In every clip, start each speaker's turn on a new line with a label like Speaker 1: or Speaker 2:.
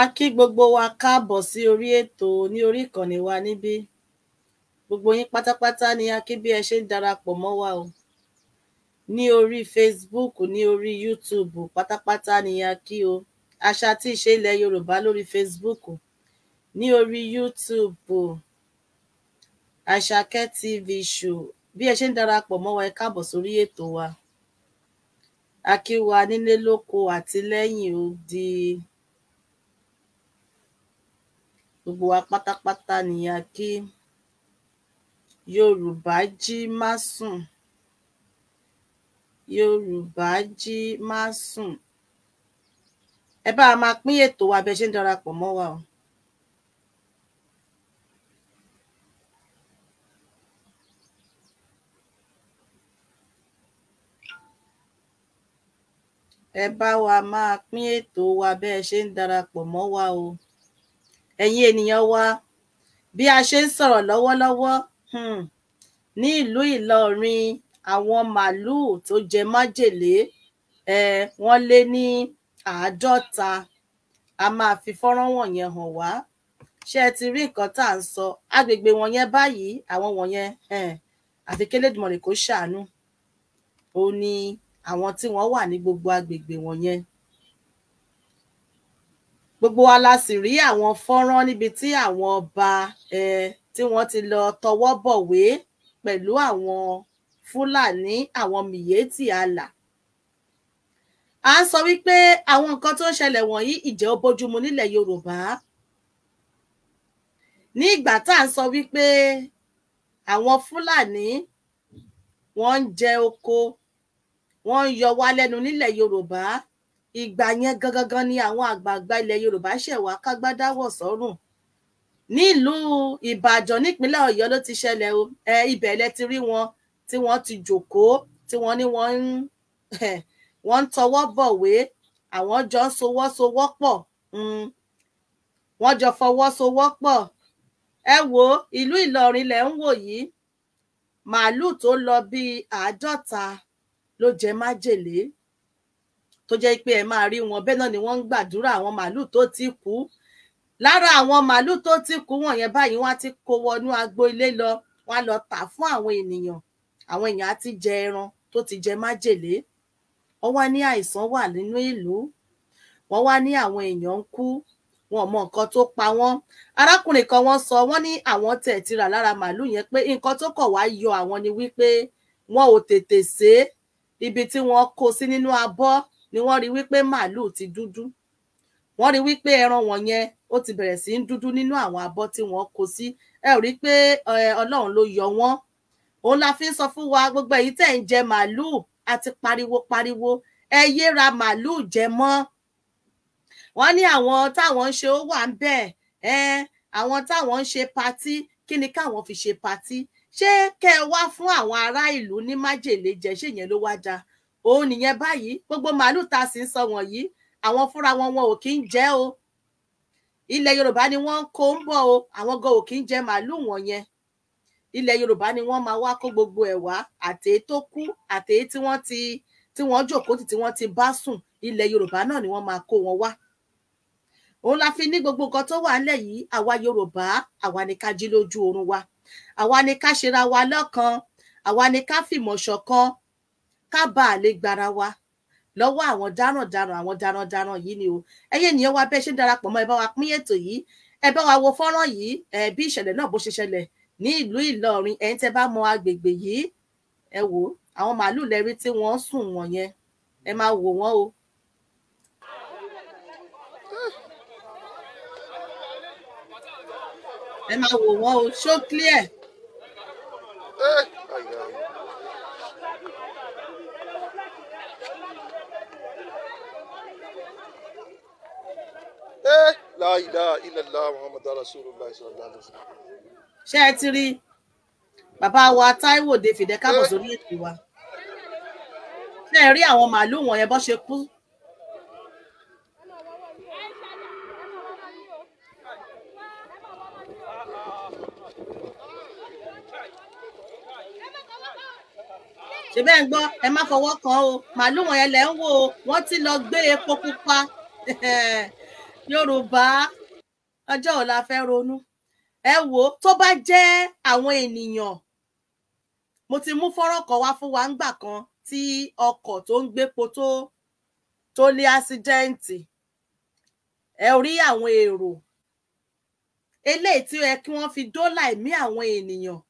Speaker 1: a kí gbogbo wa káàbọ̀ sí orí ètò ní orí ìkànnì wa níbí gbogbo yín pátápátá ni a kí bí ẹ ṣe ń darapọ̀ mọ́ wa o ní orí facebook ní orí youtube pátápátá ni a kí o àṣà tí ìṣe ilẹ̀ yorùbá lórí facebook ní orí youtube àṣàkẹ́ tv show bí ẹ ṣe ń darapọ̀ mọ́ wa ẹ káàbọ̀ sórí ètò wa a kí wa nílé lóko àti lẹ́yìn odi. gbogbo wa pátápátá nìyà kí yorùbá jí má sùn yorùbá jí má sùn ẹ bá a máa pín ètò wa bẹ ṣe ń darapọ̀ mọ́ wa o. ẹ bá wa máa pín ètò wa bẹ ṣe ń darapọ̀ mọ́ wa o. ẹ̀yin ènìyàn wa bí a ṣe ń sọ̀rọ̀ lọ́wọ́lọ́wọ́ hmm, ní ìlú Ìlọrin àwọn màálùú tó jẹ májèlé ẹ wọ́n lé ní àádọ́ta a máa fi fọ́nrán wọ̀nyẹn hàn wá ṣé ẹ ti rí nǹkan tá à ń sọ agbègbè wọ̀nyẹn báyìí àwọn wọ̀nyẹn àfi kélédìmọ̀lẹ̀ kó ṣàánú ó ní àwọn tí wọ́n wà ní gbogbo agbègbè wọ̀nyẹn gbogbo wa la sì rí àwọn fọ́nrán níbi tí àwọn ọba tí wọ́n ti lọ tọwọ́ bọ̀wé pẹ̀lú àwọn fúlàní àwọn mìyétì àlà a sọ wípé àwọn nǹkan tó ń ṣẹlẹ̀ wọ̀nyí ìjẹ́ ó bójúmu nílẹ̀ yorùbá ní ìgbà tá à ń sọ wípé àwọn fúlàní wọ́n ń jẹ oko wọ́n ń yọ wá lẹ́nu nílẹ̀ yorùbá ìgbà yẹn gangan ni àwọn àgbààgbà ilẹ̀ yorùbá ṣẹ̀wá kágbádáwọ̀ sọ́rùn nílùú ìbàdàn nípínlẹ̀ ọ̀yọ́ ló ti ṣẹlẹ̀ o ẹ ibẹ̀ lẹ ti rí wọn tí wọ́n ti jòkóó tí wọ́n ní wọ́n ń wọ́n ń tọwọ́ bọ̀wé àwọn jọ ń sowọ́sowọ́pọ̀ hmm, wọ́n jọ fọwọ́sowọ́pọ̀ ẹ wo ìlú ìlọrin lẹ ń wò yìí màálùú tó lọ bíi àádọ́ta ló jẹ májèlé tó jẹ́ pé ẹ máa rí wọn bẹ́ẹ̀ náà ni wọ́n ń gbàdúrà àwọn màálù tó ti kú lára àwọn màálù tó ti kú wọ̀nyẹn báyìí wọ́n á ti kó wọnú agbo ilé lọ wọ́n á lọ tà fún àwọn ènìyàn àwọn èèyàn á ti jẹ ẹran tó ti jẹ májèlé wọ́n wá ní àìsàn wà nínú ìlú wọ́n wá ní àwọn èèyàn ń kú wọn mọ nǹkan tó pa wọ́n arákùnrin kan wọ́n sọ wọ́n ní àwọn tẹ̀ ti rà lára màálù yẹn pé nǹkan tó kọ̀ wá yọ àwọn ni wípé wọn ò tètè sé ibi tí wọ́n kó sí nínú abọ́ ni wọ́n rí wípé màálù ti dúdú wọ́n rí wípé ẹran wọn yẹn ó ti bẹ̀rẹ̀ sí ń dúdú nínú àwọn abọ́ tí wọ́n kó sí ẹ ò rí pé Ọlọ́run ló yọ wọ́n òun la fi ń sọ fún wa gbogbo èyí tẹ̀ ń jẹ màálù àti pariwo pariwo ẹ yéra màálù jẹ mọ́ wọ́n ní àwọn táwọn ń ṣe ó wà ń bẹ̀ àwọn táwọn ń ṣe patí kí ni káwọn fi ṣe patí ṣé kẹ́ wá fún àwọn ará ìlú ní májèlé jẹ ṣé yẹn ló wá dáa òun nìyẹn báyìí gbogbo màálù tá a sì ń sọ wọ̀nyí àwọn fúnra wọn wọn ò kí ń jẹ o ilẹ̀ yorùbá ni wọ́n ń kó ń bọ̀ o àwọn gan ò kí ń jẹ màálù wọ̀nyẹn ilẹ̀ yorùbá ni wọ́n máa wá kó gbogbo ẹ̀ wá àtèé tó kú àtèé tí wọ́n ti tí wọ́n jòkó tí wọ́n ti bá sùn ilẹ̀ yorùbá náà ni wọ́n máa kó wọn wá òun la fi ní gbogbo nǹkan tó wà nílẹ̀ yìí àwa yorùbá àwa ni ká jí lójú oorun wa àwa ni ká ṣera wa lọ́kan àwa ni ká fìmọ̀ ṣọ̀kan ká bá a lè gbára wa lọ́wọ́ àwọn darandaran àwọn darandaran yìí ni o ẹyẹ ènìyàn wa bẹ́ẹ̀ ṣe ń darapọ̀ mọ́ ẹ bá wa pín ètò yìí ẹ bá wa wo fọ́nrán yìí bí ìṣẹ̀lẹ̀ náà bó ṣe ṣẹlẹ̀ ní ìlú Ìlọrin ẹ̀yin tẹ́ bá mọ agbègbè yìí ẹ wò àwọn màálù lẹ́rí tí wọ́n sùn wọ̀nyẹn ẹ máa wò wọ́n o. ẹ máa wò wọ́n o ṣó clear.
Speaker 2: Eh, ẹ eh, la ilaha illallah muhammadur rasulullah sallallahu alaihi wasallam.
Speaker 1: ṣé ẹ ti rí bàbá wa Táíwò dé fìdẹ káàbọ̀ eh. sórí ètò wa ṣé ẹ rí àwọn màálùú wọn bó ṣe kú. ṣe bẹ́ẹ̀ ń gbọ́ ẹ má fọwọ́ kàn o màálùú wọn yẹn lẹ́ ń wò ó wọ́n ti lọ gbé epo pupa yorùbá ọjọ́ ọ̀la fẹ́ ronú ẹ wo tó bá jẹ́ àwọn ènìyàn mo ti mú fọ́rọ̀ kan wá fún wa ńgbà kan tí ọkọ̀ tó ń gbépo tó tó ní ásídẹ́ǹtì ẹ rí àwọn èrò eléyìí tí ó yẹ kí wọ́n fi dóòlà ẹ̀mí àwọn ènìyàn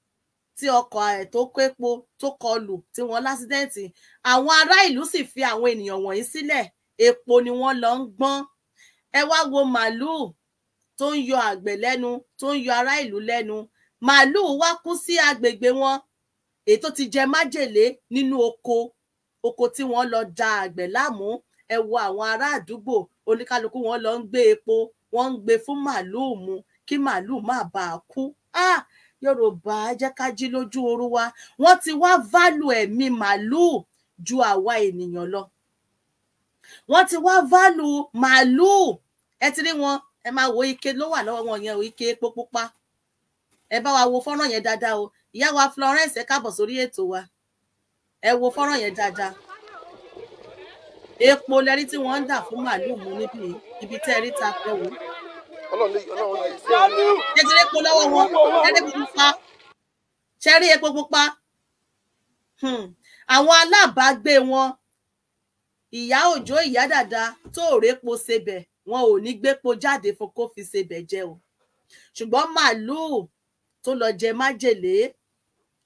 Speaker 1: tí ọkọ̀ ẹ̀ tó képo tó kọlù tí wọ́n lásídẹ́ǹtì àwọn ará ìlú sì fi àwọn ènìyàn wọ̀nyí sílẹ̀ epo ni wọ́n lọ ń gbọ́n ẹ wá wo màálùú tó ń yọ àgbẹ̀ lẹ́nu tó ń yọ ará ìlú lẹ́nu màálùú wá kú sí agbègbè wọn èyí tó ti jẹ májèlé nínú oko oko tí wọ́n lọ da àgbẹ̀ láàmú ẹ wo àwọn ará àdúgbò oníkálukú wọn lọ ń gbé epo wọ́n ń gbé fún màálùú mu kí màálùú má bàa kú yorùbá jẹ́ ká jí lójú oru wa wọ́n ti wá válù ẹ̀mí màálùú ju àwa ènìyàn lọ wọ́n ti wá válù màálùú ẹ ti rí wọn ẹ máa wo ike ló wà lọ́wọ́ wọn yẹn o ike epo pupa ẹ bá wa wo fọ́nrán yẹn dáadáa o ìyá wa Florence ẹ káàbọ̀ sórí ètò wa ẹ wo fọ́nrán yẹn dáadáa epo lẹ́rí tí wọ́n ń dà fún màálùú mu níbi ibi tẹ́ ẹ rí ta pẹ́ wò.
Speaker 3: jẹjẹrẹ epo lọ́wọ́
Speaker 1: wọn jẹjẹrẹ epo pupa ṣẹ́rí epo pupa hmm. àwọn alábàágbé wọn ìyá òjò ìyá dàda tó rèpo sebẹ̀ wọn ò ní gbépo jáde fún kó fi sebẹ̀ jẹ o ṣùgbọ́n màálùú tó lọ jẹ májèlé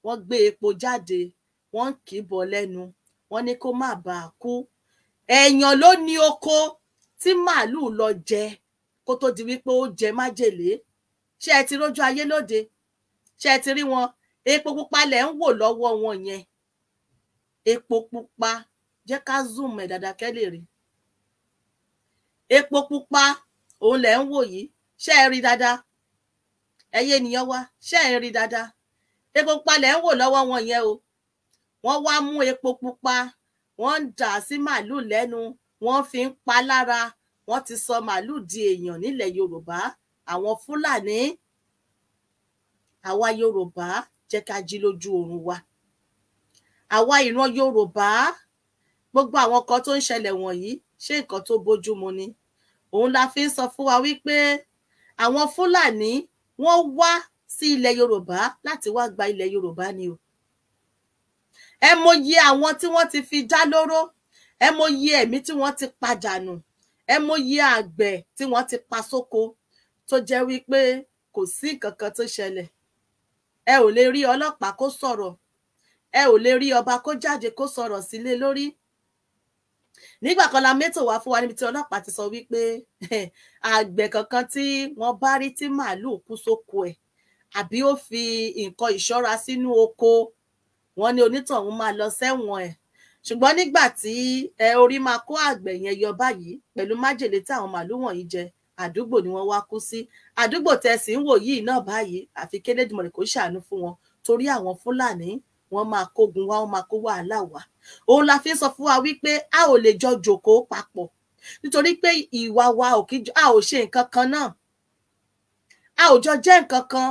Speaker 1: wọ́n gbé epo jáde wọ́n kì í bọ̀ lẹ́nu wọ́n ní kó má bàa kú èèyàn ló ní oko tí màálùú lọ jẹ kó tó di wípé ó jẹ májèlé ṣé ẹ ti rójú ayé lóde ṣé ẹ ti rí wọn epo pupa lẹ ń wò lọ́wọ́ wọn yẹn epo pupa jẹ́ ká zoom ẹ̀ dáadáa kẹ́ lè rí epo pupa òun lẹ̀ ń wò yìí ṣé ẹ rí dáadáa ẹyẹ ènìyàn wa ṣé ẹ rí dáadáa epo pupa lẹ̀ ń wò lọ́wọ́ wọn yẹn o wọ́n wá mú epo pupa wọ́n ń dà sí màálùú lẹ́nu wọ́n fi ń pa lára wọ́n ti sọ màálùú di èèyàn nílẹ̀ yorùbá àwọn fúlàní àwa yorùbá jẹ́ ká jí lójú oorun wa àwa ìran yorùbá gbogbo àwọn kan tó ń ṣẹlẹ̀ wọ̀nyí ṣé nǹkan tó bójúmu ni òun la fi ń sọ fún wa wípé àwọn fúlàní wọ́n wá sí ilẹ̀ yorùbá láti wá gba ilẹ̀ yorùbá ni o ẹ mọyẹ àwọn tí wọ́n ti fi dá lóró ẹ mọyẹ ẹ̀mí tí wọ́n ti pàdánù ẹ mọyẹ àgbẹ̀ tí wọ́n ti pa sóko tó jẹ́ wípé kò sí nǹkan kan tó ṣẹlẹ̀ ẹ ò lè rí ọlọ́pàá kó sọ̀rọ̀ ẹ ò lè rí ọba kó jáde kó sọ̀rọ̀ sílé lórí nígbà kan la mẹ́tò wá fún wa níbi tí ọlọ́pàá ti sọ wípé àgbẹ̀ kankan tí wọ́n bá rí tí màálùú kú sóko ẹ̀ àbí ó fi nǹkan ìṣọ́ra sínú oko wọn ní onítọ̀hún máa lọ sẹ́wọ̀n ẹ̀ ṣùgbọ́n nígbà tí orí máa kó àgbẹ̀ yẹn yọ báyìí pẹ̀lú májèlé tí àwọn màálùú wọ̀nyí jẹ àdúgbò ni wọ́n wá kú sí àdúgbò tẹ̀sí ń wò yìí náà báyìí àfi kélédìmọ̀lẹ̀ kò ṣàánú fún wọn torí àwọn fúlàní wọ́n máa kógun wá wọ́n máa kó wàhálà wá òun la fi ń sọ fún wa wípé a ò lè jọ jòkóó papọ̀ nítorí pé ìwà wa ò kí a ò ṣe nǹkan kan náà a ò jọ jẹ́ nǹkan kan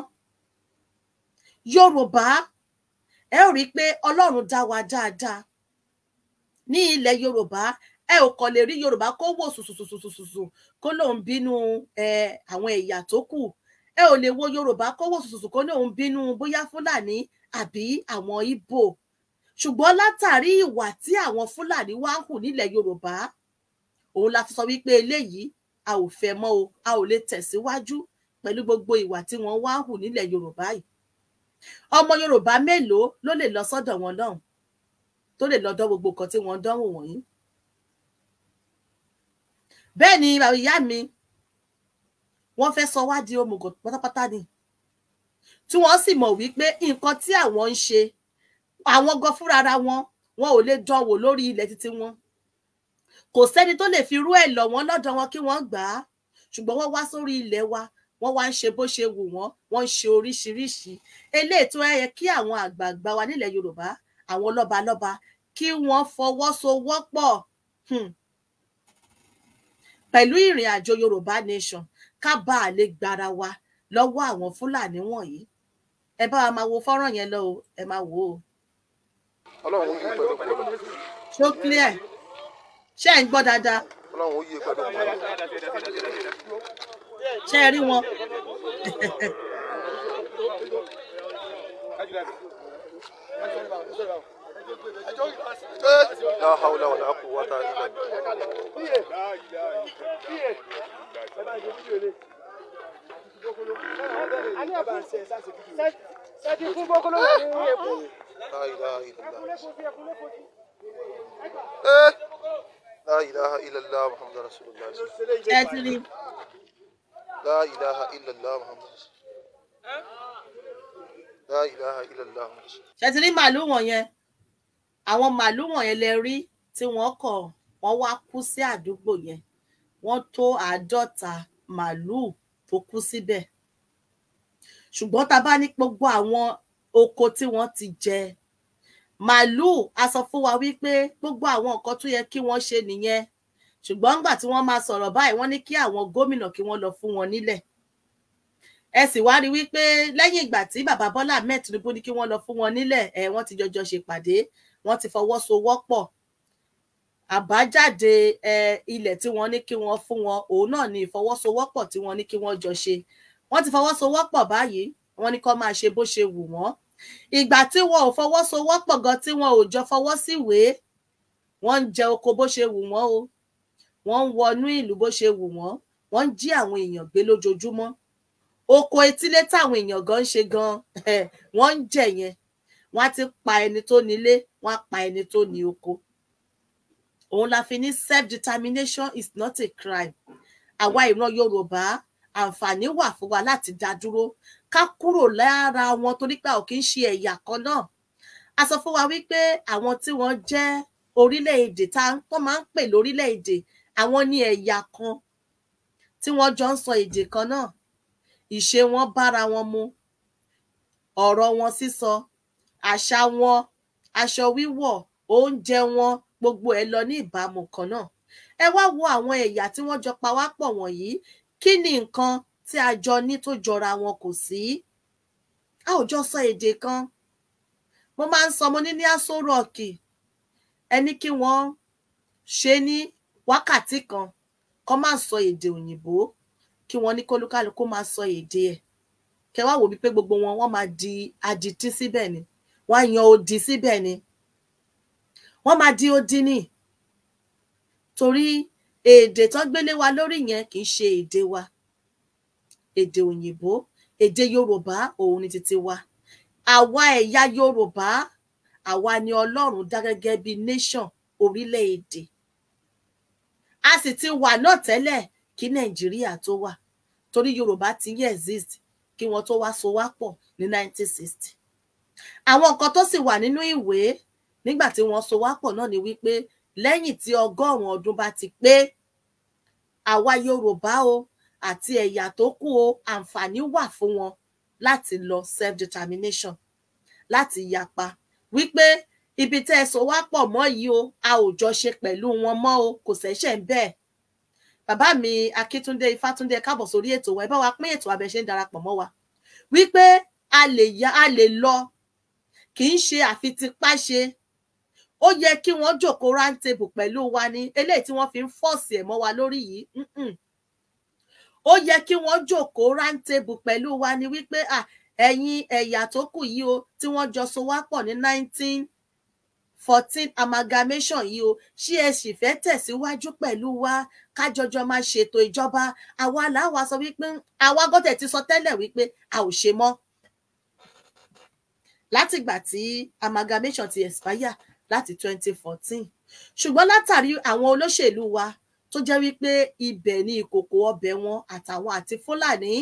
Speaker 1: yorùbá ẹ ò rí i pé ọlọ́run dá wa dáadáa ní ilẹ̀ yorùbá ẹ ò kàn lè rí yorùbá kó wò sùsùsùsùsùsù kó lóun bínú àwọn ẹ̀yà tó kù ẹ ò lè wo yorùbá kó wò sùsùsù kó lóun bínú bóyá fúlàní àbí àwọn Ìgbò ṣùgbọ́n látàrí ìwà tí àwọn Fúlàní wá ń hù nílẹ̀ Yorùbá òun la fi sọ wípé eléyìí a ò fẹ́ mọ́ o a ò lè tẹ̀síwájú pẹ̀lú gbogbo ìwà tí wọ́n wá ń hù nílẹ̀ Yorùbá yìí ọmọ Yorùbá mélòó ló lè lọ sọ́dọ̀ wọn lọ́hùn tó lè lọ dán gbogbo nǹkan tí wọ́n dánwò wọ̀nyí bẹ́ẹ̀ ni ìyá mi wọ́n fẹ́ sọ wá di òmùgọ̀ pátápátá ni tí wọ́n sì mọ̀ wípé nǹkan tí àwọn ń ṣe àwọn gan fúnra ra wọn wọn ò lè dánwò lórí ilẹ̀ títí wọn kò sẹ́ni tó lè fi irú ẹ̀ lọ̀ wọ́n lọ́dọ̀ wọn kí wọ́n gbà á ṣùgbọ́n wọ́n wá sórí ilẹ̀ wa wọ́n wá ń ṣe bó ṣe wù wọ́n wọ́n ń ṣe oríṣiríṣi eléyìí tó yẹ kí àwọn àgbààgbà wa nílẹ̀ Yorùbá àwọn lọ́balọ́ba kí wọ́n fọwọ́sowọ́pọ̀ hmm, pẹ̀lú ìrìn àjò Yorùbá nation ká bàa lè gbára wa lọ́wọ́ àwọn Fúlàní wọ̀nyí ẹ bá wa máa wo fọ́nrán yẹn lọ o ẹ máa wò ó.
Speaker 3: ọlọ́run yìí pẹ̀lú pẹ̀lú.
Speaker 1: ṣó clear ṣé ẹ̀ ń gbọ́ dáadáa.
Speaker 3: ọlọ́run
Speaker 2: yìí pẹ̀lú pẹ̀lú.
Speaker 1: ṣé ẹ rí wọn.
Speaker 4: لا حول ولا قوة إلا
Speaker 5: بالله
Speaker 2: sẹ́ẹ̀dì fún gbogbo lóyún ní èkó. La ilaha illallah Muhammadu Rasulullah. Ẹ ti rí. La ilaha illallah Muhammadu Rasulullah. La ilaha illallah Muhammadu Rasulullah.
Speaker 1: Ṣé ti rí màálù wọ̀nyẹn? Àwọn màálù wọ̀nyẹn lẹ rí tí wọ́n kọ̀ wọ́n wá kú sí àdúgbò yẹn. Wọ́n tó àádọ́ta màálù tó kú síbẹ̀ ṣùgbọ́n tá a bá ní gbogbo àwọn oko tí wọ́n ti jẹ màálùú a sọ fún wa wípé gbogbo àwọn nǹkan tó yẹ kí wọ́n ṣe nìyẹn ṣùgbọ́n nígbà tí wọ́n máa sọ̀rọ̀ báyìí wọ́n ní kí àwọn gómìnà kí wọ́n lọ fún wọn nílẹ̀ ẹ sì wá rí wípé lẹ́yìn ìgbà tí bàbá Bọ́lá Ahmed ní kí wọ́n lọ fún wọn nílẹ̀ ẹ wọ́n ti jọjọ ṣèpàdé wọ́n ti fọwọ́sowọ́pọ̀ àbájáde ilẹ̀ tí wọ́n ní kí wọ́n fún wọn òun náà ni ìfọwọ́sowọ́pọ̀ tí wọ́n ní kí wọ́n jọ ṣe wọ́n ti fọwọ́sowọ́pọ̀ báyìí wọ́n ní kó máa ṣe bó ṣe wù wọ́n ìgbà tí wọn ò fọwọ́sowọ́pọ̀ gan tí wọn ò jọ fọwọ́ síwèé wọ́n ń jẹ oko bó ṣe wù wọ́n o wọ́n ń wọnú ìlú bó ṣe wù wọ́n wọ́n ń jí àwọn èèyàn gbé lójoojúmọ́ oko etílé táwọn èèyàn gan ń ṣe gan wọ́n ń jẹ yẹn wọ́n á ti pa ẹni tó nílé wọ́n á pa ẹni tó ní oko òun la fi ní self determination is not a crime àwa ìran yorùbá àǹfààní wà fún wa láti dá dúró ká kúrò lára wọn torí pé a ò kì í ṣe ẹ̀yà kan náà a sọ fún wa wípé àwọn tí wọ́n jẹ́ orílẹ̀-èdè tá wọ́n máa ń pè lórílẹ̀-èdè àwọn ní ẹ̀yà kan tí wọ́n jọ ń sọ èdè kan náà ìṣe wọn bára wọn mu ọ̀rọ̀ wọn sísọ àṣà wọn aṣọ wíwọ̀ oúnjẹ wọn gbogbo ẹ lọ ní ìbámu kan náà ẹ wá wo àwọn ẹ̀yà tí wọ́n jọ pa wá pọ̀ wọ̀nyí kí ni nǹkan tí a jọ ní tó jọra wọn kò sí a ò jọ sọ èdè kan mo máa ń sọ mo ní ní aṣọ rọọkì ẹni kí wọ́n ṣe ní wákàtí kan kó máa sọ èdè òyìnbó kí wọ́n ní kólúkálukú máa sọ èdè ẹ̀ kẹwàá wò wípé gbogbo wọn wọ́n máa di adití síbẹ̀ ni wọ́n á yan odi síbẹ̀ ni wọ́n máa di odi ni torí èdè tó gbélé wa lórí yẹn kì í ṣe èdè wa èdè òyìnbó èdè yorùbá òun ni títí wa àwa ẹ̀yà yorùbá àwa ni ọlọ́run dá gẹ́gẹ́ bí nation orílẹ̀-èdè a sì ti wà náà tẹ́lẹ̀ kí nàìjíríà tó wà torí yorùbá ti yẹ exist kí wọ́n tó wá so wá pọ̀ ní 1960 àwọn nǹkan tó sì wà nínú ìwé nígbà tí wọ́n so wá pọ̀ náà ni wípé lẹ́yìn tí ọgọ́rùn-ún ọdún bá ti pé àwa Yorùbá o àti ẹ̀yà tó kù o àǹfààní wà fún wọn láti lọ self determination láti yapa wípé ibi tẹ́ ẹ so wá pọ̀ mọ́ yìí o a ò jọ ṣe pẹ̀lú wọn mọ́ o kò ṣẹ̀ṣẹ̀ ń bẹ́ẹ̀ bàbá mi Akíntúndé Ifátúndé káàbọ̀ sórí ètò wa ẹ bá wa pín ètò abẹ ṣe ń darapọ̀ mọ́ wa wípé a lè lọ kì í ṣe àfitipá ṣe ó yẹ kí wọ́n jókòó round table pẹ̀lú wa ní eléyìí tí wọ́n fi ń fọ́ọ̀sì ẹ̀ mọ́ wa lórí yìí ó yẹ kí wọ́n jókòó round table wa ní wípé ẹ̀yin ẹ̀yà tó kù yìí o tí wọ́n jọ so wá pọ̀ ní nineteen fourteen amalgamation yìí o ṣé ẹ sì fẹ́ tẹ̀síwájú pẹ̀lú wa kájọjọ máa ṣètò ìjọba àwa làwa sọ wípé àwa gọ́tẹ̀ ti sọ tẹ́lẹ̀ wípé a ò ṣe mọ́ látìgbà tí amalgamation ti expire láti 2014, fourteen ṣùgbọ́n látàrí àwọn olóṣèlú wa tó jẹ́ wípé ibẹ̀ ni ìkòkò ọbẹ̀ wọn àtàwọn àti Fúlàní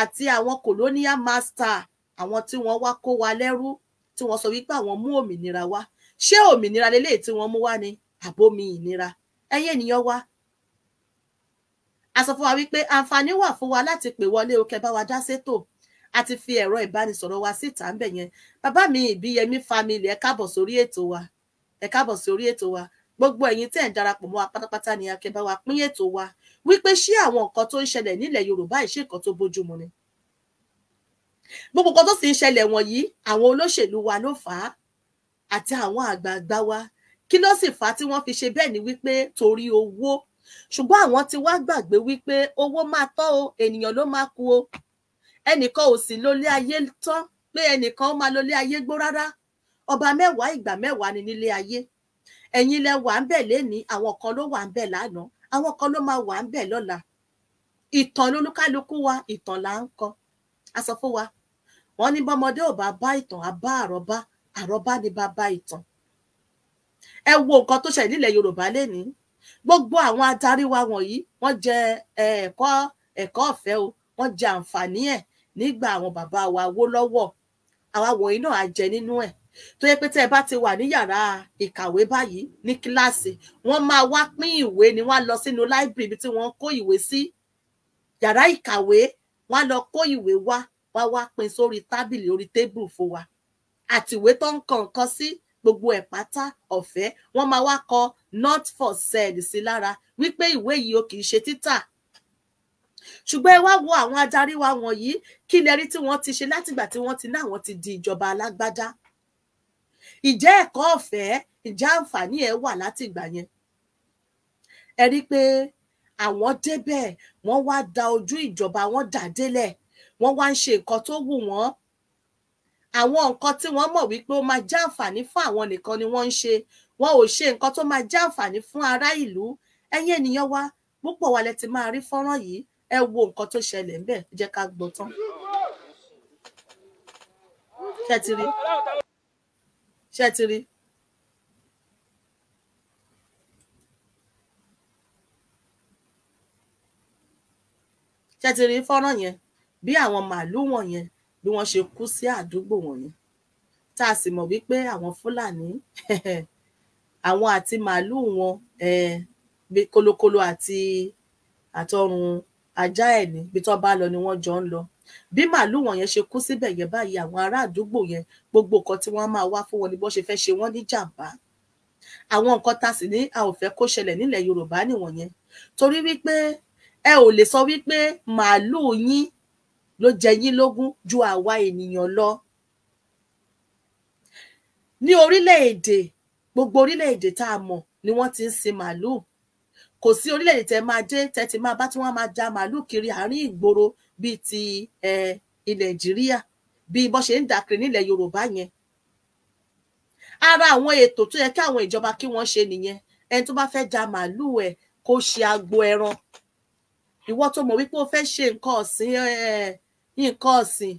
Speaker 1: àti àwọn colonial master àwọn tí wọ́n wá kó wa lẹ́rú tí wọ́n sọ wípé àwọn mú òmìnira wá ṣé òmìnira lélẹ́yìí tí wọ́n mú wá ni àbómi ìnira ẹ̀yin ènìyàn wa a sọ fún wa wípé àǹfààní wà fún wa láti pè wọlé o kẹ́ bá wa dá sétò a fi ẹ̀rọ ìbánisọ̀rọ̀ wa síta ń bẹ̀ bàbá mi ìbíyẹmí family ẹ̀ káàbọ̀ sórí ètò wa ẹ káàbọ̀ sí orí ètò wa gbogbo ẹ̀yin tẹ́ ẹ̀ ń darapọ̀ mọ́ wa pátápátá ni akẹ́bá wa pín ètò wa wípé ṣé àwọn nǹkan tó ń ṣẹlẹ̀ nílẹ̀ Yorùbá ìṣe nǹkan tó bójúmu ni gbogbo nǹkan tó sì ń ṣẹlẹ̀ wọ̀nyí àwọn olóṣèlú wa ló fà á àti àwọn àgbààgbà wa kí ló sì fà á tí wọ́n fi ṣe bẹ́ẹ̀ ni wípé torí owó ṣùgbọ́n àwọn ti wá gbàgbé wípé owó máa tọ́ o ènìyàn ló máa kú o ẹnìkan ò sì lólé ayé tán pé ẹnìkan ó máa lólé ayé gbó rárá ọba mẹ́wàá ìgbà mẹ́wàá ni nílé ayé ẹ̀yin lẹ wà ń bẹ̀ lénìí àwọn kan ló wà ń bẹ̀ lánàá àwọn kan ló máa wà ń bẹ̀ lọ́la ìtàn lolúkálukú wa ìtàn là ń kọ a sọ fún wa wọ́n ní bọ́mọdé ò bá bá ìtàn á bá àrọ́bá àrọ́bá ni bàbá ìtàn ẹ wo nǹkan tó ṣẹlẹ̀ nílẹ̀ yorùbá lénìí gbogbo àwọn adarí wa wọ̀nyí wọ́n jẹ ẹ̀kọ́ ẹ̀kọ́ ọ̀fẹ́ o wọ́n jẹ àǹfààní ẹ̀ nígbà àwọn bàbá wa wó lọ́wọ́ àwa wọ̀nyí náà á jẹ nínú ẹ̀ tó yẹ pé tẹ́ ẹ bá ti wà ní yàrá ìkàwé báyìí ní kíláàsì wọ́n máa wá pín ìwé ni wọ́n á lọ sínú láìbìrì ibi tí wọ́n kó ìwé sí yàrá ìkàwé wọ́n á lọ kó ìwé wá wá wá pín sórí tábìlì orí tébù fún wa àtìwé tó ń kàn kan sí gbogbo ẹ̀ pátá ọ̀fẹ́ wọ́n máa wá kọ not for sale sí lára wípé ìwé yìí o kì í ṣe títà ṣùgbọ́n ẹ wá wo àwọn adarí wa wọ̀nyí kí lẹ tí wọ́n ti ṣe látìgbà tí wọ́n ti ní àwọn ti di ìjọba alágbádá ìjẹ́ ẹ̀kọ́ ọ̀fẹ́ ìjẹ́ àǹfààní ẹ̀ wà láti ìgbà yẹn ẹ rí i pé àwọn débẹ̀ wọ́n wá da ojú ìjọba wọ́n dà délẹ̀ wọ́n wá ń ṣe nǹkan tó wù wọ́n àwọn nǹkan tí wọ́n mọ̀ wípé ó máa jẹ́ àǹfààní fún àwọn nìkan ni wọ́n ń ṣe wọn ò ṣe nǹkan tó máa jẹ́ àǹfààní fún ará ìlú ẹ̀yin ènìyàn wa púpọ̀ wa lẹ ti máa rí fọ́nrán yìí ẹ wo nǹkan tó ṣẹlẹ̀ ńbẹ̀ jẹ́ ká gbọ́ tán. ṣé ti rí i ṣé ẹ ti rí. ṣé ẹ ti rí fọ́nrán yẹn bí àwọn màálùú wọ̀nyẹn bí wọ́n ṣe kú sí àdúgbò wọ̀nyẹn tá a sì mọ̀ wípé àwọn fúlàní àwọn àti màálùú wọn bí kólókóló àti àtọrun ajá ẹ̀ ní bí tó bá lọ ni wọ́n jọ ń lọ bí màálù wọn yẹn ṣe kú síbẹ̀ yẹn báyìí àwọn ará àdúgbò yẹn gbogbo nǹkan tí wọ́n máa wá fún wọn ni bọ́n ṣe fẹ́ ṣe wọ́n ní jàǹbá àwọn nǹkan tá sì ní a ò fẹ́ kó ṣẹlẹ̀ nílẹ̀ Yorùbá nìwọ̀nyẹn torí wípé ẹ ò lè sọ wípé màálù yín ló jẹ yín lógún ju àwa ènìyàn lọ ní orílẹ̀-èdè gbogbo orílẹ̀-èdè tá a mọ̀ ni wọ́n ti ń sin màálù kò sí orílẹ̀-èdè tẹ máa dé tẹ ti máa bá tí wọ́n máa da màálù kiri àárín ìgboro bíi ti nàìjíríà bí bọ́n ṣe ń dàkiri nílẹ̀ yorùbá yẹn ara àwọn ètò tó yẹ kí àwọn ìjọba kí wọ́n ṣe nìyẹn ẹni tó bá fẹ́ ja màálùú ẹ̀ kó ṣe agbo ẹran ìwọ tó mọ̀ wípé o fẹ́ ṣe nǹkan ọ̀sìn nǹkan ọ̀sìn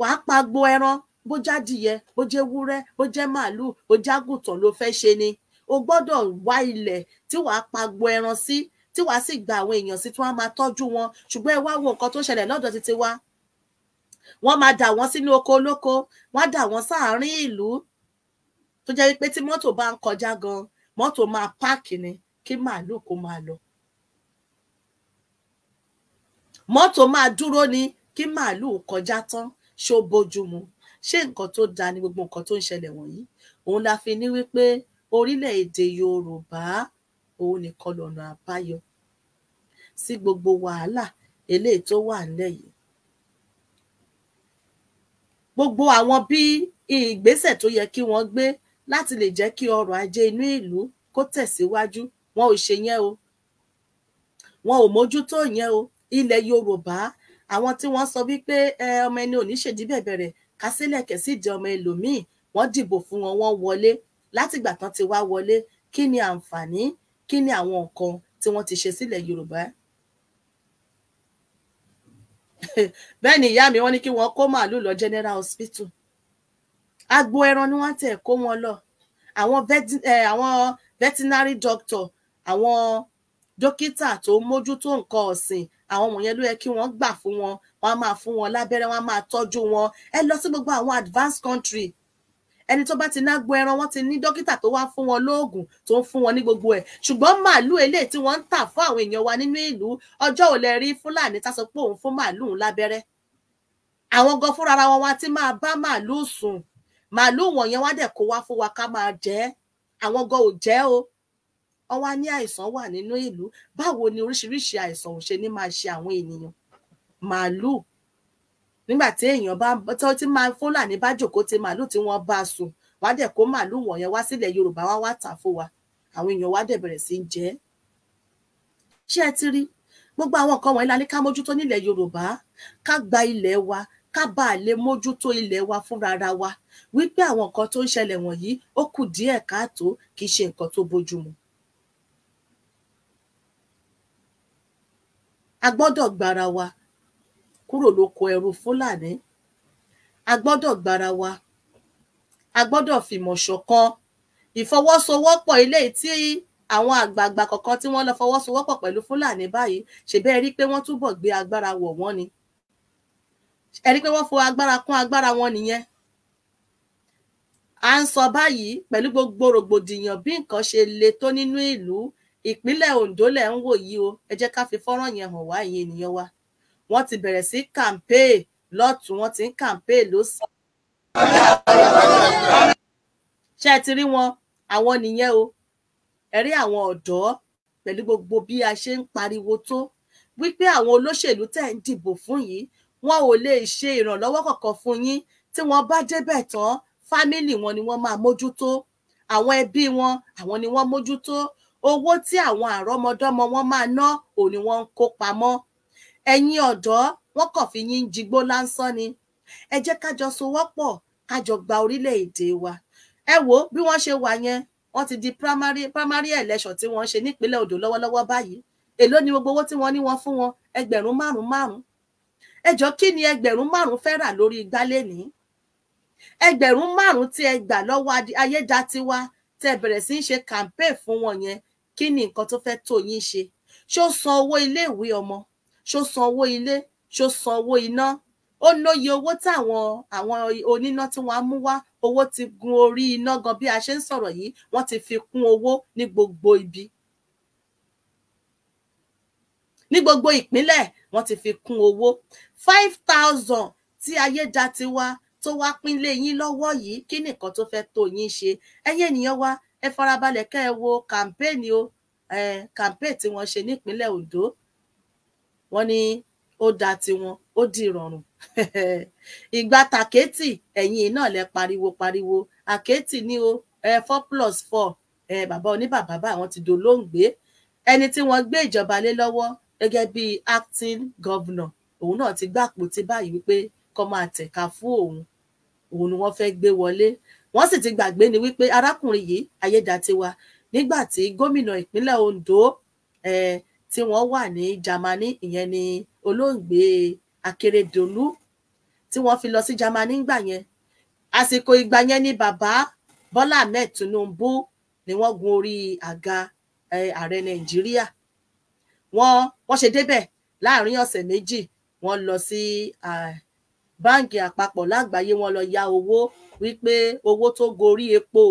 Speaker 1: wàá pa agbo ẹran bó jádìyẹ bó jẹ́ wúrẹ́ bó jẹ́ màálùú bó jágùtàn ló fẹ́ ṣe ni o gbọ́dọ̀ wá ilẹ̀ tí wàá pa agbo ẹran sí tí wàá sì gba àwọn èèyàn sí tí wọ́n á máa tọ́jú wọn ṣùgbọ́n ẹ wá wo nǹkan tó ṣẹlẹ̀ lọ́dọ̀ títí wa wọ́n máa dà wọ́n sínú oko olóko wọ́n á dà wọ́n sáàárín ìlú tó jẹ́ wípé tí mọ́tò bá ń kọjá gan mọ́tò máa páàkì ni kí màálù kó máa lọ mọ́tò máa dúró ni kí màálù kọjá tán ṣó bójúmu ṣé nǹkan tó dáa ni gbogbo nǹkan tó ń ṣẹlẹ̀ wọ̀nyí òun la fi ní wípé orílẹ̀ Yorùbá òun nìkan lọ̀nà àbáyọ sí gbogbo wàhálà eléyìí tó wà nílẹ̀ yìí gbogbo àwọn bí ìgbésẹ̀ tó yẹ kí wọ́n gbé láti lè jẹ́ kí ọrọ̀ ajé inú ìlú kó tẹ̀síwájú wọn ò ṣe yẹn o wọn ò mójútó yẹn o ilẹ̀ Yorùbá àwọn tí wọ́n sọ wípé ọmọ ẹni ò bẹ̀bẹ̀rẹ̀ kásílẹ̀kẹ̀ sí di ọmọ ẹlòmíì wọ́n dìbò fún wọn wọ́n wọlé látìgbà tán ti wá wọlé kí ni àǹfààní kí ni àwọn nǹkan tí wọ́n ti ṣe sílẹ̀ Yorùbá bẹ́ẹ̀ ni ìyá mi wọ́n ní kí wọ́n kó màálù lọ general hospital agbo ẹran ni wọ́n tẹ̀ kó wọn lọ àwọn veterinary doctor àwọn dókítà tó mójútó nǹkan ọ̀sìn àwọn wọ̀nyẹn ló yẹ kí wọ́n gbà fún wọn wọ́n á máa fún wọn lábẹ́rẹ́ wọ́n á máa tọ́jú wọn ẹ lọ sí gbogbo àwọn advanced country ẹni tó bá ti nágbó ẹran wọn ti ní dókítà tó wá fún wọn lóògùn tó ń fún wọn ní gbogbo ẹ̀ ṣùgbọ́n màálù eléyìí tí wọ́n ń tà fún àwọn èèyàn wa nínú ìlú ọjọ́ ò lè rí fúlàní tá sọ pé òun fún màálù ń lábẹ́rẹ́ àwọn gan fúnra ara wọn wá ti máa bá màálù sùn màálù wọ̀nyẹn wá dẹ̀ kó wá fún wa ká máa jẹ àwọn gan ò jẹ o wọ́n wá ní àìsàn wà nínú ìlú báwo ni oríṣiríṣi àìsàn ò ṣe ní máa ṣe àwọn ènìyàn màálù nígbà tí èèyàn bá tó ti máa fúlàní bá jòkó ti màálù tí wọ́n bá sùn wá dẹ̀ kó màálù wọ̀nyẹn wá sílẹ̀ yorùbá wá wá tà fún wa àwọn èèyàn wá dẹ̀ bẹ̀rẹ̀ sí í jẹ ṣé ẹ ti rí gbogbo àwọn nǹkan wọ̀nyí la ní ká mójútó nílẹ̀ yorùbá ká gba ilẹ̀ wa ká bá a lè mójútó ilẹ̀ wa fúnra wa wípé àwọn nǹkan tó ń ṣẹlẹ̀ wọ̀nyí ó kù díẹ̀ káàtó kì í ṣe nǹkan tó bójúmu. a gbọ́dọ̀ gbára wa kúrò lóko ẹrú fúlàní a gbọ́dọ̀ gbára wa a gbọ́dọ̀ fìmọ̀ ṣọ̀kan ìfọwọ́sowọ́pọ̀ eléyìí tí àwọn àgbààgbà kọ̀ọ̀kan tí wọ́n lọ fọwọ́sowọ́pọ̀ pẹ̀lú fúlàní báyìí ṣèbẹ́ rí pé wọ́n túbọ̀ gbé agbára wọ̀ wọ́n ni ẹ rí pé wọ́n fo agbára kún agbára wọn nìyẹn à ń sọ báyìí pẹ̀lú gbogbo rògbòdìyàn bí nǹkan ṣe le tó nínú ìlú ìpínlẹ̀ Ondo lẹ̀ ń wò yìí o ẹ jẹ́ ká fi fọ́nrán yẹn hàn wá ìyẹn ènìyàn wa wọ́n ti bẹ̀rẹ̀ sí kàmpéè lọ́tún wọ́n ti ń kàmpéè lósì. ṣé ẹ ti rí wọn àwọn nìyẹn o ẹ rí àwọn ọ̀dọ́ pẹ̀lú gbogbo bí a ṣe ń pariwo tó wípé àwọn olóṣèlú tẹ̀ ń dìbò fún yìí wọn ò lè ṣe ìrànlọ́wọ́ kankan fún yín tí wọ́n bá débẹ̀ tán fámìlì wọn ni wọ́n máa mójútó àwọn ẹbí wọn àwọn ni wọ́n mójútó owó tí àwọn àrọ́mọdọ́mọ wọn máa ná òun ni wọ́n ń kó pamọ́ ẹ̀yin ọ̀dọ́ wọ́n kàn fi yín jigbó lásán ni ẹ jẹ́ kájọ sowọ́pọ̀ kájọ gba orílẹ̀-èdè wa ẹ wo bí wọ́n ṣe wà yẹn wọ́n ti di primary primary election tí wọ́n ṣe nípínlẹ̀ Odò lọ́wọ́lọ́wọ́ báyìí èló ni gbogbo owó tí wọ́n ní wọ́n fún wọn ẹgbẹ̀rún márùn-ún márùn-ún ẹ jọ kí ni ẹgbẹ̀rún márùn-ún fẹ́ rà lórí igbá lénìí ẹgbẹ̀rún tí ẹ gbà lọ́wọ́ ayédatiwa tẹ bẹ̀rẹ̀ sí í ṣe campaign fún wọn yẹn kí ni nǹkan tó fẹ́ tó yín ṣe ṣé san owó iléèwé ọmọ ṣó san owó ilé ṣó san owó iná ó lóye owó táwọn àwọn oníná tí wọ́n á mú wá owó ti gun orí iná gan bí a ṣe ń sọ̀rọ̀ yìí wọ́n ti fi kún owó ní gbogbo ibi ní gbogbo ìpínlẹ̀ wọ́n ti fi kún owó five thousand tí ayédatiwa tó wá pínlé yín lọ́wọ́ yìí kí nìkan tó fẹ́ tó yín ṣe ẹ̀yin ènìyàn wa ẹ farabalẹ̀ kẹ́ ẹ wo kàmpéènì o kàmpéè tí wọ́n ṣe nípínlẹ̀ Ondo wọ́n ní ó da tiwọn ó di ìrọ̀rùn ìgbà tàkẹ́tì ẹ̀yìn náà lẹ pariwo pariwo àkẹ́tì ní o four plus four bàbá oníbàbá bá àwọn ti dolóògbé ẹni tí wọ́n gbé ìjọba lé lọ́wọ́ gẹ́gẹ́ bí acting governor òun náà ti gbàpò tí báyìí wípé kọ́ máa tẹ̀ka fún òun òun ni wọ́n fẹ́ gbé wọlé wọ́n sì ti gbàgbé ni wípé arákùnrin yìí ayédatiwa nígbà tí gómìnà ìpínlẹ̀ Ondo tí wọ́n wà ní Jámánì ìyẹn ni olóògbé Akérédolú tí wọ́n fi lọ sí Jámánì gbà yẹn àsìkò ìgbà yẹn ni bàbá Bọ́lá Ahmed Tinubu ni wọ́n gun orí àga ààrẹ Nàìjíríà wọ́n wọ́n ṣe débẹ̀ láàrin ọ̀sẹ̀ méjì wọ́n lọ sí báǹkì àpapọ̀ lágbàáyé wọ́n lọ ya owó wípé owó tó gorí epo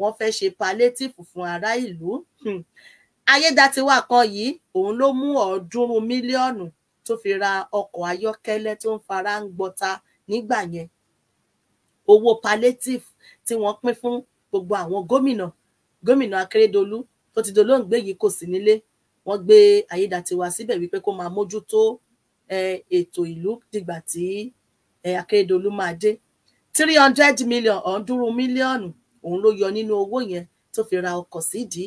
Speaker 1: wọ́n fẹ́ ṣe palétífù fún ará ìlú hmm ayédatiwa kan yìí òun ló mú ọ̀ọ́dúnrún mílíọ̀nù tó fi ra ọkọ̀ ayọ́kẹ́lẹ́ tó ń fara ń gbọ́ta nígbà yẹn owó palliative tí wọ́n pín fún gbogbo àwọn gómìnà gómìnà akérèdọ́lù tó ti dolóògbé yìí kò sí nílé wọ́n gbé ayédatiwa síbẹ̀ wípé kó máa mójútó ètò ìlú dìgbà tí akérèdọ́lù máa dé three hundred million ọ̀ọ́dúnrún mílíọ̀nù òun ló yọ nínú owó yẹn tó fi ra ọkọ̀ sídìí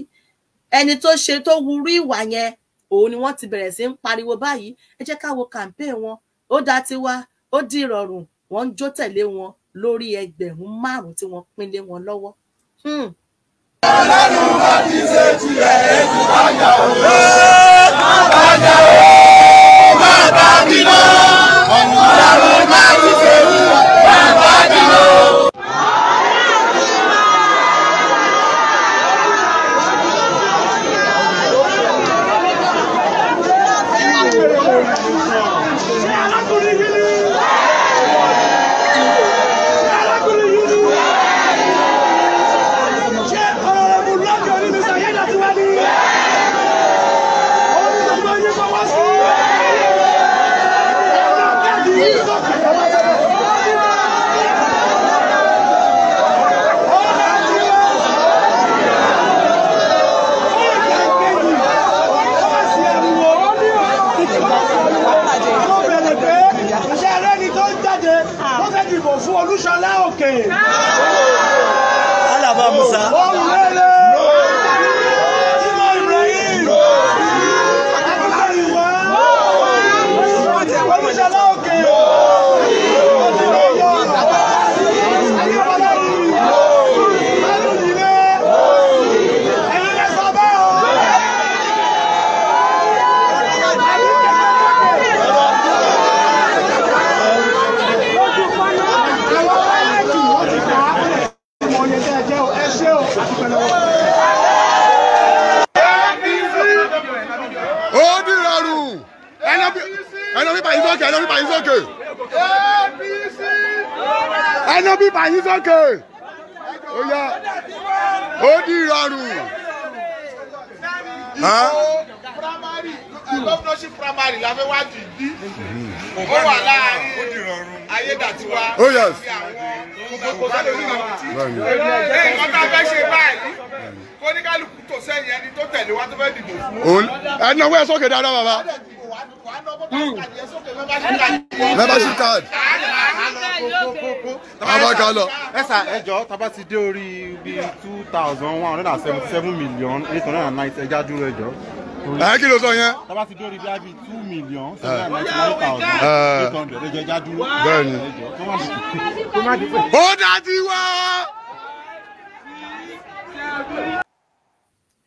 Speaker 1: ẹni tó ṣe tó wúrú ìwà yẹn òun ni wọ́n ti bẹ̀rẹ̀ sí ń pariwo báyìí ẹ jẹ́ ká wo campaign wọn ó dá tiwa ó di ìrọ̀rùn wọ́n ń jó tẹ̀lé wọn lórí ẹgbẹ̀rún márùn tí wọ́n pín lé wọn lọ́wọ́. Hmm. ọlọ́run bá
Speaker 5: ti ṣe tirẹ̀ ètò bá jà òwe bá jà òwe má bá mi lọ́wọ́. Obi Raru. Ẹnu bíbá yín sókè. Ẹnu bíbá yín sókè.
Speaker 2: Ẹnu bíbá yín sókè. Oya. Obi Huh? Eh, gọ́fúnọ́ṣì primary la fẹ́ wá dìdí
Speaker 5: mm-hmm. ó wà láàárín
Speaker 2: ayédàtiwa oh, àti àwọn
Speaker 5: kòkòtò lónìí ẹ̀ fẹ́
Speaker 2: ṣe báyìí kóníkálukú tó sẹ́yìn ẹni tó tẹ̀lé wa tó fẹ́ dìbò fún. ẹnu ọwọ́ sókè dáadáa bàbá. membership card. bàbá kan lọ. ẹ sà ẹ tábà ti dé orí bíi two thousand one hundred and seventy seven million eight hundred and ninety ẹja dúró ẹ ẹ kí ló sọ yẹn. tọ́ba ti dórí bíi abi two million seven hundred ninety nine thousand eight hundred ẹjọ ẹja dúró. ó dá
Speaker 1: wá.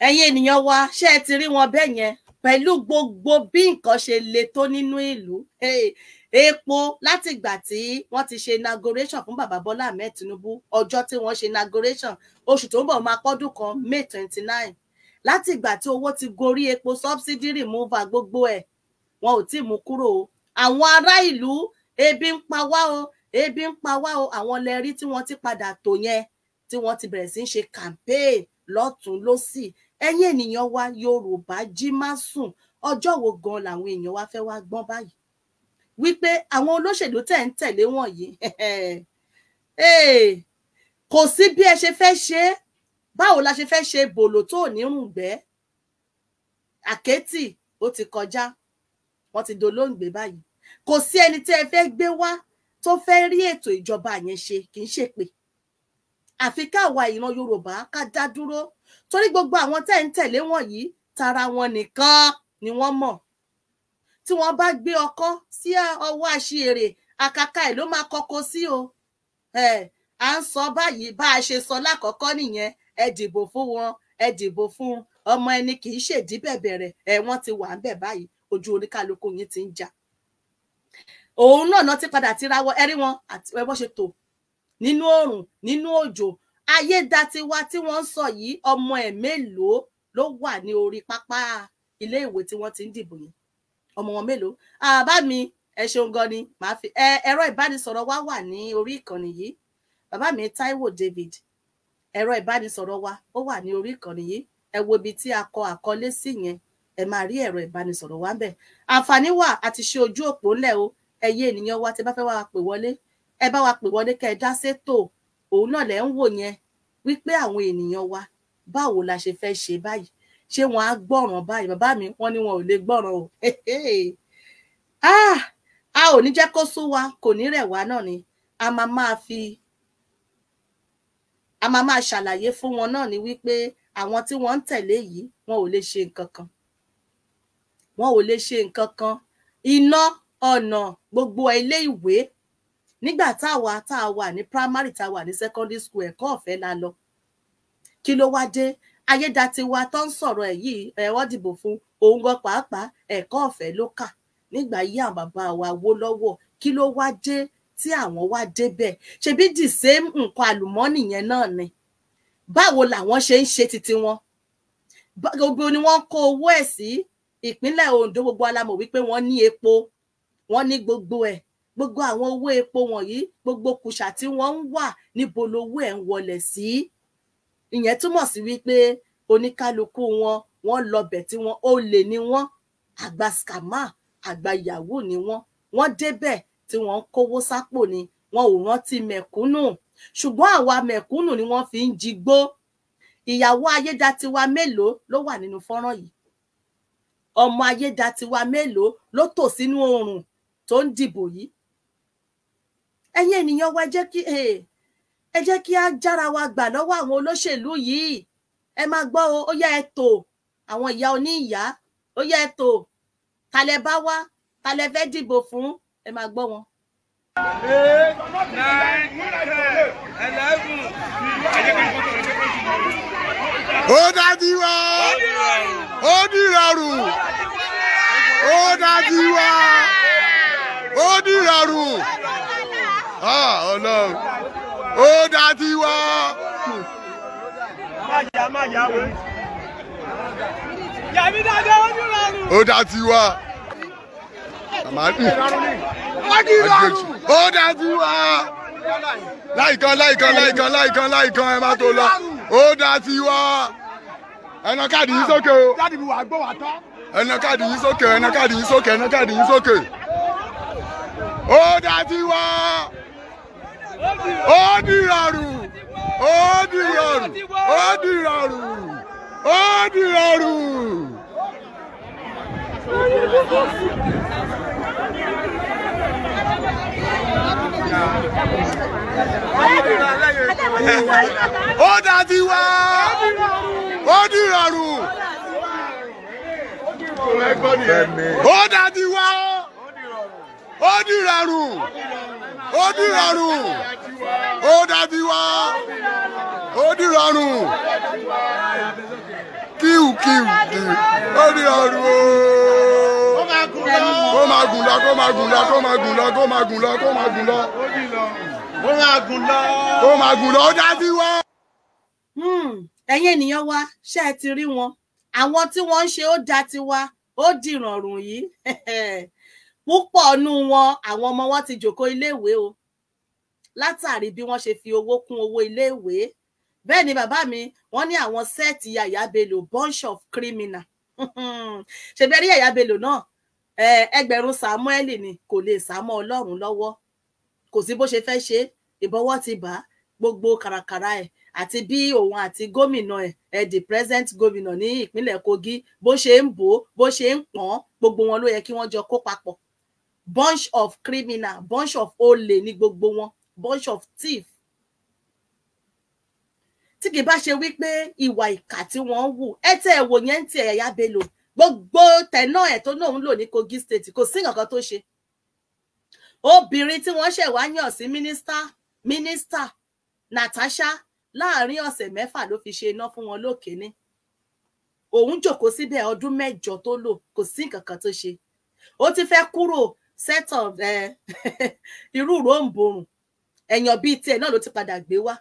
Speaker 1: ẹ̀yin ènìyàn wa ṣé ẹ ti rí wọn bẹ́ẹ̀ yẹn pẹ̀lú gbogbo bí nǹkan ṣe le tó nínú ìlú epo látìgbà tí wọ́n ti ṣe inauguration fún bàbá Bọ́lá Ahmed Tinubu ọjọ́ tí wọ́n ṣe inauguration oṣù tó ń bọ̀ máa pọ́dún kan May twenty nine láti ìgbà tí owó ti gorí epo subsidy remover gbogbo ẹ̀ wọn ò tí ì mú kúrò o àwọn ará ìlú ebi ń pa wá o ebi ń pa wá o àwọn lẹ́rí tí wọ́n ti padà tò yẹn tí wọ́n ti bẹ̀rẹ̀ sí ń ṣe campaign lọ́tún lọ́sì ẹ̀yin ènìyàn wa Yorùbá jí má sùn ọjọ́ wo gan làwọn èèyàn wa fẹ́ wá gbọ́n báyìí wípé àwọn olóṣèlú tẹ̀ ń tẹ̀lé wọ̀nyí kò sí bí ẹ ṣe fẹ́ ṣe é báwo la ṣe fẹ́ẹ́ ṣe bòlò tó ò ní rùngbẹ́ àkẹ́tì ó ti kọjá wọ́n ti dolóògbé báyìí kò sí ẹni tí ẹ fẹ́ gbé wá tó fẹ́ rí ètò ìjọba yẹn ṣe kì í ṣèpè àfi káwa ìran yorùbá ká dá dúró torí gbogbo àwọn tẹ́ ń tẹ̀lé wọ̀nyí tara wọn nìkan ni wọ́n mọ̀ tí wọ́n bá gbé ọkọ́ sí ọwọ́ àṣìírè àkàkà ẹ̀ ló máa kọ́kọ́ sí o à ń sọ báyìí bá a ṣe sọ lákọ̀ọ́kọ́ nìyẹn ẹ dìbò fún wọn ẹ dìbò fún ọmọ ẹni kì í ṣèdí bẹ̀bẹ̀rẹ̀ ẹ wọ́n ti wà ń bẹ̀ báyìí ojú oníkálukú yín ti ń jà òun náà náà ti padà ti rawọ ẹrí wọn àti ẹwọ́n ṣe tò nínú oòrùn nínú òjò ayédatiwa tí wọ́n ń sọ yìí ọmọ ẹ̀ mélòó ló wà ní orí pápá ilé ìwé tí wọ́n ti ń dìbò yẹn ọmọ wọn mélòó àbá mi ẹ ṣeun gan ni màá fi ẹ̀rọ ìbánisọ̀rọ̀ wa wà ní orí ìkànnì yìí bàbá mi Taiwo David ẹ̀rọ ìbánisọ̀rọ̀ wa ó wà ní orí ìkànnì yìí ẹ wo ibi tí a kọ àkọlé sí yẹn ẹ máa rí ẹ̀rọ ìbánisọ̀rọ̀ wa ń bẹ̀ àǹfààní wà àti ṣe ojú òpó ńlẹ̀ o ẹ̀yẹ ènìyàn wa tẹ́ bá fẹ́ wá pè wọlé ẹ bá wa pè wọlé kẹ́ ẹ dá sétò òun náà lẹ́ ń wò yẹn wípé àwọn ènìyàn wa báwo la ṣe fẹ́ ṣe báyìí ṣé wọn á gbọ́ràn báyìí bàbá mi wọn ni wọn ò lè gbọ́ràn o ah, a ò ní jẹ́ kó sú wa kò ní rẹ̀ wá náà ni a máa máa fi a máa máa ṣàlàyé fún wọn náà ni wípé àwọn tí wọ́n ń tẹ̀lé yìí wọn ò lè ṣe nǹkan kan wọn ò lè ṣe nǹkan kan iná ọ̀nà gbogbo ilé ìwé nígbà táwa tá a wà ní primary tá a wà ní secondary school ẹ̀kọ́ ọ̀fẹ́ la lọ kí ló wá dé ayédatiwa tó ń sọ̀rọ̀ ẹ̀ yìí ẹ̀ wọ́n dìbò fún òun gan pàápàá ẹ̀kọ́ ọ̀fẹ́ ló kà nígbà yí àwọn bàbá wa wó lọ́wọ́ kí ló wá dé tí àwọn wá débẹ̀ ṣebí the same nǹkan àlùmọ́nì yẹn náà ni báwo làwọn ṣe ń ṣe titi wọn gbogbo ni wọ́n kó owó ẹ̀ sí ìpínlẹ̀ Ondo gbogbo alamọ̀ wípé wọ́n ní epo wọ́n ní gbogbo ẹ̀ gbogbo àwọn owó epo wọ̀nyí gbogbo kùsà tí wọ́n ń wà níbo lowó ẹ̀ ń wọlẹ̀ sí ìyẹn túmọ̀ sí wípé oníkálukú wọn wọ́n lọbẹ̀ tí wọ́n olè ni wọ́n àgbà skama àgbà yahoo ni wọ́n wọ́n débẹ̀ tí wọ́n ń kówó sápò ni wọn ò rántí mẹ̀kúnnù ṣùgbọ́n àwa mẹ̀kúnnù ni wọ́n fi ń jigbó ìyàwó ayédatiwa mélòó ló wà nínú fọ́nrán yìí ọmọ ayédatiwa mélòó ló tò sínú oòrùn tó ń dìbò yìí ẹ̀yin ènìyàn wa jẹ́ kí ẹ jẹ́ kí á jára wa gbà lọ́wọ́ àwọn olóṣèlú yìí ẹ máa gbọ́ o ó yá ẹ tò àwọn ìyá oníyàá ó yá ẹ tò talẹ bá wá talẹ fẹ́ dìbò fún ẹ máa gbọ́ wọn.
Speaker 6: eight nine ten eleven. ó dájú wá
Speaker 2: ó dìrọ̀rùn ó dájú wá ó dìrọ̀rùn ọlọ́run ó dájú wá. ó dájú wá àmàlù àjèjì ó dájú láìkan láìkan láìkan láìkan láìkan ẹ má tó lọ ó dájú wá ẹnà káàdì yìí sókè o ẹnà káàdì yìí sókè ẹnà káàdì yìí sókè ẹnà káàdì yìí sókè ó dájú wá
Speaker 5: ó dìrọ̀rù ó dìrọ̀rù ó dìrọ̀rù
Speaker 2: ó dìrọ̀rù ó dàbí wá ó dìrọ̀rùn ó dàbí wá ó dìrọ̀rùn ó dìrọ̀rùn ó dàbí wá ó dìrọ̀rùn kíùkíù ó ní ọrùn
Speaker 5: o kó máa gùn lọ
Speaker 2: kó máa gùn lọ kó máa gùn lọ kó máa gùn lọ kó máa gùn lọ
Speaker 7: kó máa gùn lọ kó máa gùn lọ ó
Speaker 1: dájú wá. Hmm, ẹ̀yin ènìyàn wa ṣé ti rí wọn àwọn tí wọ́n ń ṣe ó da tiwa ó dìrọ̀rùn yìí púpọ̀ nù wọn àwọn ọmọ wọn ti jòkó iléèwé o látàrí bí wọ́n ṣe fi owó kún owó iléèwé bẹ́ẹ̀ ni bàbá mi wọ́n ní àwọn sẹ́ẹ̀tì Yahaya Bello bunch of criminal
Speaker 6: ṣebí ẹrí Yahaya
Speaker 1: Bello náà ẹgbẹ̀rún Samuel ni kò lè sámọ́ Ọlọ́run lọ́wọ́ kò sí bó ṣe fẹ́ ṣe ìbọwọ́ ti bá gbogbo kàràkàrà ẹ̀ àti bí òun àti gómìnà ẹ̀ ẹ̀ the present gómìnà ní ìpínlẹ̀ Kogi bó ṣe ń bò bó ṣe ń pọ́n gbogbo wọn ló yẹ kí wọ́n jọ kó papọ̀ bunch of criminal bunch of olè ní gbogbo wọn bunch of thief tí kì bá ṣe wípé ìwà ìkà tí wọ́n wù ẹ tẹ ẹ wò yẹn ń tiẹ̀ ẹ̀yà bello gbogbo tẹ̀nà ẹ̀ tó náà ń lò ní Kogi state kò sí nǹkan tó ṣe obìnrin tí wọ́n ṣẹ̀ wá yàn sí mínísítà mínísítà Natasha láàrin ọ̀sẹ̀ mẹ́fà ló fi ṣe iná fún wọn lókè ní òun jókòó síbẹ̀ ọdún mẹ́jọ tó lò kò sí nǹkan kan tó ṣe ó ti fẹ́ kúrò set of eh, irú ròǹbòrùn èèyàn bíi tiẹ̀ náà ló ti padà gbé wá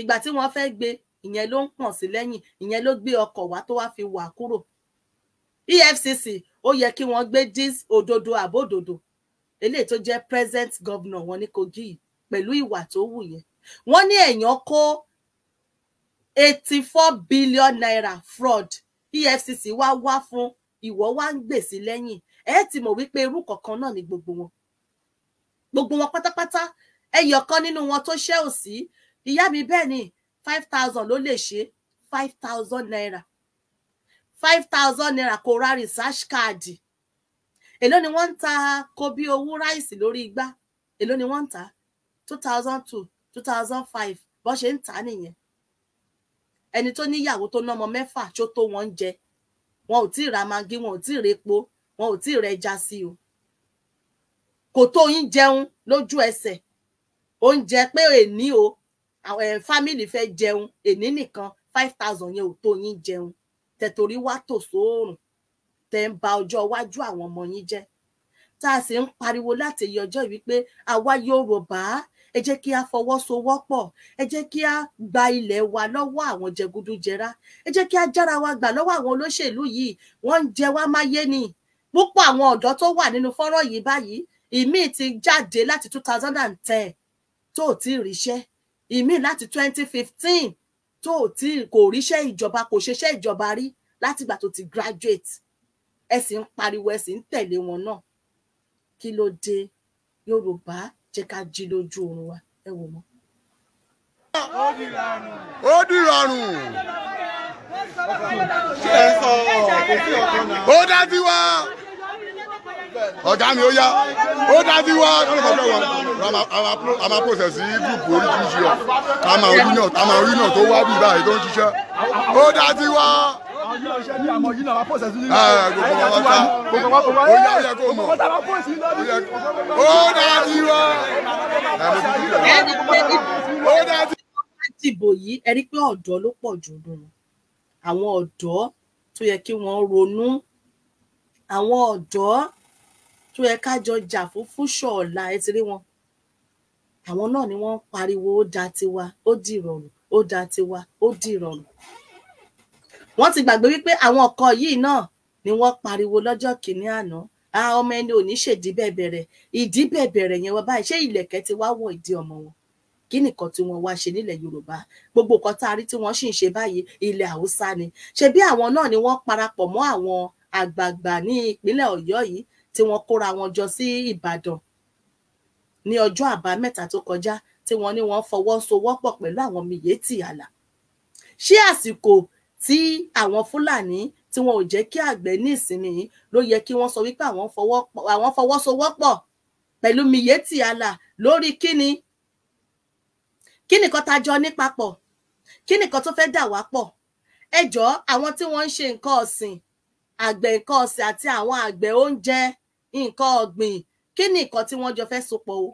Speaker 1: ìgbà tí wọ́n fẹ́ gbé ìyẹn ló ń pọ̀n sí lẹ́yìn ìyẹn ló gbé ọkọ̀ wá tó wá fi wà kúrò EFCC ó yẹ kí wọ́n gbé dis òdodo àbódodo eléyìí tó jẹ́ present governor wọn ní Kogi yìí pẹ̀lú ìwà tó wù yẹn wọ́n ní èèyàn kó eighty four billion naira fraud EFCC wá wá fún ìwọ wá ń gbèsè lẹ́yìn ẹ ti mọ̀ wípé irú kọ̀ọ̀kan náà ni gbogbo wọn gbogbo wọn pátápátá ẹyọ kan nínú wọn tó ṣẹ́ òsì ìyá mi bẹ́ẹ̀ ni five thousand ló lè ṣe five thousand naira five thousand naira kò ra research card èló ni wọ́n ń ta kobi owó ráìsì lórí igbá èló ni wọ́n ń ta two thousand two two thousand five bọ́n ṣe ń tà á nìyẹn ẹni tó níyàwó tó ná ọmọ mẹ́fà tó tó wọn jẹ wọn ò tí ì ra magi wọn ò tí ì repo wọn ò tí ì rẹja sí o kò tó yín jẹun lójú ẹsẹ̀ oúnjẹ pé èní o Eh, family fẹ́ jẹun èní nìkan five thousand yẹn ò tó yín jẹun tẹ̀tòrí wá tò sóòrùn tẹ̀ ń ba ọjọ́ iwájú àwọn ọmọ yín jẹ́ tá a sì ń pariwo láti iye ọjọ́ yìí pé àwa Yorùbá ẹ jẹ́ kí a fọwọ́sowọ́pọ̀ ẹ jẹ́ kí a gba ilẹ̀ wa lọ́wọ́ àwọn jẹgúdújẹrá ẹ jẹ́ kí a jára wa gbà lọ́wọ́ àwọn olóṣèlú yìí wọ́n ń jẹ wá máyé ni púpọ̀ àwọn ọ̀dọ́ tó wà nínú fọ́nrán yìí báyìí ìmíì ti jáde láti two thousand and ten tó ò tí ì ríṣẹ́ ìmí láti twenty fifteen tó tí kò ríṣẹ́ ìjọba kò ṣeṣẹ́ ìjọba rí látìgbà tó ti graduate ẹ sì ń pariwo ẹ sì ń tẹ̀lé wọn náà kí ló dé Yorùbá jẹ́ ká jí lójú oorun wa ẹ wò mọ́.
Speaker 6: ó dìrọ̀rùn.
Speaker 1: ó dìrọ̀rùn. ṣé ẹ sọ ọ̀rọ̀ kò sí ọ̀kan náà. ó
Speaker 2: dájú wa ọ̀gá mi ó yá ó dájú wá ọlọ́pàá wọn a máa process sí gúùpù oríṣiríṣi ọ̀ a máa orí náà a máa orí náà tó wá bí báyìí tó ń ṣiṣẹ́ ó dájú ah, wá. Ó dájú
Speaker 1: wá. Ó dájú dìbò yìí ẹ rí pé ọ̀dọ́ ló pọ̀ jù nù àwọn ọ̀dọ́ tó yẹ kí wọ́n ronú àwọn ọ̀dọ́ tó yẹ ká jọ jà fún fúnṣọ ọ̀la ẹ ti rí wọn àwọn náà ni wọ́n pariwo ó da tiwa ó di ìrọ̀rùn ó da tiwa ó di ìrọ̀rùn wọ́n ti gbàgbé wípé àwọn ọ̀kan yìí náà ni wọ́n pariwo lọ́jọ́ kìíní àná a ọmọ ẹni ò ní ṣèdí bẹ̀bẹ̀rẹ̀ ìdí bẹ̀bẹ̀rẹ̀ yẹn wọ́n báyìí ṣé ìlẹ̀kẹ̀ ti wá wọ ìdí ọmọ wọn kí nìkan tí wọ́n wá ṣe nílẹ̀ yorùbá gbogbo nǹkan tá a rí tí wọ́n sì ń ṣe báyìí ilẹ̀ haúsá ni ṣebí àwọn náà ni wọ́n parapọ̀ mọ́ àwọn àgbààgbà ní ìpínlẹ̀ ọ̀yọ́ yìí tí wọ́n kóra wọn jọ sí Ìbàdàn ní ọjọ́ àbámẹ́ta tó kọjá tí wọ́n ní wọ́n fọwọ́sowọ́pọ̀ pẹ̀lú àwọn Miyetti Àlà ṣé àsìkò tí àwọn Fúlàní tí wọn ò jẹ́ kí àgbẹ̀ ní ìsinmi ló yẹ kí wọ́n sọ wípé àwọn fọwọ́sowọ́pọ̀ pẹ̀lú Miyetti Àlà lórí kíni kíni kan tá jọ ní papọ̀ kíni kan tó fẹ́ dà wá pọ̀ ẹjọ́ àwọn tí wọ́n ń ṣe nǹkan ọ̀sìn àgbẹ̀ nǹkan ọ̀sìn àti àwọn àgbẹ̀ oúnjẹ nǹkan ọ̀gbìn kí ni nǹkan tí wọ́n jọ fẹ́ sopọ̀ o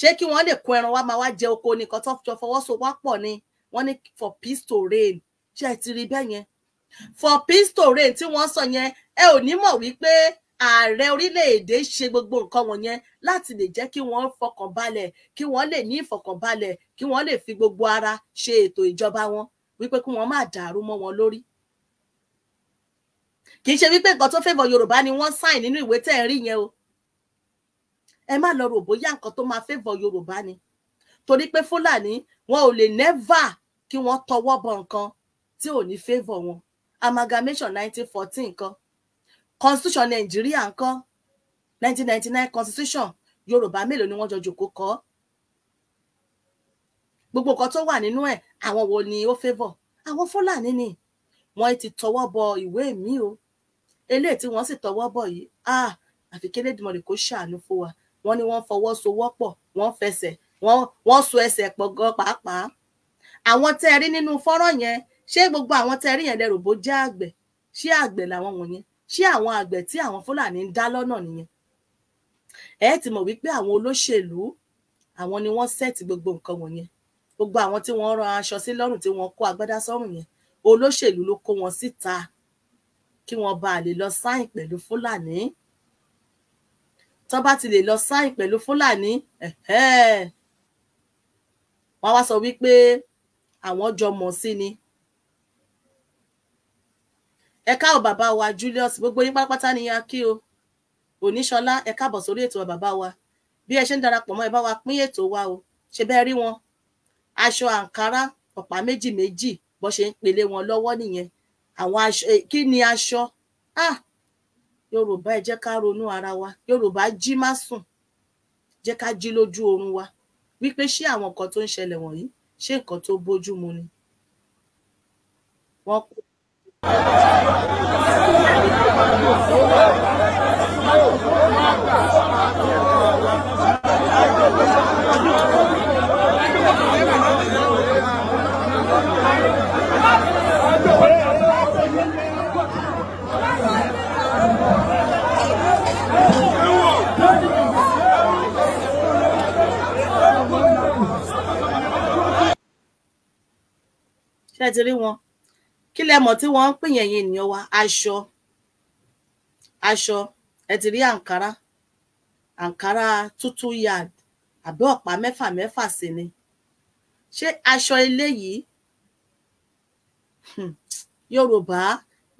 Speaker 1: ṣé kí wọ́n lè kó ẹran wá máa wá jẹ oko nìkan tó jọ fọwọ́sowọ́pọ̀ ni wọ́n ní for peace to rain? ṣé ẹ ti rí bẹ́ẹ̀ yẹn for peace to rain, tí wọ́n sọ yẹn ẹ ò ní mọ̀ wípé ààrẹ orílẹ̀-èdè ṣe gbogbo nǹkan wọ̀nyẹn láti lè jẹ́ kí wọ́n fọkànbalẹ̀ kí wọ́n lè ní ìfọkànbalẹ̀ kí wọ́n lè fi gbogbo ara ṣe ètò ìjọba wọn wípé kí wọ́n má dàrú mọ́ wọn lórí kì í ṣe wípé nǹkan tó fẹ́bọ̀ yorùbá ni wọ́n sign nínú ìwé tẹ́ ẹ̀ rí yẹn o ẹ má lọ rò bóyá nǹkan tó máa fẹ́bọ̀ yorùbá ni torí pé fúlàní wọn ò lè never kí wọ́n tọwọ́ bọ nǹkan tí ò ní fẹ́bọ̀ wọn amalgamation nineteen fourteen kan constitution nàìjíríà kan nineteen ninety nine constitution yorùbá mélòó ni wọ́n jọ jòkó kọ́ gbogbo nǹkan tó wà nínú ẹ̀ àwọn wo ni ó fẹ́bọ̀ àwọn fúlàní ni wọ́n ti tọwọ́ bọ ìwé mi o eléyìí tí wọ́n sì tọwọ́ bọ̀ yìí ah àfi kí Elédùmarè kó ṣàánú fún wa wọ́n ní wọ́n fọwọ́sowọ́pọ̀ wọ́n fẹsẹ̀ wọ́n so ẹsẹ̀ pọ̀ gan pàápàá àwọn tẹ́ ẹ rí nínú fọ́nrán yẹn ṣé gbogbo àwọn tẹ́ ẹ rí yẹn lẹ́rù bó jẹ́ àgbẹ̀ ṣé àgbẹ̀ làwọn wọ̀nyẹn ṣé àwọn àgbẹ̀ tí àwọn Fúlàní ń dá lọ́nà nìyẹn ẹ ti mọ̀ wípé àwọn olóṣèlú àwọn ni wọ́n sẹ́ẹ̀tì gbogbo nǹkan wọ̀nyẹn gbogbo àwọn tí wọ́n rán aṣọ sí lọ́rùn tí wọ́n kó agbádá sọ́rùn yẹn olóṣèlú ló kó wọn síta kí wọ́n bá lè lọ sáìn pẹ̀lú fúlàní tó bá ti lè lọ sáìn pẹ̀lú fúlàní wọ́n wá sọ wípé àwọn jọ mọ̀ sí ni ẹ káàbọ̀ bàbá wa Julius gbogbo yín pátápátá ni a kí o oníṣọlá ẹ káàbọ̀ sórí ètò wa bàbá wa bí ẹ ṣe ń darapọ̀ mọ́ ẹ bá wa pín ètò wa o ṣe bẹ́ẹ̀ rí wọn aṣọ àǹkárá ọ̀pá méjì méjì bó ṣe ń pele wọn lọ́wọ́ nìyẹn àwọn aṣọ eh, kí ni aṣọ ah yorùbá ẹ jẹ́ ká ronú ara wa yorùbá jí má sùn jẹ́ ká jí lójú oorun wa wípé ṣé àwọn nǹkan tó ń ṣẹlẹ̀ wọ̀nyí ṣé nǹkan tó bójú mu ni
Speaker 5: Thank you.
Speaker 1: ṣé ti rí wọn kí lẹ mọ̀ tí wọ́n ń pè yẹn yẹn ènìyàn wa aṣọ aṣọ ẹ ti rí àǹkárá àǹkárá tútù yard àbí ọ̀pá mẹ́fà mẹ́fà sí ni ṣé aṣọ eléyìí hmm. yorùbá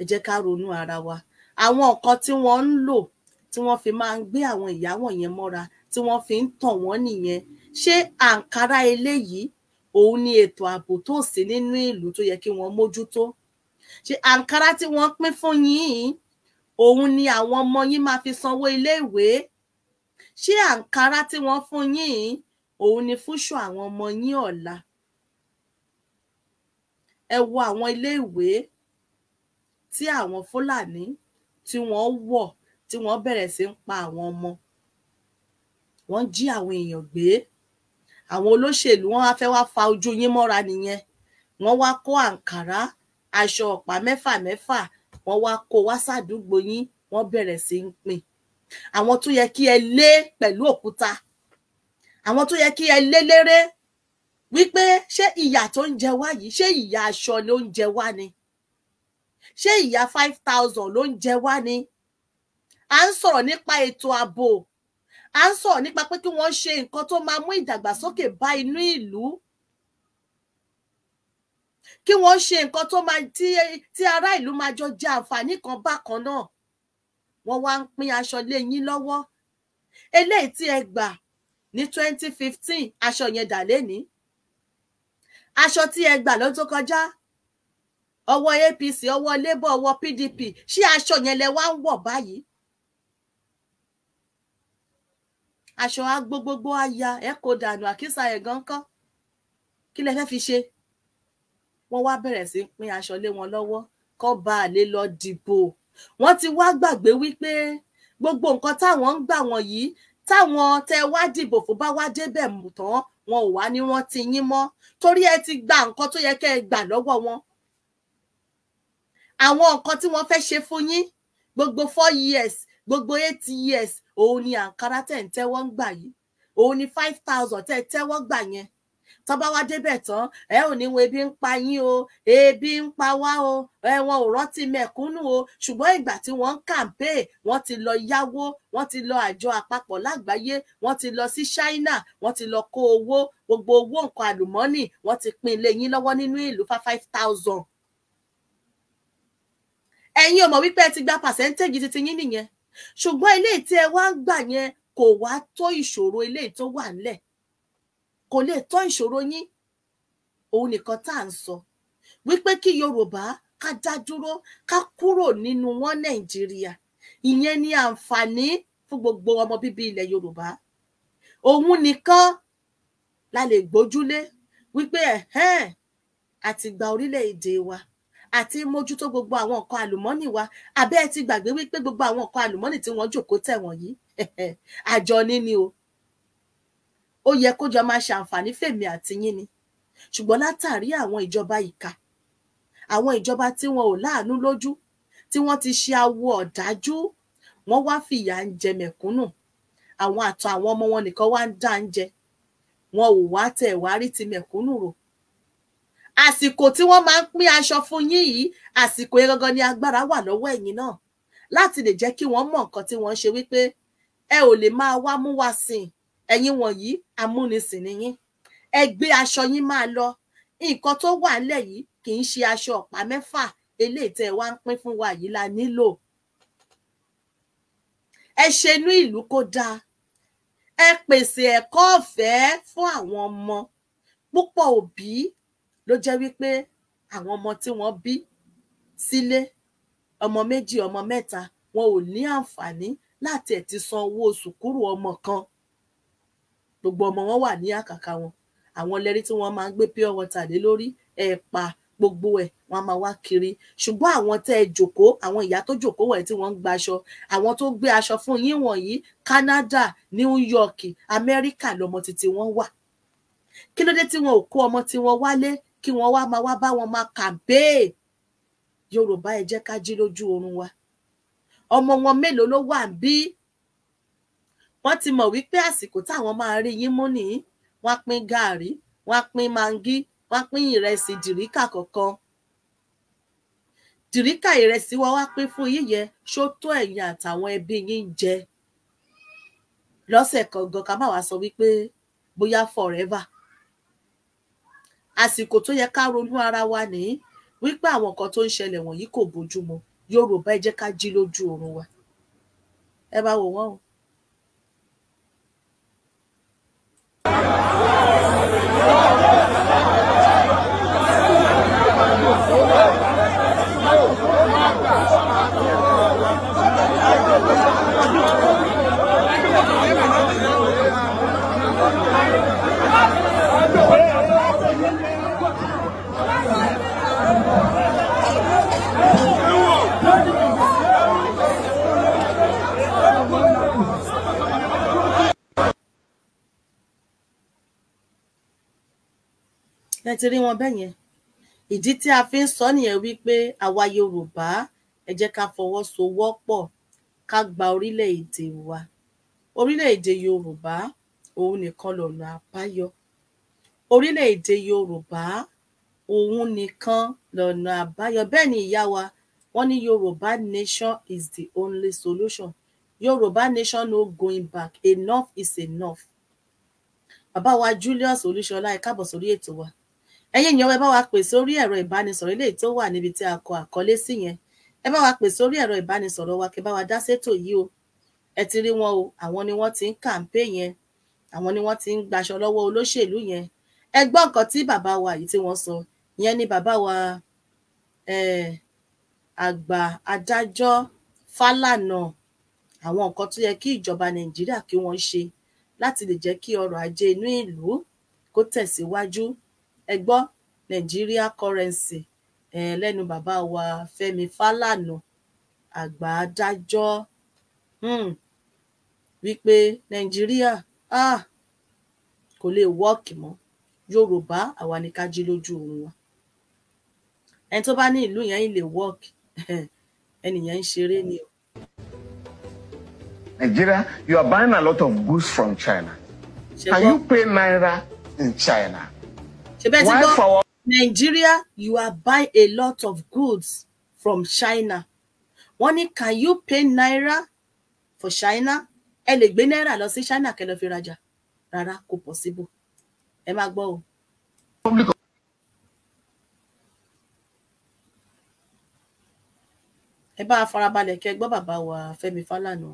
Speaker 1: ẹ jẹ́ ká ronú ara wa àwọn nǹkan tí wọ́n ń lò tí wọ́n fi máa ń gbé àwọn ìyá wọ̀nyẹn mọ́ra tí wọ́n fi ń tàn wọ́n nìyẹn ṣé àǹkárá eléyìí òun ni ètò ààbò tó sí nínú ìlú tó yẹ kí wọ́n mójútó ṣe àǹkárá tí wọ́n pín fún yín òun ni àwọn ọmọ yín máa fi sanwó iléèwé ṣé àǹkárá tí wọ́n fún yín òun ni fúnṣọ àwọn ọmọ yín ọ̀la ẹ wo àwọn iléèwé tí àwọn fúlàní tí wọ́n wọ̀ tí wọ́n bẹ̀rẹ̀ sí ń pa àwọn ọmọ wọ́n jí àwọn èèyàn gbé àwọn olóṣèlú wọn á fẹ́ wá fa ojú yín mọ́ra nìyẹn wọ́n wá kó àǹkàrá aṣọ ọ̀pá mẹ́fà mẹ́fà wọ́n wá kó wá sàdúgbò yín wọ́n bẹ̀rẹ̀ sí í pín àwọn tó yẹ kí ẹ lé pẹ̀lú òkúta àwọn tó yẹ kí ẹ lé léré wípé ṣé ìyà tó ń jẹ wá yìí ṣé ìyà aṣọ ló ń jẹ wá ni ṣé ìyà five thousand ló ń jẹ wá ni à ń sọ̀rọ̀ nípa ètò ààbò à ń sọ̀rọ̀ nípa pé kí wọ́n ṣe nǹkan tó máa mú ìdàgbàsókè bá inú ìlú kí wọ́n ṣe nǹkan tó máa tí tí ará ìlú máa jọ jẹ àǹfààní kan bákan náà wọ́n wá ń pín aṣọ lé yín lọ́wọ́ eléyìí tí ẹ gbà ní 2015 aṣọ yẹn dà lẹ́ni aṣọ tí ẹ gbà lọ́dún tó kọjá ọwọ́ APC ọwọ́ Labour ọwọ́ PDP ṣé aṣọ yẹn lẹ wá ń wọ̀ báyìí aṣọ agbó gbogbo aya ẹ kò dànù àkísà ẹ gan kọ kí lẹ fẹ́ fi ṣe wọ́n wá bẹ̀rẹ̀ sí pín aṣọ lé wọn lọ́wọ́ kó bá a lè lọ dìbò wọ́n ti wá gbàgbé wípé gbogbo nǹkan táwọn ń gbà wọn yìí táwọn tẹ wá dìbò fún bá wá débẹ̀ mú tán wọn ò wá ní wọn ti yín mọ́ torí ẹ ti gba nǹkan tó yẹ kẹ́ ẹ gbà lọ́wọ́ wọn àwọn nǹkan tí wọ́n fẹ́ ṣe fún yín gbogbo four years gbogbo eight years òun ni àǹkárá tẹ̀ ń tẹ́wọ́ ń gbà yìí òun ni five thousand tẹ́ ẹ tẹ́wọ́ gbà yẹn tọ́ba wá débẹ̀ tán ẹ ò ní wo ebi ń pa yín o ebi ń pa wá o ẹ̀wọ̀n ò rántí mẹ̀kúnnù o ṣùgbọ́n ìgbà tí wọ́n ń kàǹpé wọ́n ti lọ yáwó wọ́n ti lọ àjọ àpapọ̀ lágbàáyé wọ́n ti lọ sí China wọ́n ti lọ kó owó gbogbo owó nǹkan àlùmọ́ọ́nì wọ́n ti pín ilé yín lọ́wọ́ nínú ìlú fa five thousand. ẹ̀yin ò mọ̀ wípé ẹ ti gba percentage titi yín nìyẹn ṣùgbọ́n eléyìí tí ẹ wá ń gbà yẹn kò wá tó ìṣòro eléyìí tó wà ńlẹ̀ kò lè tó ìṣòro yín òun nìkan tá à ń sọ wípé kí Yorùbá ká dá dúró ká kúrò nínú wọn Nàìjíríà ìyẹn ni àǹfààní fún gbogbo ọmọ bíbí ilẹ̀ Yorùbá òun nìkan la lè gbójúlé wípé ẹ̀hẹ́n àti gba orílẹ̀-èdè wa àti mójútó gbogbo àwọn nǹkan àlùmọ́nì wa àbẹ́ ẹ ti gbàgbé wípé gbogbo àwọn nǹkan àlùmọ́nì tí wọ́n jòkó tẹ̀ wọ̀nyí àjọní ni o ó yẹ kó jọ máa ṣàǹfààní fèmí àtiyín ni ṣùgbọ́n látàrí àwọn ìjọba ìka àwọn ìjọba tí wọn ò láàánú lójú tí wọ́n ti ṣe awo ọ̀dájú wọ́n wá fìyà ń jẹ mẹ̀kúnnù àwọn àtọ̀ àwọn ọmọ wọn nìkan wá ń dá ń jẹ wọn ò wá tẹ̀ wá rí ti mẹ̀kúnnù rò àsìkò tí wọ́n máa ń pín aṣọ fún yín yìí àsìkò yẹn gangan ni agbára wà lọ́wọ́ ẹ̀yin náà láti lè jẹ́ kí wọ́n mọ̀ nǹkan tí wọ́n ṣe wípé ẹ ò lè máa wá mú wá sìn ẹ̀yin wọ̀nyí amúnisìn ni yín ẹ gbé aṣọ yín máa lọ nǹkan tó wà nílẹ̀ yìí kì í ṣe aṣọ ọ̀pá mẹ́fà eléyìí tẹ́ wá ń pín fún wa yìí la nílò ẹ ṣe inú ìlú kó dáa ẹ pèsè ẹ̀kọ́ ọ̀fẹ́ fún àwọn ọmọ púpọ̀ òbí ló jẹ́ wípé àwọn ọmọ tí wọ́n bí sílé ọmọ méjì ọmọ mẹ́ta wọn ò ní àǹfààní láti ẹ̀ ti san owó sùkúrù ọmọ kan gbogbo ọmọ wọn wà ní àkàkà wọn àwọn lẹ́rí tí wọ́n máa ń gbé pure water lé lórí ẹ̀pà gbogbo ẹ̀ wọ́n máa wá kiri ṣùgbọ́n àwọn tẹ́ jòkó àwọn ìyá tó jòkó wọ̀nyí tí wọ́n ń gbaṣọ àwọn tó gbé aṣọ fún yín wọ̀nyí Canada New York Amẹ́ríkà lọmọ títí wọ́n wà kí ló dé tí wọn ò kó ọmọ tí wọ́n wálé kí wọ́n wá máa wá bá wọn máa campaign yorùbá ẹ jẹ́ ká jí lójú oorun wa ọmọ wọn mélòó ló wà bí wọ́n ti mọ̀ wípé àsìkò táwọn máa rí yín mú nìyí wọ́n pín gàárì wọ́n pín mangi wọ́n á pín ìrẹsì dìríkà kọ̀ọ̀kan dìríkà ìrẹsì wọn wá pín fún yíyẹ ṣótó ẹ̀yin àtàwọn ẹbí yín jẹ lọ́sẹ̀ kọ̀ọ̀gan ká má wàá sọ wípé bóyá forever àsìkò tó yẹ ká ronú ara wa nìyí wípé àwọn nǹkan tó ń ṣẹlẹ̀ wọ̀nyí kò bójúmu yorùbá ẹ jẹ́ ká jí lójú oorun wa ẹ bá wò wọ́n o. Thank you. ti rí wọn bẹ́yẹn ìdí tí a fi ń sọ nìyẹn wípé àwa yorùbá ẹ jẹ́ ká fọwọ́sowọ́pọ̀ ká gba orílẹ̀-èdè wa orílẹ̀-èdè yorùbá òun nìkan lọ̀nà àbáyọ orílẹ̀-èdè yorùbá òun nìkan lọ̀nà àbáyọ bẹ́ẹ̀ ni ìyá wa wọ́n ní yorùbá nation is the only solution yorùbá nation no going back enough is enough bàbá wa julius olúṣọlá ẹ káàbọ̀ sórí ètò wa ẹ̀yin èèyàn ẹ bá wa pè sórí ẹ̀rọ ìbánisọ̀rọ̀ eléyìí tó wà níbi tí a kọ àkọlé sí yẹn ẹ bá wa pè sórí ẹ̀rọ ìbánisọ̀rọ̀ wa kẹ bá wa dá sétò yìí o ẹ ti rí wọn o àwọn ni wọ́n ti ń kàǹpé yẹn àwọn ni wọ́n ti ń gbaṣọ lọ́wọ́ olóṣèlú yẹn ẹ gbọ́ nǹkan tí bàbá wa yìí tí wọ́n sọ yẹn ni bàbá wa àgbà adájọ́ Fálànà àwọn nǹkan tó yẹ kí ìjọba Nàìjíríà kí wọ́n ṣe láti lè jẹ́ kí ọrọ̀ ajé inú ìlú kó tẹ̀síwájú ẹ gbọ́ nàìjíríà currency lẹ́nu bàbá wa Fẹ́mi Fálànà àgbà adájọ́ hmm, wípé nàìjíríà ah, kò lè wọ́ọ̀kì mọ́ yorùbá àwa ni ká jí lójú oorun wa ẹni tó bá ní ìlú yẹn ń lè wọ́ọ̀kì ẹnìyẹn ń ṣeré ni o.
Speaker 3: Nigeria, you are buying a lot of goods from China. Can you pay naira in China?
Speaker 1: ṣebẹ́ ti gbọ́ Nigeria you are buy a lot of goods from China One can you pay naira for China ẹ the Naira lost. China kẹ́ lọ fi Rara, could possible ẹ máa Eba o. ẹ bá a farabalẹ̀ kẹ́ gbọ́ bàbá wa Fẹ́mi Fálànà.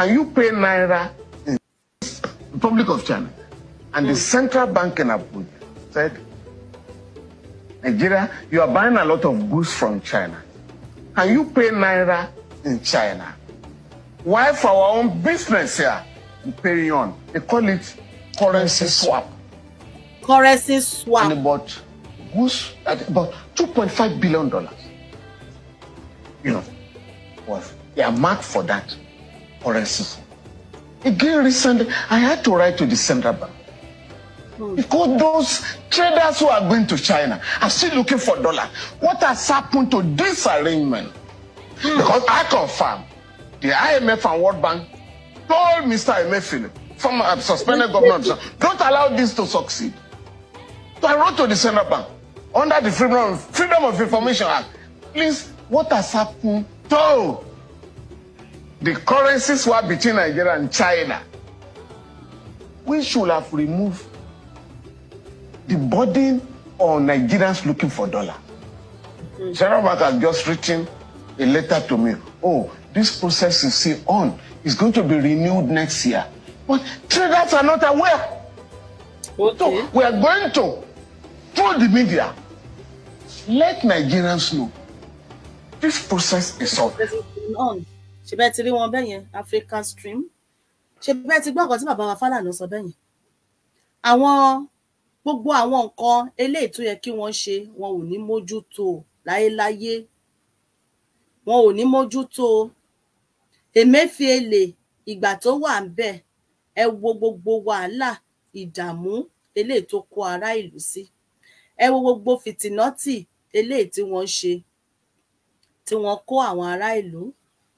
Speaker 3: Can you pay Naira in Republic of China? And the hmm. central bank in Abuja said, Nigeria, you are buying a lot of goods from China. Can you pay Naira in China? Why for our own business here, we pay yuan. They call it currency swap. Currency swap. And about goods at about $2.5 billion. dollars. You know, was earmarked for that. Oresifu. Again, recently, I had to write to the central bank. Because those traders who are going to China are still looking for dollar. What has happened to this arrangement? Hmm. Because I confirm the IMF and World Bank told Mr. Emefiele, former uh, suspended hmm. government officer, don't allow this to succeed. So I wrote to the central bank under the Freedom, Freedom of Information Act. Please, what has happened to the currencies were between Nigeria and China, we should have removed the burden on Nigerians looking for dollar. Mm. General Bank has just written a letter to me. Oh, this process is still on. It's going to be renewed next year. But traders are not aware. Okay. So we are going to, through the media, let Nigerians know this process is on.
Speaker 1: It's on ṣe bẹ́ẹ̀ ti rí wọn bẹ́ẹ̀ African stream ṣe bẹ́ẹ̀ ti gbọ́ ọ̀kan tí bàbá wa Fálànà sọ bẹ́ẹ̀ yẹn àwọn gbogbo àwọn nǹkan eléyìí tó yẹ kí wọ́n ṣe wọn ò ní mójútó láéláyé wọn ò ní mójútó Emefiele ìgbà tó wà ń bẹ̀ ẹ wo gbogbo wàhálà ìdààmú eléyìí tó kó ará ìlú sí ẹ wo gbogbo fìtìnọ́tì eléyìí tí wọ́n ṣe tí wọ́n kó àwọn ará ìlú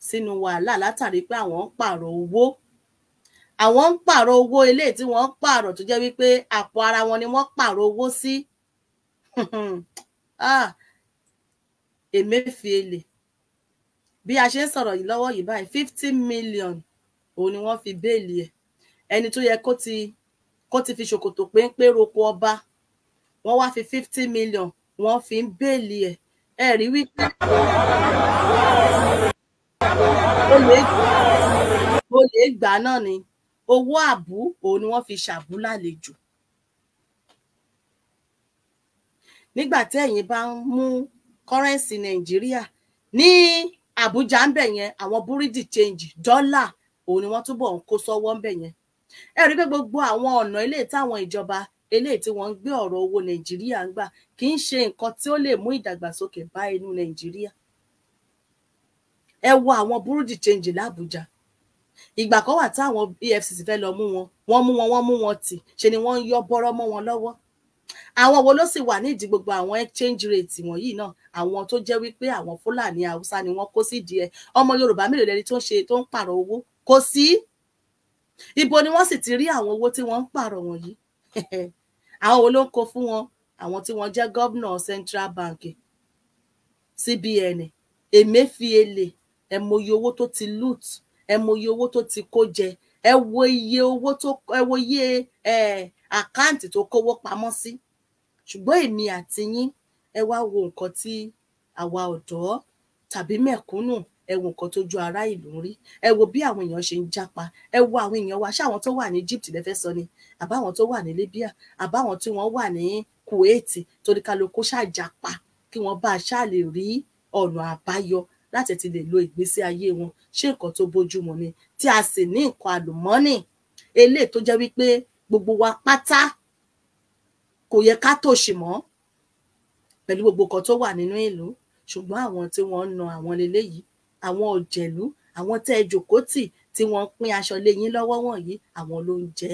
Speaker 1: sínú wàhálà látàrí pé àwọn ń pààrọ̀ owó àwọn ń pààrọ̀ owó ilé tí wọ́n ń pààrọ̀ tó jẹ́ wípé àpò ara wọn ni wọ́n pààrọ̀ owó sí ah, Emefiele bí a ṣe ń sọ̀rọ̀ yìí lọ́wọ́ yìí báyìí fifty million òun ni wọ́n fi béèlì ẹ̀ ẹni tó yẹ kó ti kó ti fi ṣòkòtò péńpé roko ọba wọ́n wá fi fifty million wọ́n fi ń béèlì ẹ̀ ẹ̀ rí wípé o lè gbà náà ni owó àbú òun ni wọ́n fi ṣàbú lálejò nígbà tí ẹ̀yin bá ń mú kọ́rẹ́ǹsì nàìjíríà ní àbújá ń bẹ̀ yẹn àwọn búrídì change dọ́là òun ni wọ́n túbọ̀ ń kó sọ́wọ́ ń bẹ̀ yẹn ẹ rí pé gbogbo àwọn ọ̀nà eléyìí táwọn ìjọba eléyìí tí wọ́n ń gbé ọ̀rọ̀ owó nàìjíríà ń gbà kì í ṣe nǹkan tí ó lè mú ìdàgbàsókè bá inú nàìjíríà ẹ wo àwọn burúdi change làbújá ìgbà kan wà táwọn EFCC fẹ́ lọ mú wọn wọ́n mú wọn wọ́n mú wọn tì ṣe ni wọ́n ń yọ bọ́rọ́ mọ́ wọn lọ́wọ́ àwọn wo ló sì wà nídìí gbogbo àwọn exchange rate wọ̀nyí náà àwọn tó jẹ́ wípé àwọn Fúlàní Haúsá ni wọ́n kó sí díẹ̀ ọmọ Yorùbá mélòó lẹni tó ń ṣe tó ń pààrọ̀ owó kò sí ibo ni wọ́n sì ti rí àwọn owó tí wọ́n ń pààrọ̀ wọ̀nyí àwọn wo ló ń kó fún wọn àwọn tí wọ́n jẹ́ gómìnà Central Bank CBN Emefiele ẹ mọye owó tó ti loot ẹ mọye owó tó ti kó jẹ ẹ wo iye owó tó ẹ wo iye ẹ àkáǹtì tó kówó pamọ́ sí ṣùgbọ́n èmi àti yín ẹ wá wo nǹkan tí àwa ọ̀dọ́ tàbí mẹ̀kúnnù ẹ wo nǹkan tójú ará ìlú rí ẹ wo bí àwọn èèyàn ṣe ń jápa ẹ wo àwọn èèyàn wa ṣáwọn tó wà ní Egypt lẹfẹ sọ ni àbáwọn tó wà ní Libya àbáwọn tí wọ́n wà ní Kuwait torí kálukú ṣàjápa kí wọ́n bá a ṣáà lè rí ọ̀nà àbáyọ láti ti lè lo ìgbésí ayé wọn ṣé nǹkan tó bójúmu ni tí a sì ní nǹkan àlùmọ́nì eléyìí tó jẹ́ wípé gbogbo wa pátá kò yẹ ká tòṣì mọ́ pẹ̀lú gbogbo nǹkan tó wà nínú ìlú ṣùgbọ́n àwọn tí wọ́n ń na àwọn leléyìí àwọn òjẹ̀lú àwọn tẹ́ ẹ jòkó tì tí wọ́n pín aṣọ lé yín lọ́wọ́ wọ̀nyí àwọn ló ń jẹ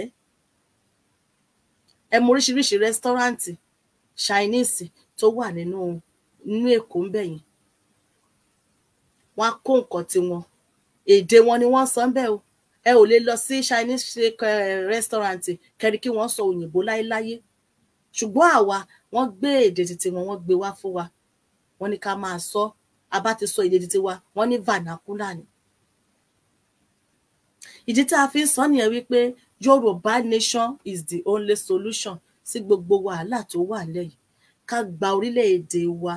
Speaker 1: ẹ mọ oríṣiríṣi rẹ́sítọ́ráǹtì Chinese tó wà nínú nínú Èkó ń bẹ̀yìn wọ́n á kó nǹkan tiwọn èdè wọn ni wọ́n san bẹ́ẹ̀ o ẹ ò lè lọ sí chinese eh, restaurant kẹrin kí wọ́n sọ òyìnbó láéláyé ṣùgbọ́n àwa wọ́n gbé èdè títí wọn wọ́n gbé wá fún wa wọ́n ní ká máa sọ abá ti sọ èdè títí wa wọ́n ní vernacular ni ìdí tá a fi ń sọ nìyẹn wípé yorùbá nation is the only solution sí gbogbo wàhálà tó wà lẹ́yìn ká gba orílẹ̀-èdè wa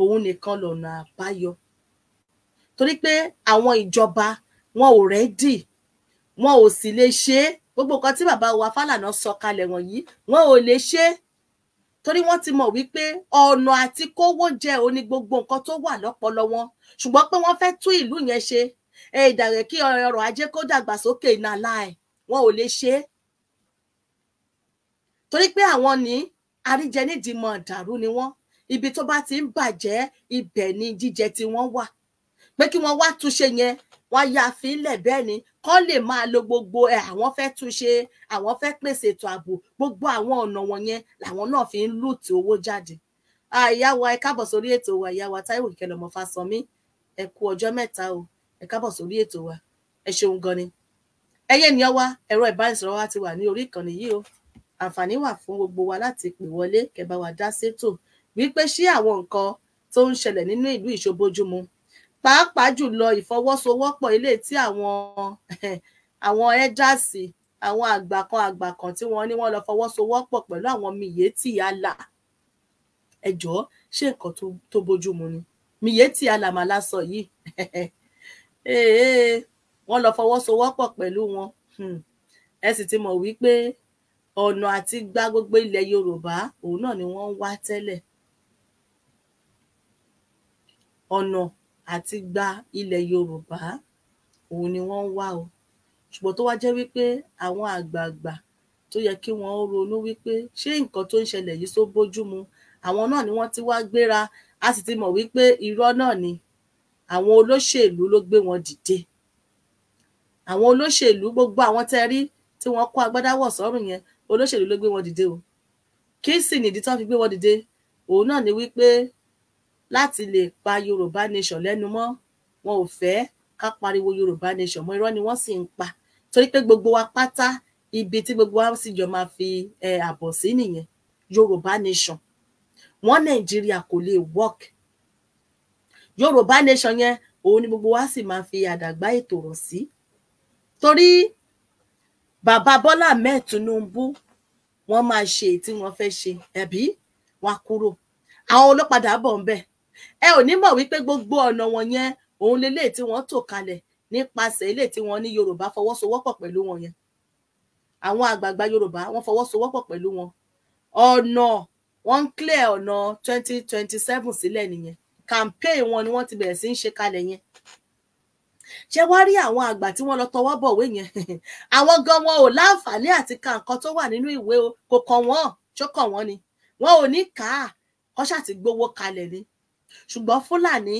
Speaker 1: òun nìkan lọ́nà àbáyọ torí pé àwọn ìjọba wọn ò rẹ́dì wọn ò sì lè ṣe é gbogbo nǹkan tí bàbá wa Fálànà sọ kalẹ̀ wọ̀nyí wọn ò lè ṣe é torí wọn ti mọ̀ wípé ọ̀nà àti kówó jẹ oní gbogbo nǹkan tó wà lọ́pọlọ wọn ṣùgbọ́n pé wọ́n fẹ́ tún ìlú yẹn ṣe ẹ ìdàrẹ kí ọrọ̀ ajé kó dàgbàsókè iná láì wọn ò lè ṣe torí pé àwọn ní àríjẹ nídìí mọ dàrú ni wọn ibi tó bá ti ń bàjẹ́ ibẹ̀ ni jíjẹ tí wọ́n wà pé kí wọ́n wá túnṣe yẹn wọ́n á yà fi ń lẹ̀ bẹ́ẹ̀ ni kán lè máa lo gbogbo ẹ̀ àwọn fẹ́ túnṣe àwọn fẹ́ pèsè ètò ààbò gbogbo àwọn ọ̀nà wọ̀nyẹn làwọn náà fi ń lùtì owó jáde. àyà wa ẹ káàbọ̀ sórí ètò wa àyà wa Táíwò Ìkẹlẹ̀mọ́ Fásánmi ẹ kú ọjọ́ mẹ́ta o ẹ káàbọ̀ sórí ètò wa ẹ ṣeun gan ni. ẹyẹ ènìyàn wa ẹ̀rọ ìbánisọ̀rọ̀ wa ti wà ní orí ìkànnì yìí o àǹfààní wà fún gbogbo wa láti pè wọlé kẹ́ bá dá sétò wípé ṣé àwọn nǹkan tó ń ṣẹlẹ̀ nínú ìlú ìṣòbójúmu pàápàá jùlọ ìfọwọ́sowọ́pọ̀ ilé tí àwọn àwọn ẹjàsì àwọn àgbà kan àgbà kan tí wọ́n ní wọ́n lọ fọwọ́sowọ́pọ̀ pẹ̀lú àwọn Miyetti Allah ẹjọ ṣé nǹkan tó bójúmu ni Miyetti Allah mà lásọ yìí wọ́n lọ fọwọ́sowọ́pọ̀ pẹ̀lú wọn hmm. ẹ sì ti mọ̀ wípé ọ̀nà àti gbá gbogbo ilẹ̀ Yorùbá òun náà ni wọ́n ń wá tẹ́lẹ̀ ọ̀nà àti gba ilẹ̀ yorùbá òun ni wọ́n ń wá o ṣùgbọ́n tó wá jẹ́ wípé àwọn àgbààgbà tó yẹ kí wọ́n ronú wípé ṣé nǹkan tó ń ṣẹlẹ̀ yìí só bójú mu àwọn náà ni wọ́n ti wá gbéra a sì ti mọ̀ wípé irọ́ náà ni àwọn olóṣèlú ló gbé wọn dìde àwọn olóṣèlú gbogbo àwọn tẹ rí tí wọ́n kó agbádáwọ̀ sọ́rùn yẹn olóṣèlú ló gbé wọn dìde o kí sì nìdí tí wọ́n fi gbé wọn dìde òun náà ni wípé láti lè pa yorùbá nation lẹ́nu mọ́ wọn ò fẹ́ ká pariwo yorùbá nation mọ́ irọ́ ni wọ́n sì ń pa torí pé gbogbo wa pátá ibi tí gbogbo wa sì jọ máa fi àbọ̀ sí nìyẹn yorùbá nation wọn nàìjíríà kò lè work yorùbá nation yẹn òun ni gbogbo wa sì máa fi àdàgbà ètò rọ̀ sí torí bàbá bọ́lá ahmed tinubu wọn máa ṣe tí wọn fẹ́ ṣe ẹbí wọn kúrò àwọn olópadà bọ̀ ń bẹ̀ ẹ ò ní mọ̀ wípé gbogbo ọ̀nà wọn yẹn òun lélẹ̀ tí wọ́n tò kalẹ̀ nípasẹ̀ ilé tí wọ́n ní Yorùbá fọwọ́sowọ́pọ̀ pẹ̀lú wọn yẹn àwọn àgbààgbà Yorùbá wọ́n fọwọ́sowọ́pọ̀ pẹ̀lú wọn ọ̀nà wọ́n ń clear ọ̀nà twenty twenty seven sílẹ̀ nìyẹn campaign wọn ni wọ́n ti bẹ̀rẹ̀ sí ń ṣe kalẹ̀ yẹn ṣé wá rí àwọn àgbà tí wọ́n lọ tọwọ́ bọ̀wé yẹn àwọn gan wọn ò láǹfààní àti ka nǹkan tó wà nínú ìwé o kò kàn wọ́n ṣó kàn wọ́n ni wọn ò ní kà á kọ́ṣà ti gbowó kalẹ̀ ni ṣùgbọ́n fúlàní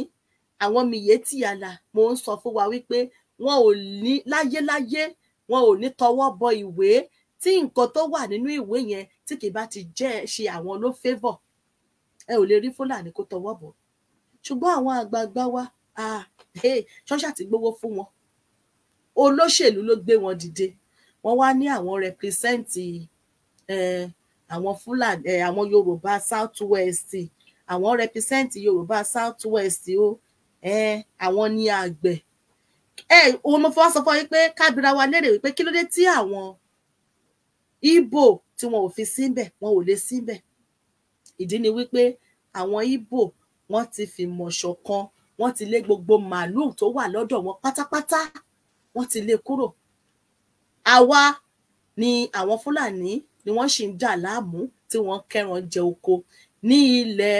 Speaker 1: àwọn mìyétì àlà mò ń sọ fún wa wípé wọn ò ní láyéláyé wọn ò ní tọwọ́ bọ ìwé tí nǹkan tó wà nínú ìwé yẹn tí kì bá ti jẹ́ ṣe àwọn ló fẹ́vọ̀ ẹ ò lè rí fúlàní kó tọwọ́ bọ̀ ṣùgbọ́n àwọn àgbààgbà wa ṣọ́ṣà ti gbowó fún wọn olóṣèlú ló gbé wọn dìde wọn wá ní àwọn rẹpírẹsẹǹtì àwọn fúlàní àwọn yorùbá south west àwọn represent yorùbá south west o àwọn ni àgbẹ̀ ẹ òun mo fọwọ́ sọ fún yín pé kábíra wa lérè wípé kí ló dé tí àwọn Ìgbò tí wọn ò fi síbẹ̀ wọn ò lè síbẹ̀ ìdí ni wípé àwọn Ìgbò wọn ti fi mọ̀ṣọ̀ kan wọn ti lé gbogbo màálùú tó wà lọ́dọ̀ wọn pátápátá wọn ti lé kúrò àwa ni àwọn Fúlàní ni wọ́n sì ń jà láàmú tí wọ́n kẹ́ran jẹ oko ní ilẹ̀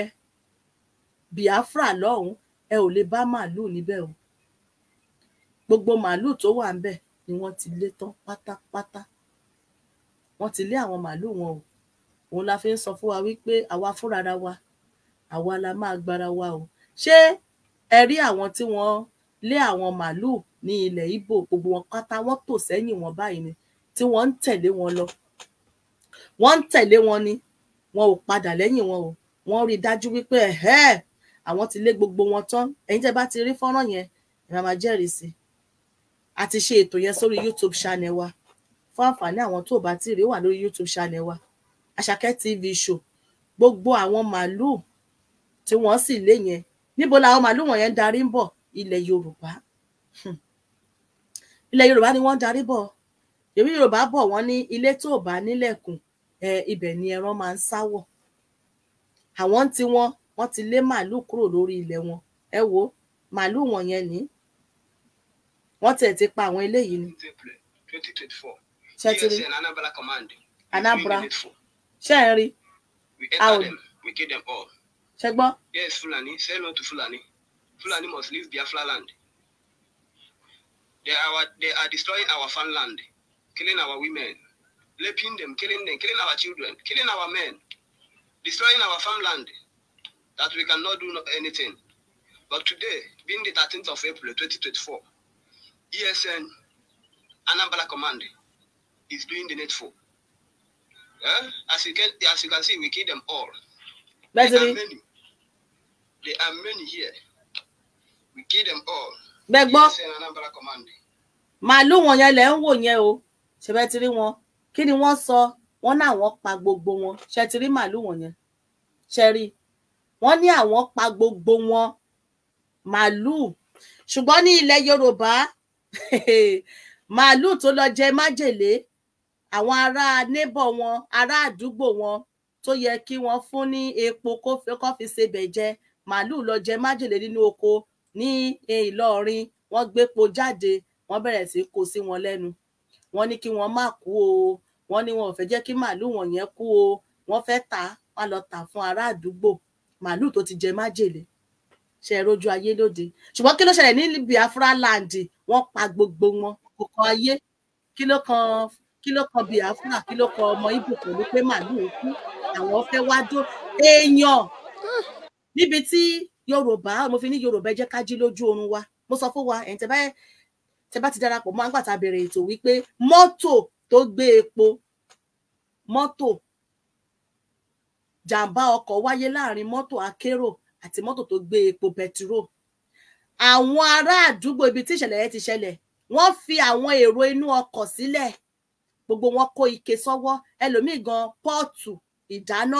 Speaker 1: biafra lọ́hùn ẹ ò lè bá màálùú níbẹ̀ o gbogbo màálùú tó wà ń bẹ̀ ni wọ́n ti lé tán pátápátá wọ́n ti lé àwọn màálùú wọn o òun la fi ń sọ fún wa wípé àwa fúnra wa àwa la máa gbára wa o ṣé ẹ rí àwọn tí wọ́n lé àwọn màálùú ní ilẹ̀ Ìgbò gbogbo wọn pátá wọ́n tò sẹ́yìn wọn báyìí ni tí wọ́n ń tẹ̀lé wọn lọ wọ́n ń tẹ̀lé wọn ni wọn ò padà lẹ́yìn wọn o wọ́n rí i dájú wípé ẹ̀hẹ́ àwọn ti lé gbogbo wọn tán ẹ̀yin tẹ́ bá ti rí fọ́nrán yẹn ẹ máa máa jẹ́rìí sí a ti ṣe ètò yẹn sórí YouTube channel wa fún àǹfààní àwọn tó bá ti rí wà lórí YouTube channel wa Àṣàkẹ́ TV show gbogbo àwọn màálùú tí wọ́n sì lé yẹn níbo làwọn màálùú wọ̀nyẹn ń darí ń bọ̀ ilẹ̀ Yorùbá hmm. ilẹ̀ Yorùbá ni wọ́n ń darí bọ̀ èmi Yorùbá bọ̀ wọ́n ní ilé tó bá nílẹ̀kùn ibẹ̀ ni ẹran máa ń sáwọ̀ àwọn tí wọ́n wọ́n ti lé màálù kúrò lórí ilẹ̀ wọn ẹ wo màálù wọn yẹn ni wọ́n tẹ̀ ti pa àwọn eléyìí ni. ṣe ti rí anabra ṣe ń rí a ò ṣe gbọ́.
Speaker 4: yes Fulani Sell no to Fulani Fulani must leave Biafra land they are they are destroying our farm land, killing our women raping them killing them killing our children killing our men destroying our farm land that we cannot do anything. But today, being the 13th of April 2024, ESN Anambra Command is doing the needful. Eh? As, you can, as you can see, we kill them all. there are many. There are many here.
Speaker 1: We kill them all. Begbo. ESN Anambra Command. Màálù wọn yẹn lẹ̀ ń wò yẹn o, ṣe bẹ́ẹ̀ ti rí wọn. Kí ni wọ́n sọ? Wọ́n náà wọ́n pa gbogbo wọn. Ṣé ti rí màálù wọn yẹn? Ṣé rí wọ́n ní àwọn pa gbogbo wọn màálùú ṣùgbọ́n ní ilẹ̀ yorùbá màálùú tó lọ jẹ májèlé àwọn ará nébọ wọn ará àdúgbò wọn tó yẹ kí wọ́n fún ní epo kó fi sebẹ̀ jẹ màálùú lọ jẹ májèlé nínú oko ní ìlọrin wọ́n gbépo jáde wọ́n bẹ̀rẹ̀ sí kó sí wọn lẹ́nu wọ́n ní kí wọ́n má kú o wọ́n ní wọn ò fẹ́ jẹ́ kí màálùú wọn yẹn kú o wọ́n fẹ́ tà á lọ tà fún ará àdúgbò màálù tó ti jẹ májèlé ṣe rojú ayé lóde ṣùgbọ́n kí ló ṣẹlẹ̀ ní Biafra land wọ́n pa gbogbo wọn kò kọ ayé kí ló kan kí ló kan Biafra kí ló kan ọmọ Ìgbò pẹ̀lú pé màálù ń kú àwọn fẹ́ wá dó èèyàn níbi tí Yorùbá mo fi ní Yorùbá jẹ́ ká jí lójú oorun wa mo sọ fún wa ẹ̀yin tẹ́ bá ti darapọ̀ mọ́ àgbàtà bẹ̀rẹ̀ ètò wípé mọ́tò tó gbé epo mọ́tò jàǹbá ọkọ̀ wáyé láàrin mọ́tò akérò àti mọ́tò tó gbé epo bẹtiró àwọn ará àdúgbò ibi tí ìṣẹ̀lẹ̀ yẹn ti ṣẹlẹ̀ wọ́n fi àwọn èrò inú ọkọ̀ sílẹ̀ gbogbo wọn kó ike sọ́wọ́ ẹlòmíì gan pọ́ọ̀tù ìdáná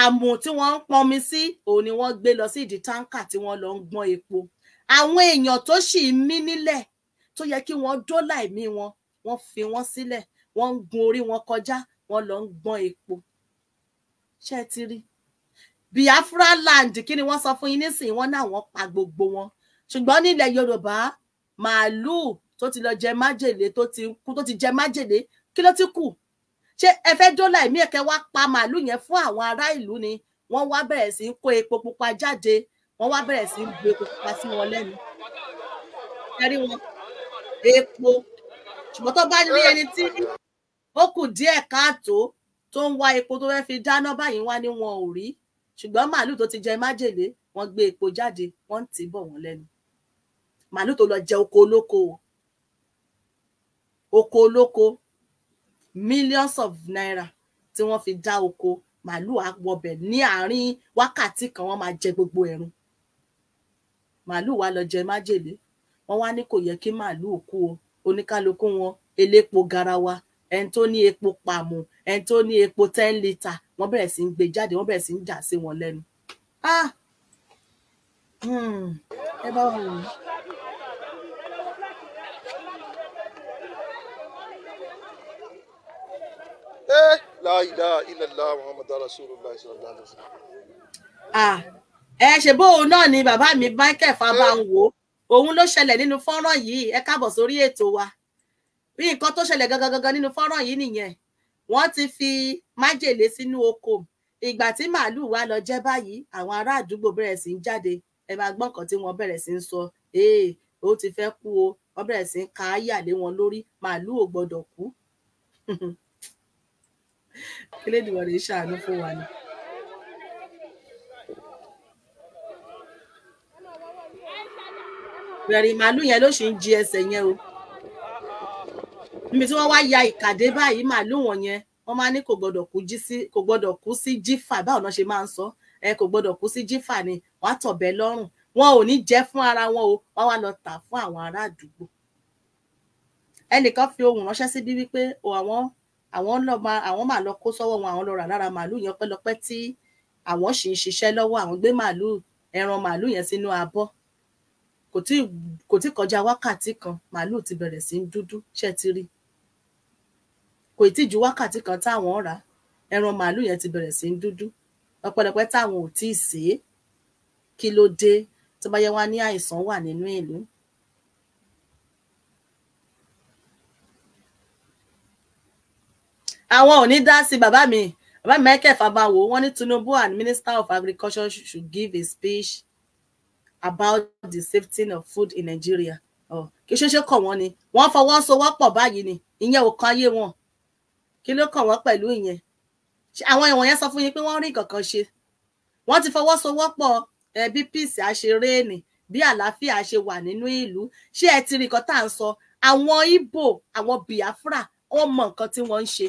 Speaker 1: àmù tí wọ́n ń pọnmi sí òun ni wọ́n gbé lọ sí ìdí táǹkà tí wọ́n lọ ń gbọ́n epo àwọn èèyàn tó sì ń mí nílẹ̀ tó yẹ kí wọ́n dólà ẹ̀mí wọn wọ́n fi wọ́n sílẹ̀ wọ́n ń gun orí wọn kọjá wọ́n lọ ń gbọ́n epo ṣé ti rí Biafra land kí ni wọ́n sọ fún yín nísìnyí wọ́n náà wọ́n pa gbogbo wọn ṣùgbọ́n nílẹ̀ Yorùbá màálùú tó ti lọ jẹ májèlé tó ti kú tó ti jẹ májèlé kí ló ti kù ṣé ẹ fẹ́ dọ́là ẹ̀mí ẹ̀kẹ́ wá pa màálùú yẹn fún àwọn ará ìlú ni wọ́n wá bẹ̀rẹ̀ sí í kó epo pupa jáde wọ́n wá bẹ̀rẹ̀ sí í gbé epo pupa sí wọn lẹ́nu ẹ rí wọn epo ṣùgbọ́n tó bá rí ẹni tí ó kù díẹ̀ káàtó tó ń wá epo tó fẹ́ fi dáná báyìí wá ní wọn ò rí ṣùgbọ́n màálù tó ti jẹ májèlé wọ́n gbé epo jáde wọ́n ń tì bọ̀ wọ́n lẹ́nu màálù tó lọ jẹ oko olóko oko olóko millions of naira tí wọ́n fi dá oko màálù àwọbẹ̀ ní àárín wákàtí kan wọ́n máa jẹ gbogbo ẹ̀rùn màálù wa lọ jẹ májèlé wọ́n wá ní kò yẹ kí màálù kú o oníkálukú wọn elépo garawa ẹni tó ní epo pàmò ẹni tó ní epo ten litre wọ́n bẹ̀rẹ̀ sí ń gbé jáde wọ́n bẹ̀rẹ̀ sí ń jà sí wọn lẹ́nu. Ah!
Speaker 5: Hmm.
Speaker 6: ẹ bá wà wọ́n.
Speaker 2: láìlá ilẹ̀lá muhammadu rasulullah sallallahu alaihi wasallam.
Speaker 5: Ah!
Speaker 1: ẹ ṣe bóun náà ni bàbá mi michael fábáwò eh! òun ló ṣẹlẹ̀ nínú fọ́nrán yìí ẹ káàbọ̀ sórí ètò wa nǹkan tó ṣẹlẹ̀ gangan gangan nínú fọ́nrán yìí nìyẹn wọ́n ti fi májèlé sínú oko ìgbà tí màálù wa lọ jẹ́ báyìí àwọn ará àdúgbò bẹ̀rẹ̀ sí í jáde ẹ máa gbọ́ nǹkan tí wọ́n bẹ̀rẹ̀ sí í sọ ee ó ti fẹ́ kú o wọ́n bẹ̀rẹ̀ sí í ka áyà lé wọn lórí màálù ò gbọ́dọ̀ kú kí lè dìbò ṣàánú fún wa ni. bẹ̀rẹ̀ màálù yẹn ló sì ń jí ẹsẹ̀ yẹn o níbi tí wọ́n wá ya ìkàdé báyìí màálùú wọn yẹn wọ́n máa ní kò gbọ́dọ̀ kú jí sí kò gbọ́dọ̀ kú sí jífà báwọn náà ṣe máa ń sọ ẹ kò gbọ́dọ̀ kú sí jífà ni wọ́n á tọ̀bẹ lọ́rùn wọn ò ní jẹ fún ara wọn o wọ́n wá lọ tà fún àwọn ará àdúgbò ẹnìkan fi ohun ránṣẹ́ síbí wípé àwọn àwọn lọ máa àwọn máa lọ kó sọ́wọ́ wọn àwọn lọ rà lára màálùú yẹn pẹ́lọpẹ́ tí àwọn sì ń ṣiṣẹ́ lọ́wọ́ àwọn gbé màálùú ẹran màálùú yẹn sínú abọ́ kò tí kò tí kọjá wákàtí kan màálùú ti bẹ̀rẹ̀ sí ń dúdú ṣe ti rí i kò tí ju wákàtí kan táwọn rà ẹran màálù yẹn ti bẹ̀rẹ̀ sí í dúdú ọ̀pọ̀lọpọ̀ táwọn ò tí ì sè é kí ló dé tó bá yẹ wá ní àìsàn wà nínú ìlú. àwọn ò ní dá sí bàbá mi bàbá mi Michael Fabawo wọn ní Tinubu and Minister of Agriculture should give a speech about the safety of food in Nigeria kì í ṣeéṣe kọ wọn ni wọn fọwọ́sowọ́pọ̀ báyìí ni ìyẹn ò kan ayé wọn kí ló kàn wọ́n pẹ̀lú ìyẹn àwọn ẹ̀wọ̀n yẹn sọ fún yín pé wọ́n rí nǹkan kan ṣe wọ́n ti fọwọ́sowọ́pọ̀ bí peace àṣeréènì bí àlàáfíà ṣe wà nínú ìlú ṣé ẹ ti rí nǹkan tá à ń sọ àwọn Ìgbò àwọn Biafra wọ́n mọ nǹkan tí wọ́n ń ṣe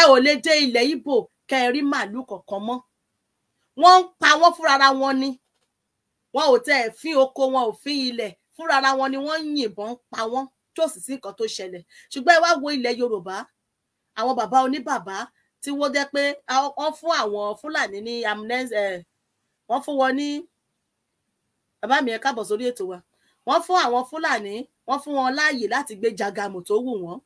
Speaker 1: ẹ ò lè dé ilẹ̀ Ìgbò kẹ́ ẹ rí màálù kọ̀ọ̀kan mọ́ wọ́n ń pa wọ́n fúnra wọn ni wọn ò tẹ ẹ̀fín oko wọn ò fín ilẹ̀ fúnra wọn ni wọ́n ń yìnbọn pa wọ́n tó sì sí nǹkan tó ṣẹlẹ̀ ṣùgbọ́n ẹ wá wo ilẹ̀ Yorùbá àwọn bàbá oníbàbá tí wọ́n jẹ́ pé wọ́n fún àwọn fúlàní ní amnesty eh, wọ́n fún wọn ní bàbá mi ẹ káàbọ̀ sórí ètò wa wọ́n fún àwọn fúlàní wọ́n fún wọn láàyè láti gbé jàgàmù tó wù wọ́n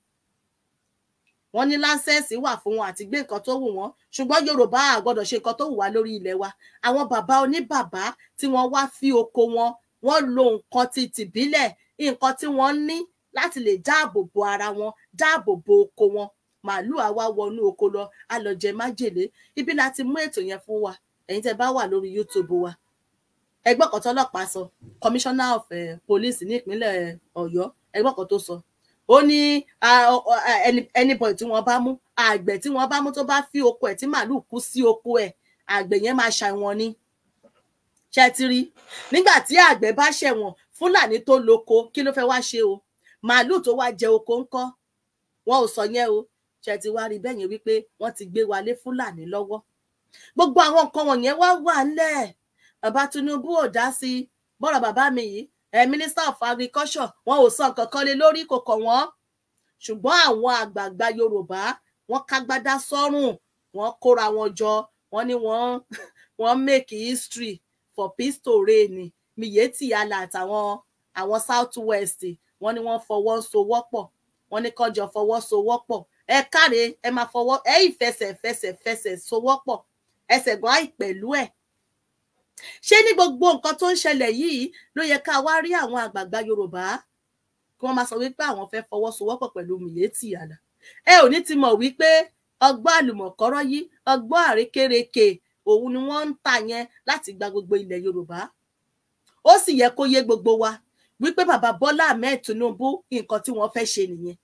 Speaker 1: wọ́n ní láńsẹ̀sì wà fún wọn àti gbé nǹkan tó wù wọ́n ṣùgbọ́n yorùbá àgbọ́dọ̀ ṣe nǹkan tó wù wá lórí ilẹ̀ wa àwọn bàbá oníbàbá tí wọ́n wá fi oko wọn wọ́n lo nǹkan ti tìbílẹ̀ nǹkan tí wọ́n ní láti lè dáàbò bo ara wọn dáàbò bo oko wọn màálù àwa wọnú oko lọ a lọ jẹ májèlé ibi la ti mú ètò yẹn fún wa ẹ̀yin tẹ́ bá wà lórí YouTube wa ẹgbọ́n kan tọ́lọ́pàá sọ commissioner of eh, police ní ìpínlẹ̀ Ọ̀yọ́ ẹgbọ́n kan tó sọ ó ní anybody tí wọ́n bá mú àgbẹ̀ tí wọ́n bá mú tó bá fi oko ẹ̀ tí màálù kú sí oko ẹ̀ àgbẹ̀ yẹn máa ṣàwọn ni ṣe ti rí nígbà tí àgbẹ̀ bá ṣẹ̀wọ̀n fúlàní tó loko kí ló fẹ́ wá ṣe o màálù tó wá jẹ oko ńkọ́ wọn ò sọ yẹn o ṣe ti wá rí bẹ́yìn wípé wọ́n ti gbé wa lé fúlàní lọ́wọ́ gbogbo àwọn nǹkan wọ̀nyẹn wá wà lẹ̀ bàbá Tinubu ò dá sí bọ́rọ̀ bàbá mi yìí ẹ̀ eh, minister of agriculture wọn ò sọ nǹkan kan lé lórí kò kọ̀ wọ́n ṣùgbọ́n àwọn àgbààgbà Yorùbá wọ́n kágbádá sọ́rùn wọ́n kóra wọn jọ wọ́n ní wọ́n wọ́n make history for peace to reign Miyetti Allah àtàwọn àwọn south west wọ́n ní wọ́n fọwọ́ sowọ́pọ̀ wọ́n ní kọjọ fọwọ́ sowọ́pọ̀ ẹ káre ẹ máa fọwọ́ ẹ ìfẹsẹ̀ fẹsẹ̀ fẹsẹ̀ sowọ́pọ̀ ẹsẹ̀ gan àì pẹ̀lú ẹ̀ ṣé ní gbogbo nǹkan tó ń ṣẹlẹ̀ yìí ló yẹ ká wá rí àwọn àgbààgbà Yorùbá kí wọ́n máa sọ wípé àwọn fẹ́ fọwọ́sowọ́pọ̀ pẹ̀lú Miyetti Àlà ẹ ò ní ti mọ̀ wípé ọgbọ́n àlùmọ̀kọ́rọ́ yìí ọgbọ́n àrékérekè òun ni wọ́n ń tà yẹn láti gba gbogbo ilẹ̀ Yorùbá ó sì yẹ kó yé gbogbo wa wípé bàbá Bọ́lá Ahmed Tinubu nǹkan tí wọ́n fẹ́ ṣe nìyẹn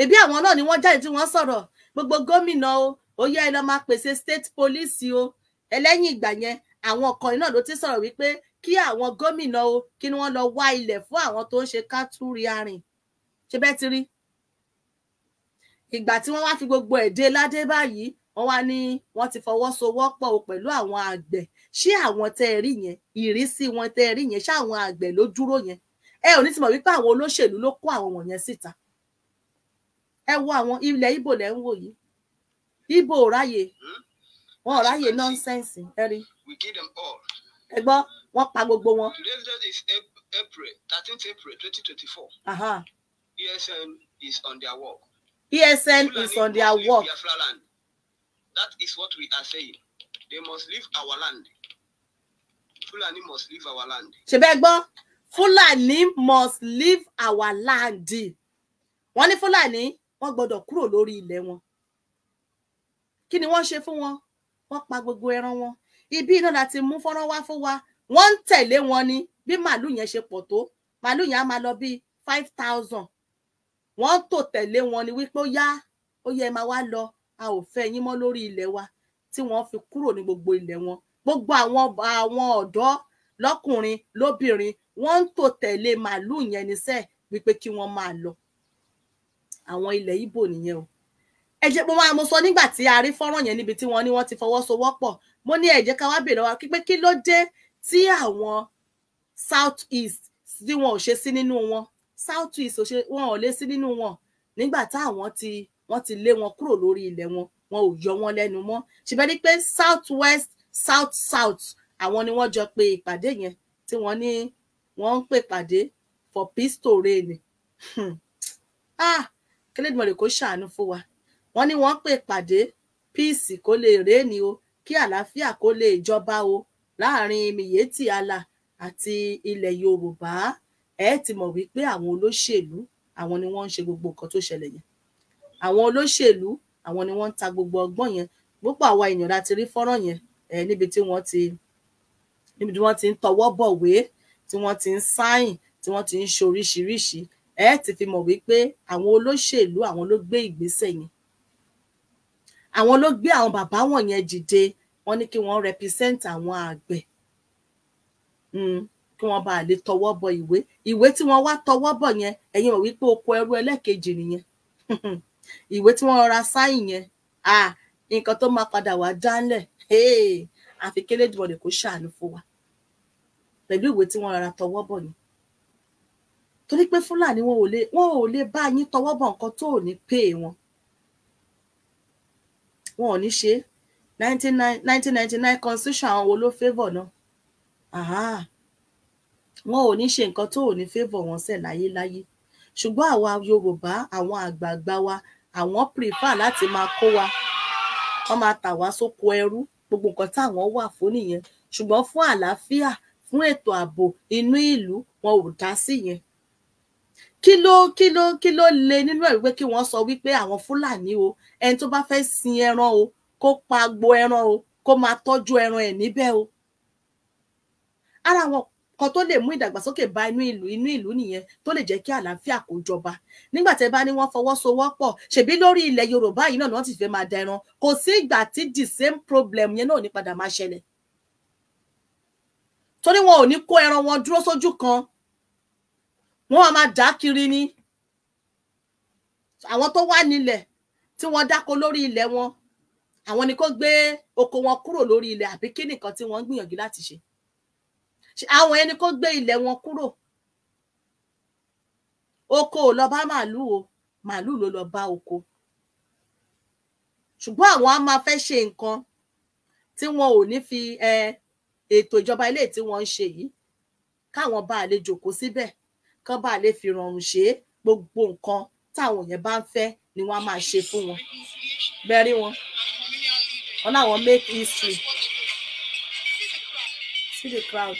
Speaker 1: ẹbí àwọn náà ni wọ́n jáde tí wọ́n sọ̀rọ̀ gbogbo gómìnà o ó yẹ ẹ lọ máa pèsè state police o ẹlẹ́yìn ìgbà yẹn àwọn ọkàn náà ló ti sọ̀rọ̀ wípé kí àwọn gómìnà o kí wọ́n lọ wá ilẹ̀ fún àwọn tó ń ṣe kátúrì arìn ṣe bẹ́ẹ̀ ti rí ìgbà tí wọ́n wá fi gbogbo ẹ̀dẹ́ ládé báyìí wọ́n wá ní wọ́n ti fọwọ́sowọ́pọ̀ o pẹ̀lú àwọn àgbẹ̀ ṣé àwọn tẹ́ ẹ rí yẹn ìrísí wọn tẹ́ ẹ rí yẹn ṣé àwọn àgbẹ̀ ló dúró yẹn ẹ ò ní ti mọ̀ wípé àwọn olóṣèlú ló kó àwọn wọ̀nyẹn síta ẹ wo àwọn ilẹ̀ ibo lẹ́ ń wò yìí ibo ò ráyè hmm? wọn ò ráyè nọ́nsẹ̀nsì ẹ rí ẹ gbọ́ wọ́n pa gbogbo wọn.
Speaker 4: today's date is april thirteenth april twenty twenty esn is on their work.
Speaker 1: esn is on their work.
Speaker 4: that is what we are saying they must leave our land fulani must leave our land.
Speaker 1: ṣèbẹ́ gbọ́ fulani must leave our land wọ́n ní fulani wọ́n gbọ́dọ̀ kúrò lórí ilẹ̀ wọn kí ni wọ́n ṣe fún wọn wọ́n pa gbogbo ẹran wọn ibi iná láti mú fọ́nrán wá fún wa wọ́n ń tẹ̀lé wọn ni bí màálù yẹn ṣe pọ̀ tó màálù yẹn á máa lọ bíi five thousand wọ́n tò tẹ̀lé wọn ni wípé ó yá ó yẹ máa wá lọ a ò fẹ́ yín mọ́ lórí ilẹ̀ wa tí wọ́n fi kúrò ní gbogbo ilẹ̀ wọn gbogbo àwọn àwọn ọ̀dọ́ lọ́kùnrin lóbìnrin wọ́n ń tò tẹ̀lé màálù yẹn níṣẹ́ wípé kí wọ́n máa lọ àwọn ilẹ̀ Ìgbò nìyẹn o ẹ jẹ́ mo máa mo sọ nígbà tí a rí fọ́nrán yẹn níbi tí wọ́n ní wọ́n ti fọwọ́sowọ́pọ̀ mo ní ẹ jẹ́ ká wá bèrè wa pé kí ló dé tí àwọn south east tí wọn ò ṣe sí nínú wọn south east wọn ò lè sí nínú wọn nígbà táwọn ti wọ́n ti lé wọn kúrò lórí ilẹ̀ wọn wọn ò yọ wọn lẹ́nu mọ́ ṣùgbọ́n ní pé south west south south àwọn ni wọ́n jọ pe ìpàdé yẹn tí wọ́n ní wọ́n ń pè pàdé for peace to reign hmm. ah kílẹ̀dùmọ̀rẹ̀ kó ṣàánú fún wa wọ́n ní wọ́n pè pàdé píìsì kó lè réèní o kí àlàáfíà kó lè jọba o láàrin miyetti allah àti ilẹ̀ yorùbá ẹ ti mọ̀ wípé àwọn olóṣèlú àwọn ni wọ́n ń ṣe gbogbo nǹkan tó ṣẹlẹ̀ yẹn àwọn olóṣèlú àwọn ni wọ́n ń ta gbogbo ọgbọ́n yẹn púpọ̀ àwa èèyàn la ti rí fọ́nrán yẹn ẹ níbi tí wọ́n ti níbi tí wọ́n ti ń tọwọ́ bọ̀wé tí wọ́n ti ń sáyìn tí wọ́n ti ń ṣe ẹ ti fi mọ̀ wípé àwọn olóṣèlú àwọn ló gbé ìgbésẹ̀ yẹn àwọn ló gbé àwọn bàbá wọ̀nyẹn dìde wọ́n ní kí wọ́n represent àwọn àgbẹ̀ hmm, kí wọ́n bá lè tọwọ́ bọ ìwé ìwé tí wọ́n wá tọwọ́ bọ yẹn ẹ̀yin mọ̀ wípé oko ẹrú ẹlẹ́ẹ̀kejì nìyẹn ìwé tí wọ́n rọra sáyìn yẹn nǹkan tó máa padà wá dánlẹ̀ àfi kélédìmọ̀lẹ̀ kó ṣàánú fún wa pẹ̀lú ìwé tí wọ́n rọra tọwọ́ bọ yẹn torí pé fúlàní wọn ò lè wọn ò lè bá yín tọwọ́ bọ̀ nǹkan tó ò ní pè wọn wọn ò ní ṣe nineteen ninety nine constitution àwọn wo ló favour náà wọn ò ní ṣe nǹkan tó ò ní favour wọn sẹ̀ láyéláyé ṣùgbọ́n àwa yorùbá àwọn àgbààgbà wa àwọn prefer láti máa kó wa wọ́n máa tà wá sóko ẹrú gbogbo nǹkan táwọn wà fún nìyẹn ṣùgbọ́n fún àlàáfíà fún ètò ààbò inú ìlú wọn ò dá sí yẹn kí ló kí ló kí ló le nínú ẹ̀ wípé kí wọ́n sọ wípé àwọn fúlàní o ẹni tó bá fẹ́ sin ẹran o kó pa agbo ẹran o kó máa tọ́jú ẹran ẹ̀ níbẹ̀ o ara àwọn kan tó lè mú ìdàgbàsókè bá inú ìlú inú ìlú nìyẹn tó lè jẹ́ kí àlàáfíà kó jọba nígbà tẹ́ bá ní wọ́n fọwọ́sowọ́pọ̀ ṣèbí lórí ilẹ̀ yorùbá yìí náà ni wọ́n ti fẹ́ máa da ẹran kò sí ìgbà tí the same problem yẹn náà ò ní padà máa ṣẹlẹ̀ torí wọn ò ní kó ẹran wọn dúró sójú kan wọ́n máa dá kiri ni àwọn tó wà nílẹ̀ tí wọ́n dáko lórí ilẹ̀ wọn àwọn ni kó gbé oko wọn kúrò lórí ilẹ̀ àbí kí nìkan tí wọ́n ń gbìyànjú láti ṣe àwọn ẹni kó gbé ilẹ̀ wọn kúrò oko ò lọ bá màálù o màálù ló lọ bá oko ṣùgbọ́n àwọn á máa fẹ́ ṣe nǹkan tí wọn ò ní fi eh, ètò ìjọba ilé tí wọ́n ń ṣe yìí káwọn bá àlejò kó síbẹ̀ kán bá lè fi rọrùn ṣe gbogbo nǹkan táwọn yẹn bá ń fẹ́ ni wọ́n á máa ṣe fún wọn bẹ́ẹ̀rí wọn wọn láwọn make history see the crowd.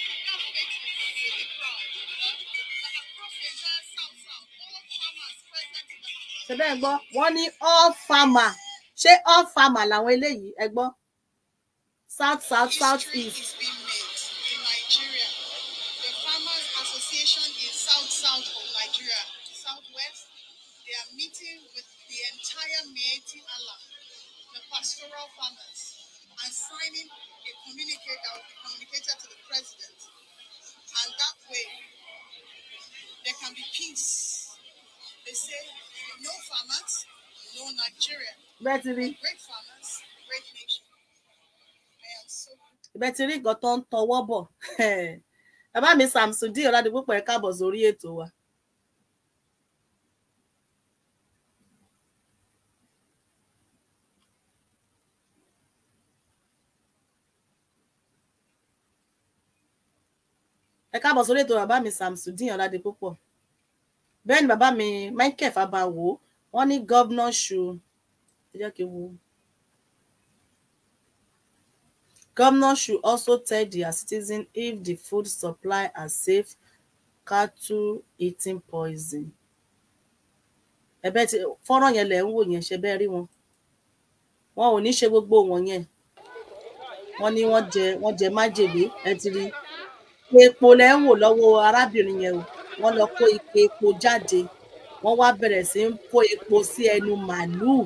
Speaker 1: ṣẹbẹ́ ẹ gbọ́ wọ́n ní all farmer ṣé all farmer làwọn eléyìí ẹ gbọ́ south south south east.
Speaker 7: rural farmers and signing a communique that will be communicated to the president. And that way, there can be peace. They say, no farmers, no Nigeria. Great
Speaker 5: farmers, great nation.
Speaker 7: I am
Speaker 1: so ìbẹ́ got on nǹkan tó ń ẹ bá mi Samsudeen Ọládìpúpọ̀ ẹ káàbọ̀ sórí ètò wa. káàbọ̀ sórí ètò bàbá mi Samsudeen Ọládépúpọ̀ bẹ́ẹ̀ ni bàbá mi Michael Fabawo wọ́n ní gọ́vnà ṣu ẹ kí n wo Governors should also tell their citizens if the food supply are safe, cattle eating poison. Ẹ̀bẹ̀ tí fọ́nrán yẹn lẹ̀ ń wò yẹn ṣe bẹ́ẹ̀ rí wọn. Wọn ò ní ṣe gbogbo wọn yẹn. Wọ́n ní wọ́n jẹ wọ́n jẹ májèlé ẹ ti rí ike epo lẹ ń wò lọ́wọ́ arábìnrin yẹn o wọ́n lọ kó ike epo jáde wọ́n wá bẹ̀rẹ̀ sí ń kó epo sí ẹnu màálùú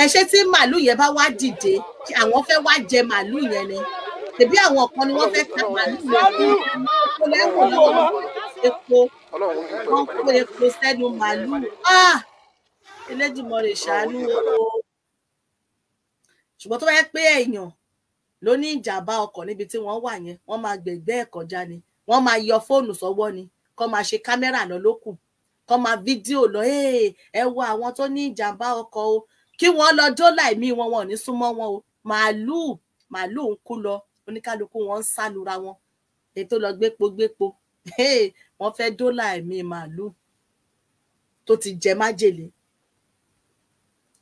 Speaker 1: ẹ ṣé tí màálùú yẹn bá wá dìde àwọn fẹ́ wá jẹ màálùú yẹn ni tẹbi àwọn kan ni wọ́n fẹ́ ta màálùú yẹn kú epo lẹ ń wò lọ́wọ́ epo wọ́n kó epo sẹ́nu màálùú ah Elédùmarè ṣàánú o ṣùgbọ́n tó bá yẹ pé èèyàn ló ní ìjàmbá ọkọ̀ níbi tí wọ́n wà yẹn wọ́n máa gbẹ̀gbẹ́ ẹ̀ kọjá ni wọ́n máa yọ fóònù sọ́wọ́ ni kọ́ máa ṣe kámẹ́rà lọ lókù kọ́ máa fídíò lọ ẹ wo àwọn tó ní ìjàmbá ọkọ̀ o kí wọ́n lọ dólà ẹ̀mí wọn wọn ò ní súnmọ́ wọn o màálùú màálùú ń kú lọ oníkálukú wọn ń sálura wọn ètò lọ gbépo gbépo wọ́n fẹ́ dólà ẹ̀mí màálùú tó ti jẹ májèlé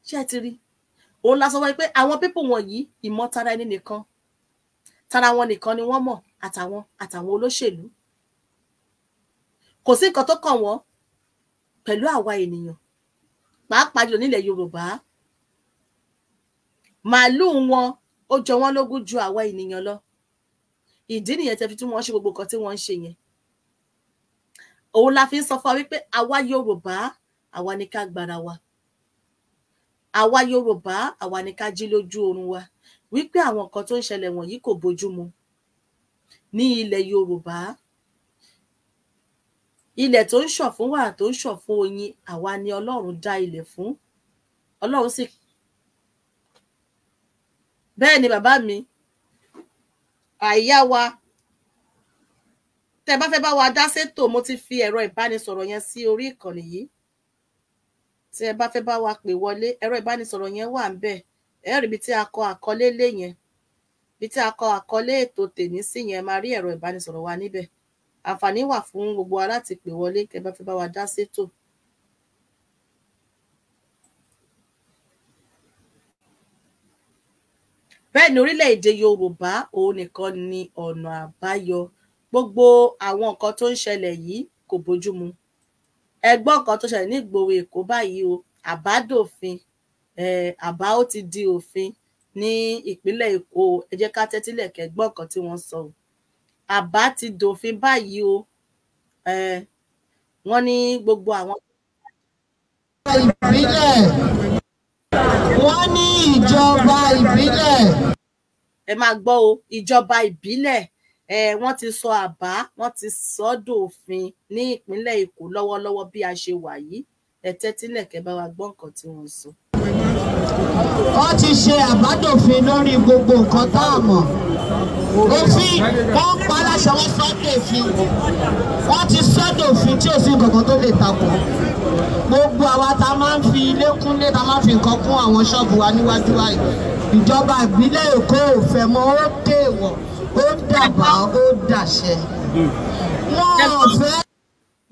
Speaker 1: ṣé ẹ ti rí òun la sọ wáyé pé àwọn pípò wọ̀nyí ìmọ̀tara ẹni nìkan tara wọn nìkan ni wọ́n mọ̀ àtàwọn àtàwọn olóṣèlú kò sí nǹkan tó kàn wọ́n pẹ̀lú àwa ènìyàn pàápàá jùlọ nílẹ̀ Yorùbá màálùú wọn ó jọ wọ́n lógún ju àwa ènìyàn lọ ìdí nìyẹn tẹfi tí wọ́n ṣe gbogbo nǹkan tí wọ́n ń ṣe yẹn òun la fi ń sọ fún wa wípé àwa Yorùbá àwa ni ká gbára wa àwa yorùbá àwa ni ká jí lójú oorun wa wípé àwọn nǹkan tó ń ṣẹlẹ̀ wọ̀nyí kò bójú mu ní ilẹ̀ yorùbá ilẹ̀ tó ń ṣọ̀fún wà tó ń ṣọ̀fún oyin àwa ni ọlọ́run dá ilẹ̀ fún ọlọ́run sì bẹ́ẹ̀ ni bàbá mi àyà wa tẹ bá fẹ́ bá wa dá sétò mo ti fi ẹ̀rọ ìbánisọ̀rọ̀ yẹn sí orí ìkànnì yìí tí ẹ bá fẹ́ bá wa pè wọlé ẹ̀rọ ìbánisọ̀rọ̀ yẹn wà ńbẹ̀ ẹ rí ibi tí a kọ àkọlé lé yẹn ibi tí a kọ àkọlé ètò tèmi sí yẹn máa rí ẹ̀rọ ìbánisọ̀rọ̀ wa níbẹ̀ àǹfààní wà fún gbogbo wa láti pè wọlé kẹ́ bá fẹ́ bá wa dá sétò. bẹ́ẹ̀ ni orílẹ̀-èdè yorùbá òun nìkan ni ọ̀nà àbáyọ gbogbo àwọn nǹkan tó ń ṣẹlẹ̀ yìí kò bójú mu ẹgbọ́n kan tó ṣẹlẹ̀ nígboro èkó báyìí o àbádòfin àbá ó ti di òfin ní ìpínlẹ̀ èkó ẹ jẹ́ ká tẹ́tílẹ̀ kẹ́gbọ́n kan tí wọ́n sọ o àbá ti dòfin báyìí o wọ́n ní gbogbo àwọn. ìbílẹ̀ wọ́n ní ìjọba ìbílẹ̀. ẹ máa gbọ́ o ìjọba ìbílẹ̀ wọ́n ti sọ àbá wọ́n ti sọ dòfin ní ìpínlẹ̀ Èkó lọ́wọ́lọ́wọ́ bí a ṣe wà yìí ẹ tẹ́tílẹ̀ kẹ́ bá wa gbọ́ nǹkan tí wọ́n sọ. wọ́n ti
Speaker 7: ṣe àbádòfin lórí gbogbo nǹkan tá a mọ̀ òfin wọ́n ń pa aláṣẹ wọn sọ dòfin wọ́n ti sọ dòfin tí ò sí nǹkan kan tó lè takò gbogbo àwa tá máa ń fi ilé kúnlé tá máa ń fi nǹkan kún àwọn ṣọ́ọ̀bù wa níwájú wa ìjọba ìbílẹ̀ Èkó ò fẹ́ mọ́ ó kéèwọ̀. Okay, dàbá ó dàṣẹ.
Speaker 5: wọ́n fẹ́.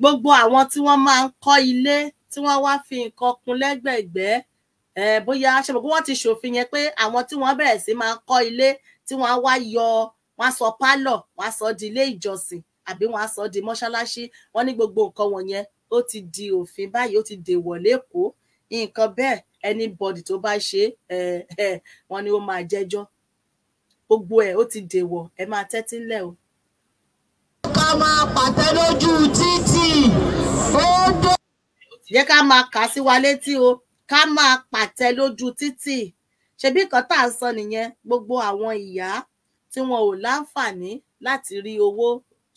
Speaker 7: gbogbo àwọn tí wọ́n máa ń kọ́
Speaker 1: ilé tí wọ́n wá fi nǹkan kun lẹ́gbẹ̀ẹ́gbẹ́ bóyá ṣàbùkù wọ́n ti ṣòfin yẹn pé àwọn tí wọ́n bẹ̀rẹ̀ sí máa ń kọ́ ilé tí wọ́n wá yọ wọ́n sọ pálọ̀ wọ́n sọ di ilé ìjọsìn àbí wọ́n sọ di mọ́ṣáláṣí wọ́n ní gbogbo nǹkan wọ̀nyẹn ó ti di òfin báyìí ó ti dèwọ̀ lẹ́kọ̀ọ́ nǹkan bẹ́ẹ̀ anybody tó bá ṣe é wọ́n ní ó máa jẹ́jọ́ gbogbo ẹ̀ ó ti dèwọ̀ ẹ máa tẹ́tí ńlẹ̀ o. ká máa pàtẹ lójú títì ó dé. yẹ ká máa kà sí wa létí o ká máa pàtẹ lójú títì ṣebí nǹkan tá à ń sọ nìyẹn gbogbo àwọn ìyá tí wọn ò láǹfààní láti rí owó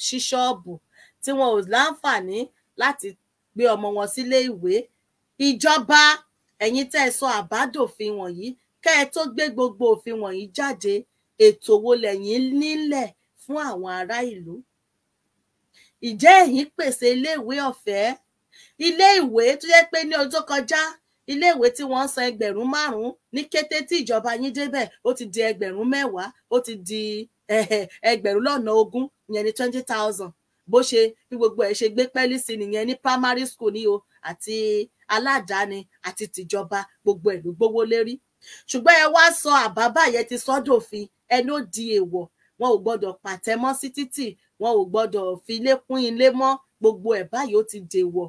Speaker 1: ṣí ṣọ́ọ̀bù tí wọn ò láǹfààní láti gbé ọmọ wọn sílé ìwé ìjọba ẹ̀yin tẹ́ ẹ sọ àbádòfin wọ̀nyí kẹ́ ẹ tó gbé gbogbo òfin wọ̀nyí jáde ètò wo lẹ̀yin nílẹ̀ fún àwọn ará ìlú ìjẹ́ ẹ̀yin pèsè iléèwé ọ̀fẹ́ iléèwé tó yẹ pé ní ọjọ́ kọjá iléèwé tí wọ́n ń san ẹgbẹ̀rún márùnún ní kété tí ìjọba yín débẹ̀ ó ti di ẹgbẹ̀rún mẹ́wàá ó ti di ẹgbẹ̀rún lọ́nà ogún ìyẹn ní twenty thousand bó ṣe bí gbogbo ẹ̀ ṣe gbé pẹ́ẹ́lí sí nìyẹn ní primary school ni o àti aládàáni àti tìjọba gbogbo ẹ̀ ló gbówó lérí ṣùgbọ́n ẹ wá sọ àbábà yẹn ti sọ́dọ̀fin ẹnu ó di èèwọ̀ wọn ò gbọ́dọ̀ pàtẹ mọ́ sí títì wọn ò gbọ́dọ̀ fi ilé kún ilé mọ́ gbogbo ẹ̀ báyìí ó ti dèèwọ̀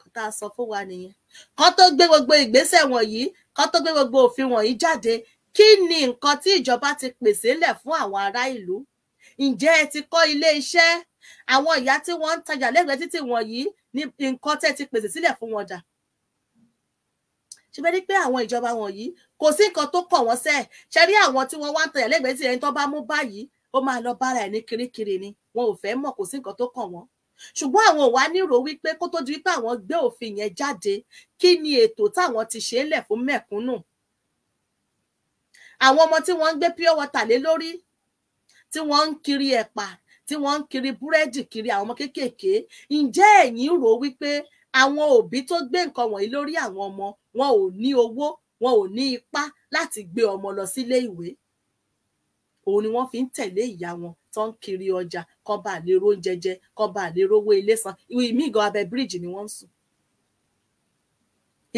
Speaker 1: kó tá a sọ fún wa nìyẹn kó tó gbé gbogbo ìgbésẹ̀ wọ̀nyí kó tó gbé gbogbo òfin wọ̀nyí jáde kí ni nǹkan tí ìjọba ti pèsè lẹ̀ fún àwọn ará ìlú ǹjẹ́ ẹ ti kọ́ ilé iṣẹ́ àwọn ìyá tí wọ́n ń tajà lẹ́gbẹ̀ẹ́ títì wọ̀nyí ní nǹkan tẹ́ ti pèsè sílẹ̀ fún wọn dà ṣùgbọ́n ní pé àwọn ìjọba wọ̀nyí kò sí nǹkan tó kọ̀ wọ́n sẹ́ẹ̀ ṣe rí àwọn tí wọ́n wá ń tẹ̀lé lẹ́gbẹ̀ẹ́ tí ẹni tó bá mú báyìí ó máa lọ bára ẹ̀ kirikiri ni wọn ò fẹ́ mọ̀ kò sí nǹkan tó kọ̀ wọ́n ṣùgbọ́n àwọn ò wá nírò wípé kó tó di wípé àwọn gbé òfin yẹn jáde kí ni ètò táwọn ti ṣe é lẹ̀ fún mẹ̀kúnnù àwọn ọmọ tí wọ́n ń gbé pure water lé lórí tí wọ́n ń kiri ẹ̀pà tí wọ́n ń kiri búrẹ́dì kiri àwọn ọmọ kéékèèké ǹjẹ́ ẹ̀yin rò wípé àwọn òbí tó gbé nǹkan wọ̀nyí lórí àwọn ọmọ wọn ò ní owó wọn ò ní ipá láti gbé ọmọ lọ sílé ìwé òun ni wọ́n fi ń tẹ̀lé ìyá wọn tó ń kiri ọjà kó bá lè ro oúnjẹ jẹ kó bá lè rówó ilé san ìwé ìmígan abẹ́ bíríìjì ni wọ́n ń sùn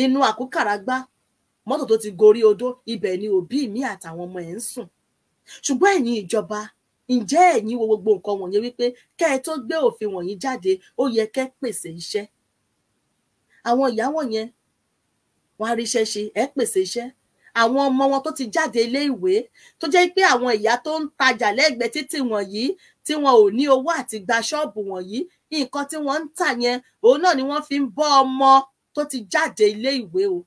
Speaker 1: inú àkúkàràgbá mọ́tò tó ti gorí odó ibẹ̀ ni òbí mi àtàwọn ọmọ ẹ̀ ń sùn ṣùgbọ́n ẹ̀yin ìjọba ǹjẹ́ ẹ̀yin wo gbogbo nǹkan wọ̀nyẹn wípé kẹ́ ẹ tó gbé òfin wọ̀nyí jáde ó yẹ kẹ́ pèsè iṣẹ́ àwọn ìyá wọ̀nyẹn wọ́n á ríṣẹ́ ṣe ẹ pèsè iṣẹ́ àwọn ọmọ wọn tó ti jáde ilé ìwé tó jẹ́ pé àwọn ìyá tó ń tajà lẹ́gbẹ̀ẹ́ títì wọ̀nyí tí wọn ò ní owó àti gba ṣọ́ọ̀bù wọ̀nyí nǹkan tí wọ́n ń tà yẹn òun náà ni wọ́n fi ń bọ́ ọmọ tó ti jáde ilé ìwé o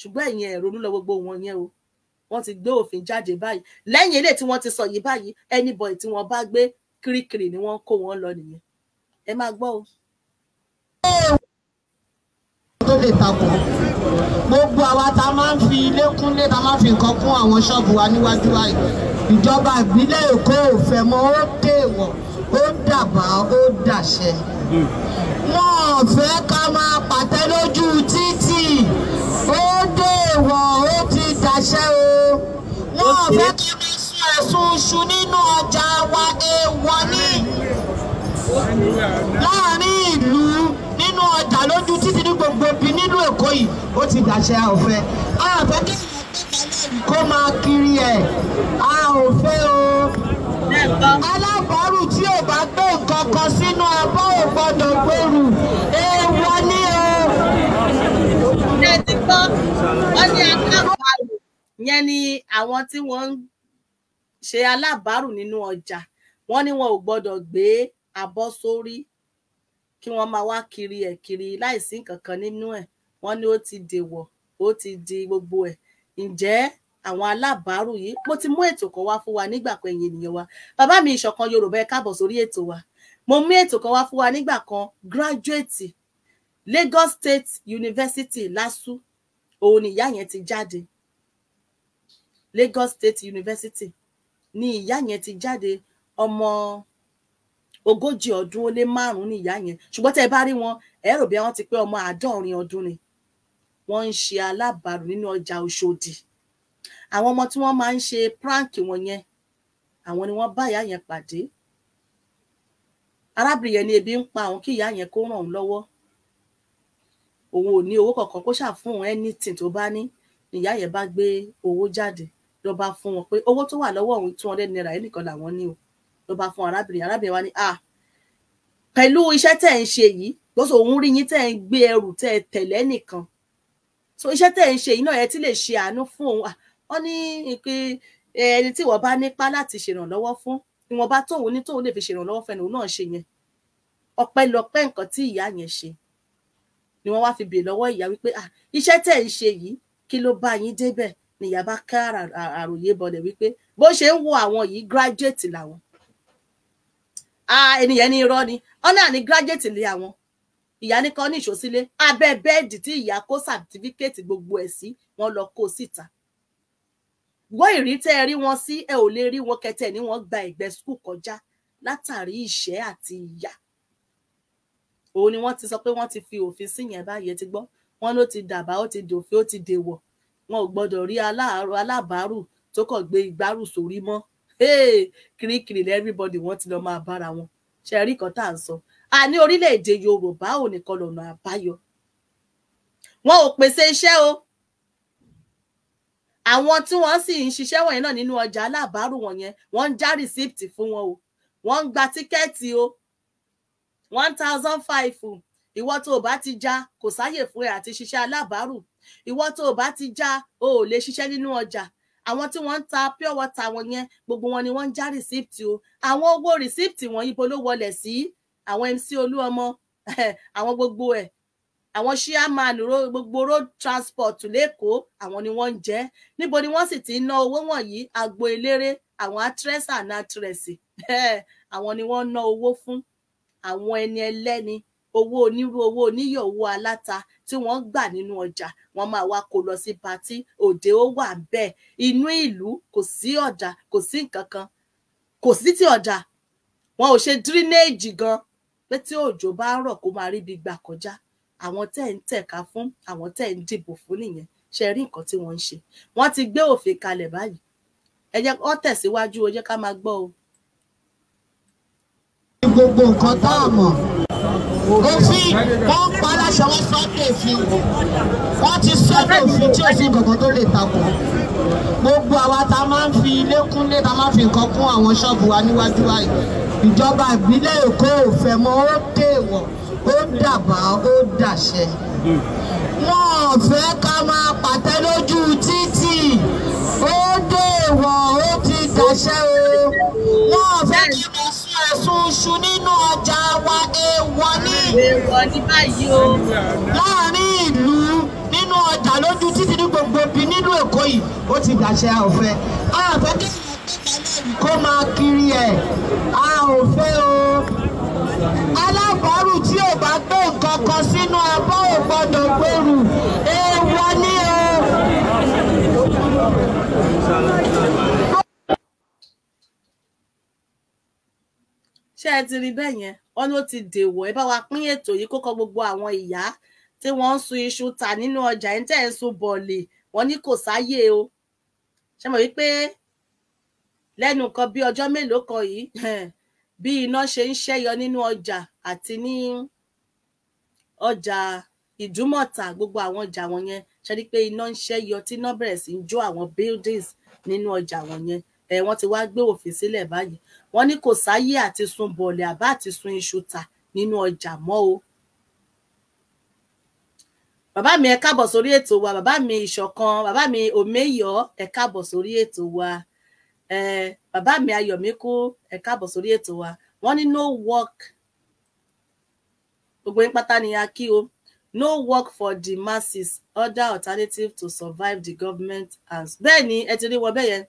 Speaker 1: ṣùgbọ́n ẹ̀yin ẹ ronú lọ gbogbo wọn yẹn o wọ́n ti gbé òfin jáde báyìí lẹ́yìn eléyìí tí wọ́n ti sọ yìí báyìí anybody tí wọ́n bá gbé kirikiri ni wọ́n kó wọn lọ nìyẹn ẹ máa gbọ́ o
Speaker 7: lè takò gbogbo àwa tá a máa ń fi ilé kúnlé tá a máa fi nǹkan kún àwọn ṣọ́ọ̀bù wa níwájú wa ìjọba ìbílẹ̀ Èkó ò fẹ́ mọ́ ó dèwọ̀ ó dàbá ó dàṣẹ. wọn ò fẹ́ ká máa pàtẹ lójú títì ó dèwọ̀ ó ti dàṣẹ o wọn ò fẹ́ ká máa sún ẹ̀sùn iṣu nínú ọjà wa èèwọ̀ ni láàrin ọjà lójú títí ní gbogbo bí nínú Èkó yìí ó ti dàṣẹ àòfẹ́ a fẹ́ kí kó máa kiri ẹ̀ a ò fẹ́ o alábàárù tí ò bá gbé nǹkan kan sínú abọ́ ò gbọ́dọ̀ gbèrú èèwọ̀ ni o. ṣé ti gbọ́ wọ́n ní alábàárù
Speaker 1: yẹn ni àwọn tí wọ́n ń ṣe alábàárù nínú ọjà wọ́n ní wọn ò gbọ́dọ̀ gbé abọ́ sórí kí wọ́n máa wá kiri ẹ̀ kiri láìsí nǹkan kan nínú ẹ̀ wọ́n ní ó ti dèwọ̀ ó ti di gbogbo ẹ̀ ǹjẹ́ àwọn alábàárù yìí mo ti mú ètò kan wá fún wa nígbà kan ẹ̀yin ènìyàn wa bàbá mi ìṣọ̀kan yorùbá ẹ káàbọ̀ sórí ètò wa mo mú ètò kan wá fún wa nígbà kan gírájúẹ̀tì Lagos State University LASU òun ni ìyá yẹn ti jáde Lagos State University ni ìyá yẹn ti jáde ọmọ ogójì ọdún ó lé márùnún ní ìyá yẹn ṣùgbọ́n tẹ́ ẹ bá rí wọn ẹ bí àwọn ti pé ọmọ àádọ́rin ọdún ni wọ́n ń ṣe alábàárù nínú ọjà Ọ̀ṣọ́dì àwọn ọmọ tí wọ́n máa ń ṣe prank wọn yẹn àwọn ni wọ́n bá ìyá yẹn pàdé arábìnrin yẹn ni ebi ń pa àwọn kí ìyá yẹn kó ràn òun lọ́wọ́ òun ò ní owó kankan kó ṣáà fún òun anything tó bá ní ìyá yẹn bá gbé owó jáde lọ bá fún wọn pé owó tó wà lọ́wọ́ òun two hundred ló bá fún arábìnrin arábìnrin wa ní à pẹ̀lú iṣẹ́ tẹ̀ ń ṣe yìí gbọ́sọ̀ òun rí yín tẹ̀ ń gbé ẹrù tẹ̀ tẹ̀lẹ́ nìkan so iṣẹ́ tẹ̀ ń ṣe yìí náà ẹ ti lè ṣe àánú fún òun wọn ní pé ẹni tí wọ́n bá nípa láti ṣèrànlọ́wọ́ fún ìwọ̀nba tóun ní tóun lè fi ṣèrànlọ́wọ́ fẹ́ni òun náà ṣe yẹn ọpẹ́lọpẹ́ nǹkan tí ìyá yẹn ṣe ni wọ́n wá fi bèè lọ́wọ́ ìyá wípé ah iṣẹ́ tẹ̀ ń ṣe yìí kí ló bá yín débẹ̀ ni ìyá bá ká àròyé bọlẹ̀ wípé bó ṣe ń wo àwọn yìí graduate làwọn ènìyàn ní irọ́ ni ọ̀nà ní gírájẹ̀tì lé àwọn ìyá ní kan ní ìṣòsílẹ̀ abẹ́ bẹ́ẹ̀dì tí ìyá kó sàtífíkẹ́ẹ̀tì gbogbo ẹ̀ sí wọn lọ kó síta wọ́n ìrí tẹ́ ẹ rí wọn sí ẹ ò lè rí wọn kẹtẹ ní wọn gba ẹ̀gbẹ́ skul kọjá látàrí ìṣẹ́ àti ìyà òun ni wọ́n ti sọ pé wọ́n ti fi òfin sí yẹn báyìí ti gbọ́ wọn ló ti dàbá ó ti dòfin ó ti dèwọ̀ wọn ò gbọ́dọ̀ rí aláàárọ̀ alábàárù tó kàn gbé igbárù sórí mọ́ kirikiri everybody wọ́n ti lọ máa bára wọn ṣe rí kan tá à ń sọ a ní orílẹ̀-èdè yorùbá ò nìkan lọ́nà àbáyọ wọn ò pèsè iṣẹ́ o àwọn tí wọ́n sì ń ṣiṣẹ́ wọ̀nyẹn náà nínú ọjà alábàárù wọ̀nyẹn wọ́n ń já rìsíptì fún wọn o wọ́n ń gba tíkẹ́ẹ̀tì o one thousand five ìwọ tó o bá ti já kò sáyè fún ẹ àti ṣiṣẹ́ alábàárù ìwọ tó o bá ti já o ò lè ṣiṣẹ́ nínú ọjà àwọn tí wọ́n ń ta pure water wọn yẹn gbogbo wọn ni wọ́n ń já rìsíptì o àwọn owó rìsíptì wọn ibo ló wọlẹ̀ sí àwọn MC Olúọmọ àwọn gbogbo ẹ̀ àwọn chairman gbogbo road transport lẹ́kọ̀ọ́ àwọn ni wọ́n ń jẹ níbo ni wọ́n sì ti ń ná owó wọ̀nyí agbo eléré àwọn actress and actress àwọn ni wọ́n ń ná owó fún àwọn ẹni ẹlẹ́ni owó onírú owó oníyọ̀ owó aláta tí wọ́n gbà nínú ọjà wọ́n máa wá kó lọ sí patí òde ó wà bẹ́ẹ̀ inú ìlú kò sí ọ̀dà kò sí nǹkan kan kò sí ti ọ̀dà wọn ò ṣe dírínéèjì gan pé tí òjò bá ń rọ̀ kó máa ríbi gbà kọjá àwọn tẹ́ ń tẹ̀ka fún àwọn tẹ́ ń dìbò fún nìyẹn ṣe rí nǹkan tí wọ́n ń ṣe wọ́n ti gbé òfin kalẹ̀ báyìí ẹ jẹ́ wọ́n tẹ̀síwájú ó jẹ́ ká máa gbọ́ o
Speaker 7: gbogbo nǹkan tá a mọ̀ òfin wọn ń pa aláṣẹ wọn sọ kéèfì ti sọ́dọ̀ òfin tí òfin gbọ̀ngàn tó lè takò gbogbo àwa tá a máa ń fi ilé kúnlé tá a máa fi nǹkan kún àwọn ṣọ́ọ̀bù wa níwájú wa ìjọba ìbílẹ̀ Èkó ò fẹ́ mọ́ ó kéèwọ̀ ó dàbá ó dàṣẹ wọn ò fẹ́ ká máa pàtẹ lójú títì ó dèèwọ̀ ó ti dàṣẹ o wọn ò fẹ́ kí wọ́n sọ sunṣu nínú ọjà wa èèwọ̀ ní. èèwọ̀ ní báyìí o. láàárín ìlú nínú ọjà lójú títí ní gbogbo bí nínú Èkó yìí ó ti dàṣẹ ọ̀fẹ́ a fẹ́ kí kó máa kiri ẹ̀ a ò fẹ́ o alábàárù tí ò bá gbé nǹkan kan sínú abọ́
Speaker 5: ò gbọ́dọ̀ gbèrú èèwọ̀
Speaker 1: ṣé ẹ ti rí bẹ́ẹ̀ yẹn wọn ló ti dèwọ̀ ẹ bá wa pín ètò yìí kókó gbogbo àwọn ìyá tí wọ́n ń sun iṣu ta nínú ọjà ẹ̀ ń tẹ̀ ń sun bọ̀ọ̀lì wọn ní kò sáyé o ṣe mọ̀ wípé lẹ́nu kan bí ọjọ́ mélòó kan yìí bí iná ṣe ń ṣẹ́yọ nínú ọjà àti ní ọjà ìdúmọ̀tà gbogbo àwọn ọjà wọn yẹn ṣe rí pé iná ń ṣẹ́yọ tí iná bẹ̀rẹ̀ sí í jó àwọn buildings nínú ọjà wọn yẹn ẹ wọ́n ti wá gbé òfin sílẹ̀ báyìí wọ́n ní kò sáyé àti sun bọ̀ọ̀lẹ̀ àbá àti sun iṣu ta nínú ọjà mọ́ o bàbá mi ẹ káàbọ̀ sórí ètò wa bàbá mi ìṣọ̀kan bàbá mi òmeyọ ẹ káàbọ̀ sórí ètò wa bàbá mi ayọ̀míkú ẹ káàbọ̀ sórí ètò wa wọ́n ní no work gbogbo yín pátá ni a kí o no work for the masses other alternative to survive the government and bẹ́ẹ̀ ni ẹ ti rí wọn bẹ́ẹ̀ yẹn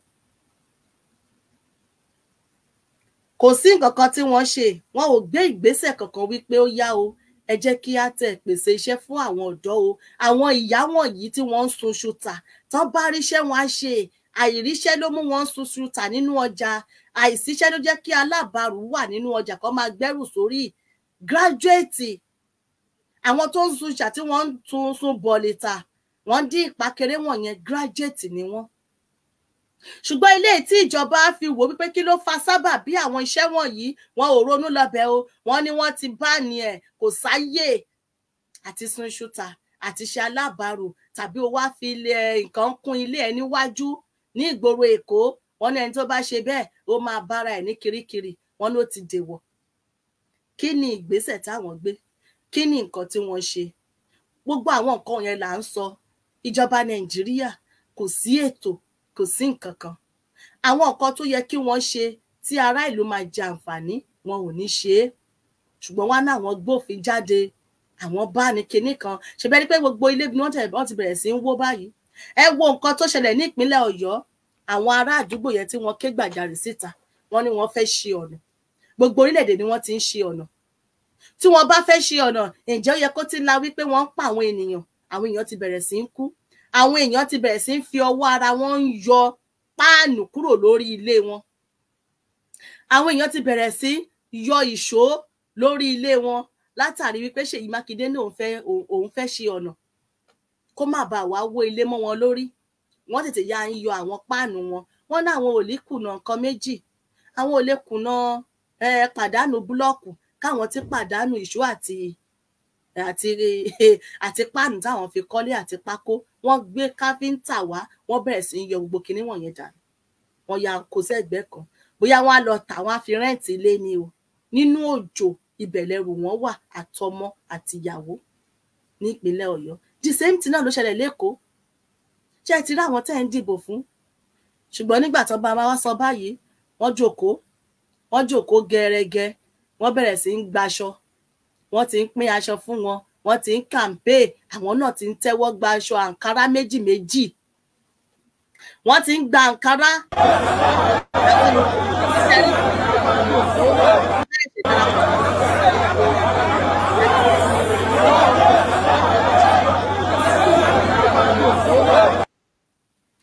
Speaker 1: kò sí nǹkan kan tí wọ́n ṣe wọn ò gbé ìgbésẹ̀ kankan wípé ó yá o ẹ jẹ́ kí á tẹ̀ pèsè iṣẹ́ fún àwọn ọ̀dọ́ o àwọn ìyá wọ̀nyí tí wọ́n ń sunṣu tà tán bá ríṣẹ́ wọn á ṣe àìríṣẹ́ ló mú wọn sunṣu tà nínú ọjà àìsíṣẹ́ ló jẹ́ kí alábàárù wà nínú ọjà kan máa gbẹ́rù sórí gírájúẹ̀tì àwọn tó ń sunṣà tí wọ́n ń tún sun bọ̀lì tà wọ́n dín ìpàkéré wọ̀nyẹn gírájúẹ̀tì ni wọ́n ṣùgbọ́n ilé tí ìjọba fi wò wípé kí ló fa sábà bí àwọn iṣẹ́ wọ̀nyí wọn ò ronú lọ́bẹ̀ o wọ́n ní wọ́n ti bá ní ẹ̀ kò sáyè àti sun ṣúta àti ṣe alábàárò tàbí o wá fi nǹkan kún ilé ẹ níwájú ní ìgboro Èkó wọ́n ní ẹni tó bá ṣe bẹ́ẹ̀ ó máa bára ẹ̀ ní kirikiri wọ́n ló ti dèwọ̀ kí ni ìgbésẹ̀ táwọn gbé kí ni nǹkan tí wọ́n ṣe gbogbo àwọn nǹkan yẹn là ń sọ ìjọba Nàìjíríà kò sí ètò kò sí nǹkan kan àwọn nǹkan tó yẹ kí wọ́n ṣe tí ará ìlú máa jẹ àǹfààní wọn ò ní ṣe é ṣùgbọ́n wá náà wọ́n gbófin jáde àwọn bá ní kinní kan ṣe bẹ́ẹ̀ ni pé gbogbo ilé ni wọ́n ti bẹ̀rẹ̀ sí ń wó báyìí ẹ wo nǹkan tó ṣẹlẹ̀ ní ìpínlẹ̀ Ọ̀yọ́ àwọn ará àdúgbò yẹn tí wọ́n ké gbàjarè síta wọ́n ní wọ́n fẹ́ ṣe ọ̀nà gbogbo orílẹ̀ ni wọ́n ti ń ṣe ọ̀nà tí wọ́n bá fẹ́ ṣe ọ̀nà ǹjẹ́ ó yẹ kó ti la wípé wọ́n ń pa àwọn ènìyàn àwọn èèyàn ti bẹ̀rẹ̀ sí ń kú àwọn èèyàn ti bẹ̀rẹ̀ sí ń fi ọwọ́ ara wọn ń yọ páànù kúrò lórí ilé wọn àwọn èèyàn ti bẹ̀rẹ̀ sí yọ ìṣó lórí ilé wọn látàrí wípé Ṣèyí Mákindé ní òun fẹ́ òun fẹ́ ṣe ọ̀nà kó má bàa wá wó ilé mọ́ wọn lórí wọ́n tètè ya ń yọ àwọn páànù wọn wọ́n ní àwọn ò lè kùnà nǹkan méjì àwọn ò lè kùnà pàdánù búlọ́ọ̀kù káwọn ti pàdánù ìṣó àti àti àti páànù táwọn fi kọ́lé àti pákó wọ́n gbé káfíńtà wá wọ́n bẹ̀rẹ̀ sí í yọ gbogbo kinní wọ̀nyẹn dànù wọ́n ya kó sẹ́gbẹ́ kan bóyá wọ́n á lọ tà wọ́n á fi rẹ́ǹtì ilé ni o nínú òjò ìbẹ̀lẹ̀rù wọn wà àtọmọ àtìyàwó nípínlẹ̀ Ọ̀yọ́ the same thing náà ló ṣẹlẹ̀ lẹ́kọ̀ọ́ ṣé ẹ ti rí àwọn tẹ́ ń dìbò fún ṣùgbọ́n nígbà tó bá wa sọ báyìí wọ́n jókòó wọ́n jókòó gẹ́rẹ́gẹ́ wọ́n bẹ̀rẹ̀ sí í gbaṣọ wọ́n ti ń pín aṣọ fún wọn wọ́n ti ń kàmpéè àwọn náà ti ń tẹ́wọ́ gba aṣọ àǹkárá méjì méjì wọ́n ti ń gba àǹkárá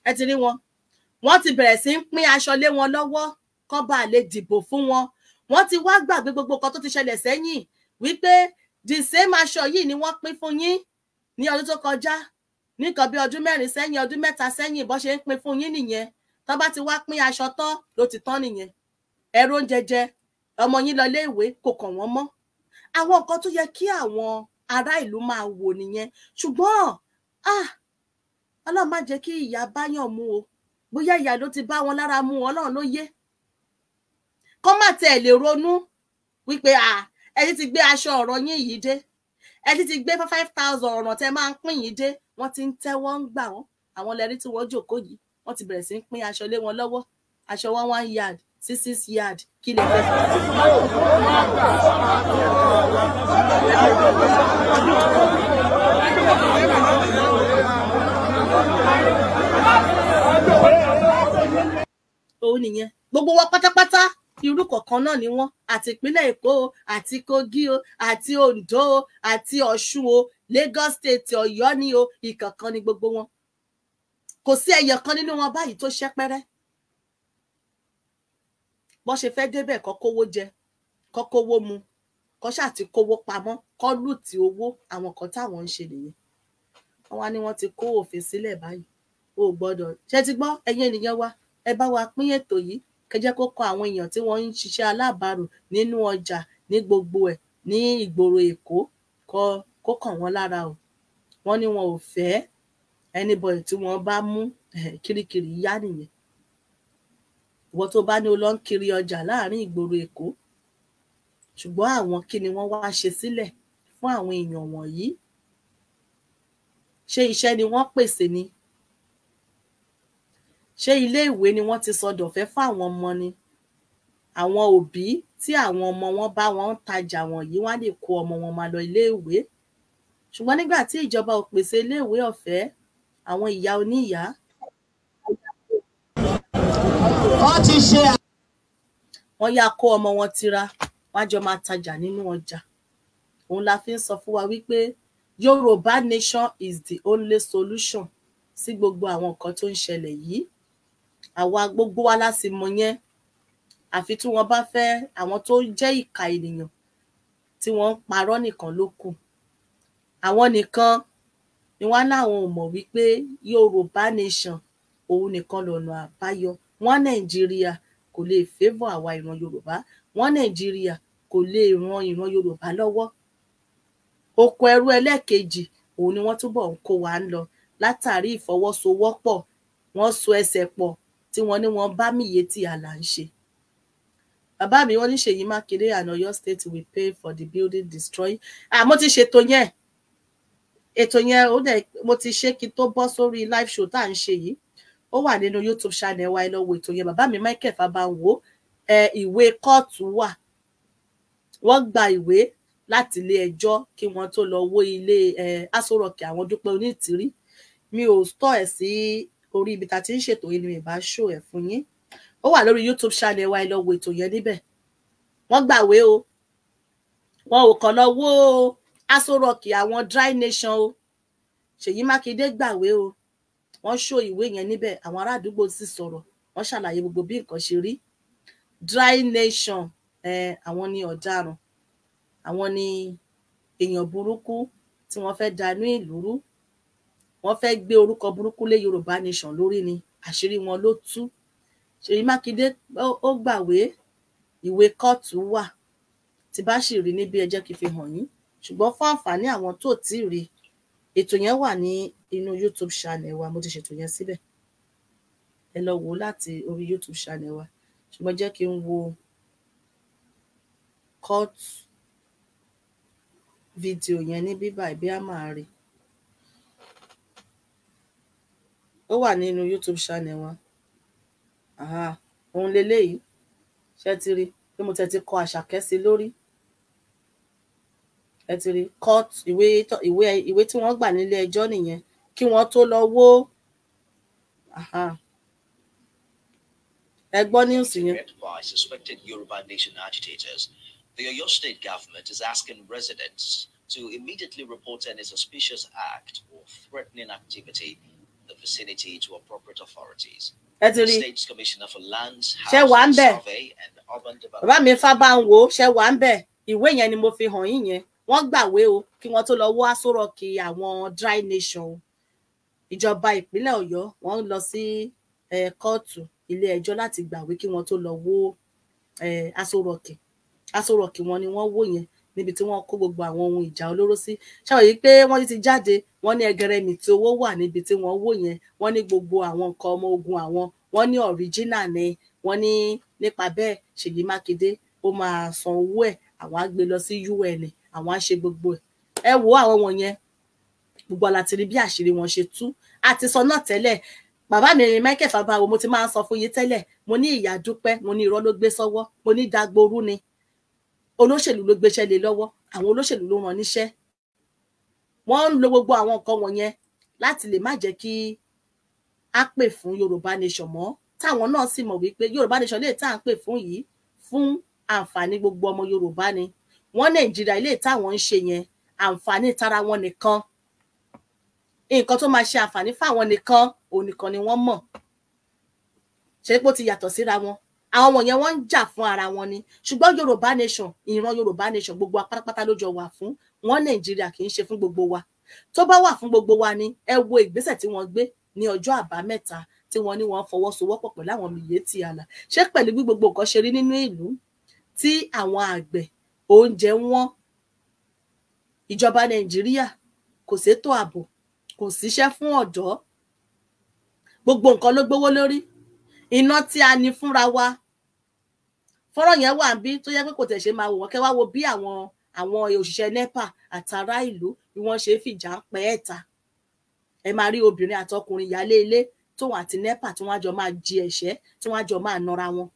Speaker 1: ẹ ti rí wọn wọ́n ti bẹ̀rẹ̀ sí ń pín aṣọ lé wọn lọ́wọ́ kán bá lè dìbò fún wọn wọ́n ti wá gbàgbé gbogbo kan tó ti ṣẹlẹ̀ sẹ́yìn wípé the same aṣọ yìí ni wọ́n pín fún yín ní ọdún tó kọjá nìkan bí ọdún mẹ́rin sẹ́yìn ọdún mẹ́ta sẹ́yìn bó ṣe ń pín fún yín nìyẹn tó bá ti wá pín aṣọ tán ló ti tán nìyẹn ẹ̀rọ oúnjẹ jẹ ọmọ yín lọ iléèwé kò kàn wọ́n mọ́ àwọn nǹkan tó yẹ kí àwọn ará ìlú máa wò nìyẹn ṣùgbọ́n ah ọlọ́run má jẹ́ kí ìyá báyàn mú o bóyá ìyá ló ti bá wọn lára mú ọlọ́run ló yé kọ́ má tẹ̀ lè ronú wípé ah ẹ ti ti gbé aṣọ ọ̀rọ̀ yín yìí dé ẹ ti ti gbé five thousand ọ̀ràn tẹ máa ń pín yìí dé wọ́n ti ń tẹ́wọ́ ń gbà wọ́n àwọn lẹ́rí tí wọ́n jòkó yìí wọ́n ti bẹ̀rẹ̀ sí ń pín aṣọ lé wọn lọ́wọ́ aṣọ one one yard six six yard kí lè fẹ́. òun nìyẹn gbogbo wa pátápátá irú kọ̀ọ̀kan náà ni wọ́n àti ìpínlẹ̀ èkó o àti kogi o àti ondo o àti ọ̀ṣun o lagos state ọ̀yọ́ ni o ìkọ̀ọ̀kan ni gbogbo wọn kò sí ẹyọ kan nínú wọn báyìí tó ṣẹ́pẹ́rẹ́ bọ́n ṣe fẹ́ débẹ̀ kọ́ kówó jẹ kọ́ kówó mu kọ́ ṣáà ti kówó pamọ́ kọ́ lùtì owó àwọn kan táwọn ń ṣe nìyẹn wọ́n wá ní wọ́n ti kó òfin sílẹ̀ báyìí o gbọ́dọ̀ ṣe ti gbọ́ ẹ̀yin ènìyàn wa ẹ bá wa pín ètò yìí kẹjẹ́ kó kọ àwọn èèyàn tí wọ́n ń ṣiṣẹ́ alábàárò nínú ọjà ní gbogbo ẹ̀ ní ìgboro èkó kọ kó kàn wọ́n lára o wọ́n ní wọn ò fẹ́ anybody tí wọ́n bá mú kirikiri yá nìyẹn ìwọ tó bá ní o lọ ń kiri ọjà láàrin ìgboro èkó ṣùgbọ́n àwọn kí ni wọ́n wá ṣe sílẹ̀ fún àwọn èèyàn wọ̀nyí ṣé iṣẹ́ ni wọ́n pèsè ni ṣé iléèwé ni wọ́n ti sọ dọ̀fẹ́ fáwọn ọmọ ni àwọn òbí tí àwọn ọmọ wọn bá wọn ń tajà wọ̀nyí wọ́n á lè kó ọmọ wọn máa lọ iléèwé ṣùgbọ́n nígbà tí ìjọba ò pèsè iléèwé ọ̀fẹ́ àwọn ìyá oníyá. wọ́n ti ṣe. wọ́n yá kó ọmọ wọn tira wọ́n á jọ máa tajà nínú ọjà òun la fi ń sọ fún wa wípé Yorùbá nation is the only solution sí gbogbo àwọn nǹkan tó ń ṣẹlẹ̀ yìí àwa gbogbo wa láti mọ yẹn àfi tí wọ́n bá fẹ́ àwọn tó jẹ́ ìka ènìyàn tí wọ́n ń parọ́ nìkan ló kù àwọn nìkan ni wọ́n láwọn ò mọ̀ wípé Yorùbá nation òun nìkan lọ́nà àbáyọ wọ́n Nàìjíríà kò lè favour àwa ìran Yorùbá wọ́n Nàìjíríà kò lè ran ìran Yorùbá lọ́wọ́ oko ẹrú ẹlẹ́ẹ̀kejì òun ni wọ́n túbọ̀ ń kó wa ń lọ látàrí ìfọwọ́sowọ́pọ̀ wọ́n so ẹsẹ̀ pọ̀ tí wọ́n ní wọ́n bá mìíye tí àlà ń ṣe bàbá mi wọ́n ní Ṣèyí Mákindé and Ọ̀yọ́ state will pay for the building destroy. àmọ́ ti ṣètò yẹn ètò yẹn ó dẹ̀ mo ti ṣe kí n tó bọ́ sórí live show tá à ń ṣe yìí ó wà nínú youtube channel wa ẹ lọ wo ètò yẹn bàbá mi michael fabanwo ẹ ìwé kóòtù wà wọ́n gba ìwé láti ilé ẹjọ́ kí wọ́n tó lọ wó ilé ẹ asọrọkì àwọn dúpẹ́ onítìrí mi ò tọ ẹ sí orí ibi tá a ti ń ṣètò yìí ni mi bá ṣó ẹ̀ fún yín ó wà lórí youtube channel wa ẹ lọ wo ètò yẹn níbẹ̀ wọ́n gbàwé o wọn ò kàn lọ wó asorọkì àwọn dry nation o ṣèyí mákindé gbàwé o wọ́n ṣó ìwé yẹn níbẹ̀ àwọn ará àdúgbò sì sọ̀rọ̀ wọ́n ṣàlàyé gbogbo bí nǹkan ṣe rí dry nation àwọn ni ọ̀daràn àwọn ni èèyàn burúkú tí wọ́n fẹ́ẹ́ danú ìlú rú wọ́n fẹ́ gbé orúkọ burúkú lé yorùbá nation lórí ni àṣírí wọn ló tú ṣèyí mákindé ó gbàwé ìwé kóòtù wà tí bá sì rí níbi ẹ jẹ́ kí n fi hàn yín ṣùgbọ́n fún àǹfààní àwọn tó tí rí ètò yẹn wà ní inú youtube channel wa mo ti ṣètò yẹn síbẹ̀ ẹ lọ wò ó láti orí youtube channel wa ṣùgbọ́n jẹ́ kí n wo court video yẹn ní bíbá ìbí àmà rí ó wà nínú youtube channel wọn òun leléyìí ṣe ti rí pé mo tẹ̀ ti kọ àṣàkẹ́ sí lórí ẹ ti rí court ìwé ìwé ìwé tí wọ́n gbà nílé ẹjọ́ nìyẹn kí wọ́n tó lọ wó ẹ gbọ́ news yẹn.
Speaker 4: by suspected Yoruba Nation agitators the Oyo state government is asking residents to immediately report any suspicious act or threatening activity the vicinity to appropriate authorities.
Speaker 1: ẹ ti rí
Speaker 6: ṣe wà ń and urban development.
Speaker 1: fábà ń wo ṣe wà ń bẹ̀ ìwé yẹn ni mo fi hàn yín yẹn wọ́n gbàwé o kí wọ́n tó lọ wọ asórọkì àwọn dry nation o ìjọba ìpínlẹ̀ Ọ̀yọ́ wọ́n lọ sí kóòtù ilé ẹjọ́ láti gbàwé kí wọ́n tó lọ wọ asórọkì asórọkì wọn ni wọ́n wó yẹn níbi tí wọ́n kó gbogbo àwọn ohun ìjà olóró sí ṣàwòyí pé wọ́n ti jáde wọ́n ní ẹgẹrẹmì tí owó wà níbi tí wọ́n wò yẹn wọ́n ní gbogbo àwọn nǹkan ọmọ ogun àwọn wọ́n ní ọ̀ríjínà ni wọ́n ní nípa bẹ́ẹ̀ Ṣèyí Mákindé ó máa san owó ẹ̀ àwọn á gbé lọ sí UN àwọn á ṣe gbogbo ẹ̀ ẹ wo àwọn wọ̀nyẹn gbogbo àlá bí àṣírí wọn ṣe tú àti sọ náà tẹ́lẹ̀ bàbá mi Michael Fábáwo mo ti máa ń sọ fún yín tẹ́lẹ̀ mo ní ìyá dúpẹ́ mo ní irọ́ ló gbé sọ́wọ́ mo ní dagboru ni olóṣèlú ló gbéṣẹ́ lé lọ́wọ́ àwọn olóṣèlú ló rán níṣẹ́ wọ́n ń lo gbogbo àwọn nǹkan wọ̀nyẹn láti lè má jẹ́ kí á pè fún Yorùbá nation mọ́ táwọn náà sì mọ̀ wípé Yorùbá nation lè tá à ń pè fún yìí fún àǹfààní gbogbo ọmọ Yorùbá ni wọ́n Nàìjíríà ilé táwọn ń ṣe yẹn àǹfààní tara wọn nìkan nǹkan tó máa ṣe àǹfààní fáwọn nìkan òun nìkan ni wọ́n mọ̀ ṣe pé ó ti yàtọ̀ síra wọn àwọn wọ̀nyẹn wọ́n ń jà fún ara wọn ni ṣùgbọ́n yorùbá nation ìran yorùbá nation gbogbo apátápátá ló jọ wà fún wọn nàìjíríà kì í ṣe fún gbogbo wa tó bá wà fún gbogbo wa ni ẹ wo ìgbésẹ̀ tí wọ́n gbé ní ọjọ́ àbámẹ́ta tí wọ́n ní wọ́n fọwọ́sowọ́pọ̀ pẹ̀lú àwọn miyetti Allah ṣé pẹ̀lú bí gbogbo nǹkan ṣe rí nínú ìlú tí àwọn àgbẹ̀ oúnjẹ wọn ìjọba nàìjíríà kò sétò ààbò kò síṣẹ́ fún ọ̀dọ́ gbogbo nǹkan ló gbówó lórí iná tí a ní fúnra wa fọ́rọ̀ yẹn wà ń bí tó yẹ pé kò tẹ̀ ṣe máa wò wọ́n kẹ́ wá wo bí àwọn àwọn òṣìṣẹ́ nepa àtàrà ìlú bí wọ́n ṣe fìjà ń pẹ́ ẹ̀ta ẹ máa rí obìnrin àtọkùnrin ìyálé ilé tóun àti nepa tí wọ́n á jọ máa jí ẹ̀ṣẹ́ tí wọ́n á jọ máa nọra wọn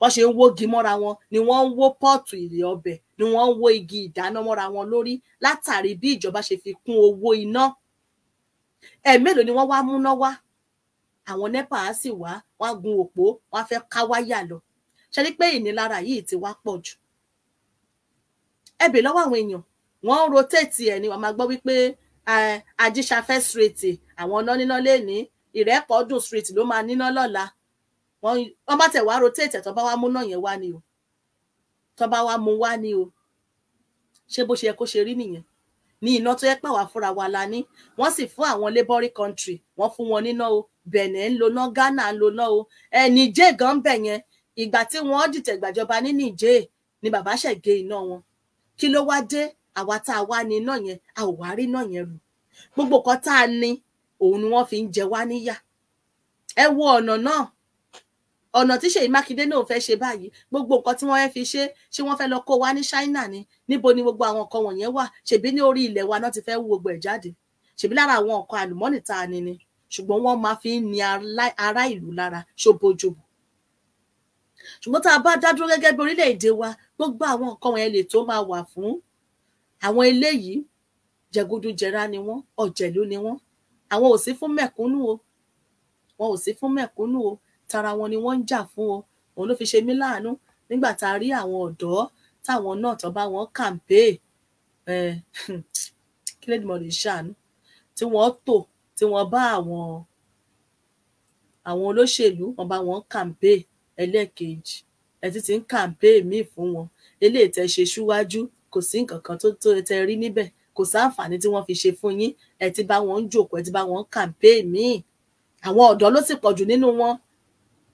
Speaker 1: wọ́n ṣe ń wógi mọ́ra wọn ni wọ́n ń wó pọ́ọ̀tù ilé ọbẹ̀ ni wọ́n ń wó igi ìdáná mọ́ra wọn lórí látàrí bí ìjọba ṣe fi kún owó iná ẹ̀ mélòó ni wọ́n wá múná wá àwọn nepa á sì wá wọ́n á gun òpó wọ́n á fẹ́ ká wáyà lọ ṣe rí pé ìnilára yìí ti wá pọ̀ jù ẹbí lọ́wọ́ àwọn èèyàn wọ́n ń rotate ẹ̀ ni wọ́n máa gbọ́ wípé ajíṣafẹ́ street àwọn nọ́níná lẹ́ni ìrẹ́pọ̀dùn street ló máa níná lọ́la wọ́n bá tẹ̀ wá rotate ẹ̀ tó bá wá mú náà yẹn wá ni o tó bá wá mú wá ni o ṣé bó ṣe yẹ kó ṣe rí nìyẹn ní iná tó yẹ pé àwa fúnra wa la ní wọ́n sì fún àwọn labouring country wọ́n fún wọn níná o Benin ń lo Ghana ń lo o ẹ gan bẹ yẹn ìgbà tí wọ́n dìtẹ̀ gbàjọba ní nìjẹ́ ni bàbá ṣẹ̀ gé iná wọn kí ló wá dé àwa tá a wá ní iná yẹn a ò wá rí iná yẹn lù gbogbo kan tá a ní òun ni wọ́n fi ń jẹ wá níyà ẹ wo ọ̀nà náà ọ̀nà tí Ṣèyí Mákindé náà fẹ́ ṣe báyìí gbogbo nǹkan tí wọ́n fi ṣe ṣé wọ́n fẹ́ lọ kó wa ní China ni níbo ni gbogbo àwọn nǹkan wọ̀nyẹn wà ṣèbí ní orí ilẹ̀ wa náà ti fẹ́ wú gbogbo ẹ̀ jáde ṣèbí lára àwọn nǹkan àlùmọ́nì tá a ní ni ṣùgbọ́n wọ́n máa fi ń ni ará ìlú lára ṣòbojúbò ṣùgbọ́n tá a bá dá dúró gẹ́gẹ́ bí orílẹ̀-èdè wa gbogbo àwọn nǹkan wọ̀nyẹn lè tó máa wà fún àwọn eléyìí jẹgúdújẹrá ni wọ́n ọ̀jẹ̀lú ni wọ́n àwọn ò sí fún mẹ̀kúnnù o wọn ò sí fún mẹ̀kúnnù o tara wọn ni wọ́n ń jà fún o òun ló fi ṣe mí láàánú nígbà tá a rí àwọn ọ̀dọ́ táwọn náà tó bá wọn kàǹpéè eh, kí lè dìmọ̀ lè ṣàánú tí wọ́n tò tí wọ́n bá àwọn àwọn olóṣèlú wọn bá wọn kàǹpéè ẹlẹ́ẹ̀kejì ẹ ti ti ń campaign míì fún wọn eléyìí tẹ ṣe síwájú kò sí nǹkan kan tó tó tẹ rí níbẹ̀ kò sáǹfààní tí wọ́n fi ṣe fún yín ẹ ti bá wọn ń jòkó ẹ ti bá wọn ń campaign míì àwọn ọ̀dọ́ ló sì pọ̀jù nínú wọn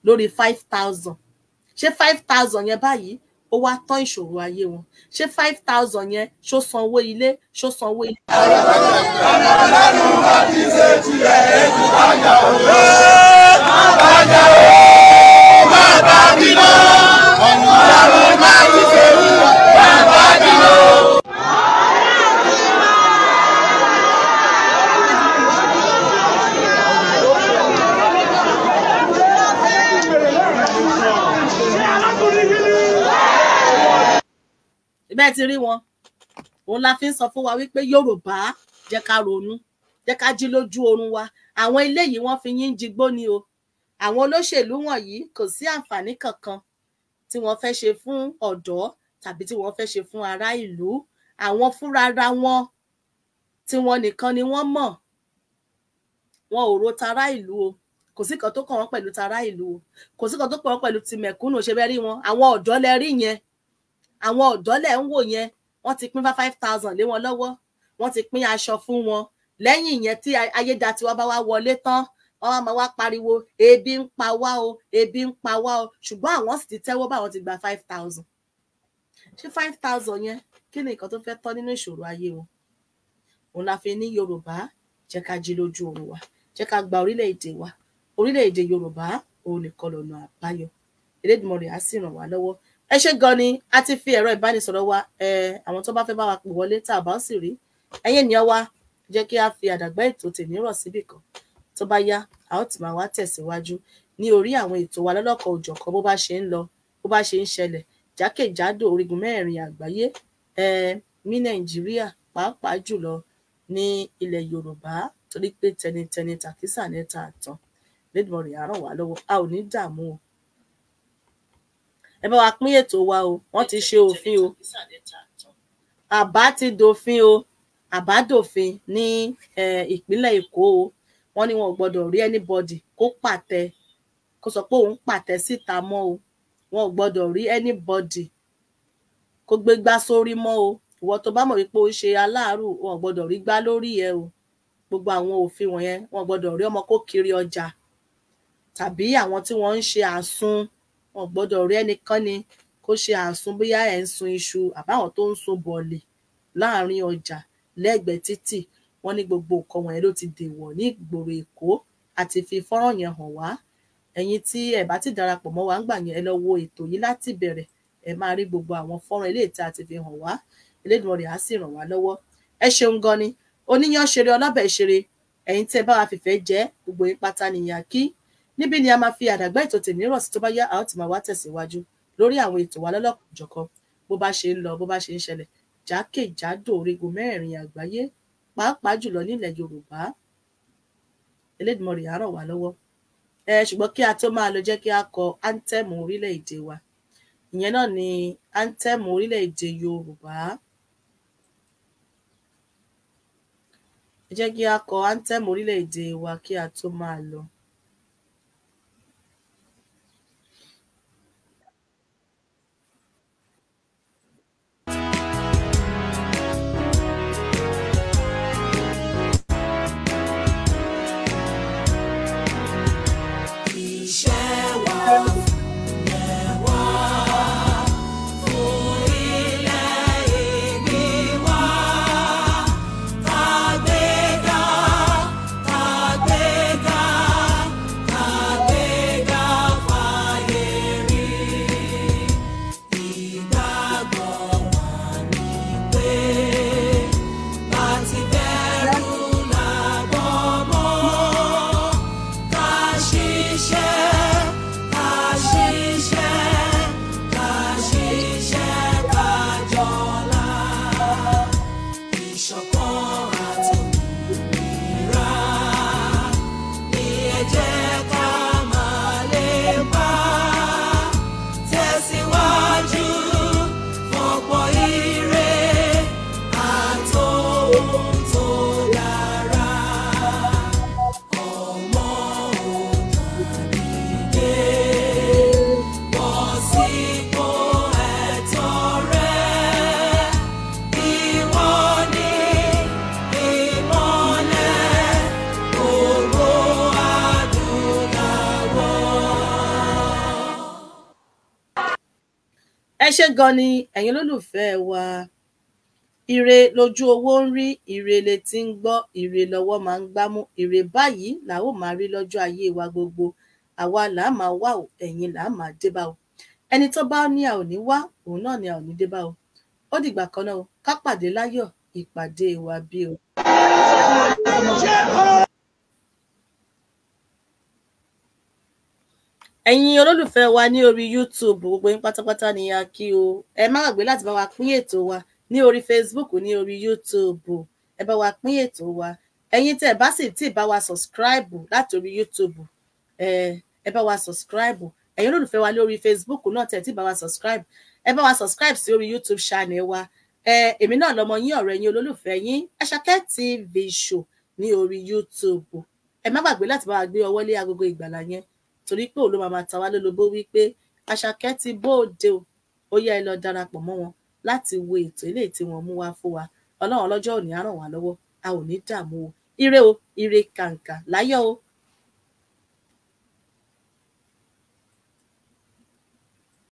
Speaker 1: lórí five thousand ṣé five thousand yẹn báyìí ó wá tán ìṣòro ayé wọn ṣé five thousand yẹn ṣó san owó ilé ṣó san owó ilé. ọ̀nà ọlọ́run bá ti ṣe tiẹ̀ ètò bá jà òwe
Speaker 5: bá jà òwe
Speaker 1: bẹ́ẹ̀ ti rí wọn òun la fi ń sọ fún wa wípé yorùbá jẹ́ ká ronú jẹ́ ká jí lójú oorun wa àwọn eléyìí wọ́n fi yín jigbó ni o àwọn olóṣèlú wọ̀nyí kò sí àǹfààní kankan tí wọ́n fẹ́ ṣe fún ọ̀dọ́ tàbí tí wọ́n fẹ́ ṣe fún ará ìlú àwọn fúnrara wọn tí wọ́n nìkan ni wọ́n mọ̀ wọn ò ro tara ìlú o kò sí kan tó kàn wọ́n pẹ̀lú tara ìlú o kò sí kan tó kàn wọ́n pẹ̀lú ti mẹ̀kúnnù ṣe bẹ́ẹ̀ rí wọn àwọn ọ̀dọ́ lẹ rí yẹn àwọn ọ̀dọ́ lẹ ń wò yẹn wọ́n ti pín five thousand lé wọn lọ́wọ́ wọ́n ti pín aṣọ fún wọn lẹ́yìn yẹn tí ayédatiwa bá wá wọlé tán ọmọ máa wá pariwo ebi ń pa wá o ebi ń pa wá o ṣùgbọ́n àwọn sì ti tẹ́wọ́ bá àwọn ti gba five thousand ṣé five thousand yẹn kí ni nǹkan tó fẹ́ tọ́ nínú ìṣòro ayé wọn òun la fi ní yorùbá jẹ́ ká jí lójú oorun wa jẹ́ ká gba orílẹ̀-èdè wa orílẹ̀-èdè yorùbá òun nìkan lọ́nà àbáyọ Elédùmarè á sì ràn wá lọ́wọ́ ẹ ṣé gan ni a ti fi ẹ̀rọ ìbánisọ̀rọ̀ wa ẹ àwọn tó bá fẹ́ bá wa pè wọlé tá a bá sì rí ẹ̀yin ènìyàn wa jẹ́ kí a fi àdàgbà ètò tèmi rọ̀ síbì kan tó bá yá a ó ti máa wá tẹ̀síwájú ní orí àwọn ètò wa lọ́lọ́kọ̀ òjọ̀kan bó bá ṣe ń lọ bó bá ṣe ń ṣẹlẹ̀ jákèjádò orígun mẹ́rin àgbáyé ní nàìjíríà pàápàá jùlọ ní ilẹ̀ yorùbá torí pé tẹnitẹni tàkísà nẹta àtàn lẹdùnmọrì àràn wá lọ́wọ́ a ò ní dààmú o ẹ bá wa pín ètò wa o wọ́n ti ṣe òfin o àbá ti dòfin o àbádòfin ní ìpínlẹ̀ èkó o wọ́n ní wọn ò gbọ́dọ̀ rí anybody kó pàtẹ kó sọ pé òun pàtẹ síta mọ́ o wọn ò gbọ́dọ̀ rí anybody kó gbé gbá sórí mọ́ o ìwọ tó bá mọ̀ wípé ó ṣe aláàárù wọn ò gbọ́dọ̀ rí gbá lórí ẹ o gbogbo àwọn òfin wọ̀nyẹn wọn ò gbọ́dọ̀ rí ọmọ kó kiri ọjà tàbí àwọn tí wọ́n ń ṣe àsun wọn ò gbọ́dọ̀ rí ẹnikẹ́ni kó ṣe àsun bóyá ẹ ń sun iṣu àbáwọn tó ń sun bọ̀ọ̀lì láàrin ọjà lẹ́gbẹ̀ẹ́ títì wọ́n ní gbogbo nǹkan wọ̀nyẹn ló ti dèwọ̀ ní ìgboro èkó àti fi fọ́nrán yẹn hàn wá ẹ̀yin tí ẹ bá ti darapọ̀ mọ́ wa ń gbà yẹn ẹ lọ wo ètò yìí láti bẹ̀rẹ̀ ẹ máa rí gbogbo àwọn fọ́nrán eléyìí tí a fi hàn wá Elédùmarè á sì ràn wá lọ́wọ́ ẹ ṣeun gan ni oníyàn ṣeré ọlọ́bẹ̀ ṣeré tí ẹ bá wa fìfẹ́ jẹ́ gbogbo yín pátá nìyàn kí níbí ni a máa fi àdàgbà ètò tèmi rọ̀ sí tó bá yá a ó ti máa wá tẹ̀síwájú lórí àwọn ètò wa lọ́lọ́kùnjọ̀kan bó bá ṣe ń lọ bó bá ṣe ń ṣẹlẹ̀ jákèjádò orígun mẹ́rin àgbáyé pàápàá jùlọ nílẹ̀ Yorùbá Elédùmarè á ràn wá lọ́wọ́ ẹ ṣùgbọ́n kí a tó máa lọ jẹ́ kí a kọ áńtẹ́ẹ̀mù orílẹ̀-èdè wa ìyẹn náà ni áńtẹ́ẹ̀mù orílẹ̀-èdè Yorùbá ẹ jẹ́ kí a kọ áńtẹ́ẹ̀mù orílẹ̀-èdè wa kí a tó máa lọ. ṣe gan ni ẹ̀yin olólùfẹ́ wa ire lójú owó ń rí ire létí ń gbọ́ ire lọ́wọ́ máa ń gbámú ire báyìí là ó máa rí lọ́jọ́ ayé wa gbogbo àwa là á máa wá o ẹ̀yin là á máa dé bá o ẹni tó bá ní a ò ní wá òun náà ni a ò ní dé bá o ó dìgbà kan náà ká pàdé láyọ̀ ìpàdé wa bí o. ẹ̀yin olólùfẹ́ wa ní orí youtube gbogbo yín pátápátá ni a kí o ẹ má gbàgbé láti bá wa pín ètò wa ní orí facebook ní orí youtube ẹ bá wa pín ètò wa ẹ̀yin tẹ́ bá sì tí bá wa subscribe láti orí youtube ẹ ẹ bá wa subscribe ẹ̀yin olólùfẹ́ wa lórí facebook náà tẹ́ tí bá wa subscribe ẹ bá wa subscribe sí orí youtube channel wa ẹ èmi náà lọmọ yín ọ̀rẹ́ yín olólùfẹ́ yín Àṣàkẹ́ TV show ní orí youtube ẹ má gbàgbé láti bá wa gbé ọwọ́ lé agogo ìgbàlà yẹn torí pé òun ló máa ta wá lólobó wípé àṣàkẹ́ ti bóde o ó yá ẹ lọ darapọ̀ mọ́ wọn láti wo ètò eléyìí tí wọ́n mú wá fún wa ọlọ́run ọlọ́jọ́ òní á ràn wá lọ́wọ́ a ò ní dààmú o ire o ire kàǹkà láyọ̀ o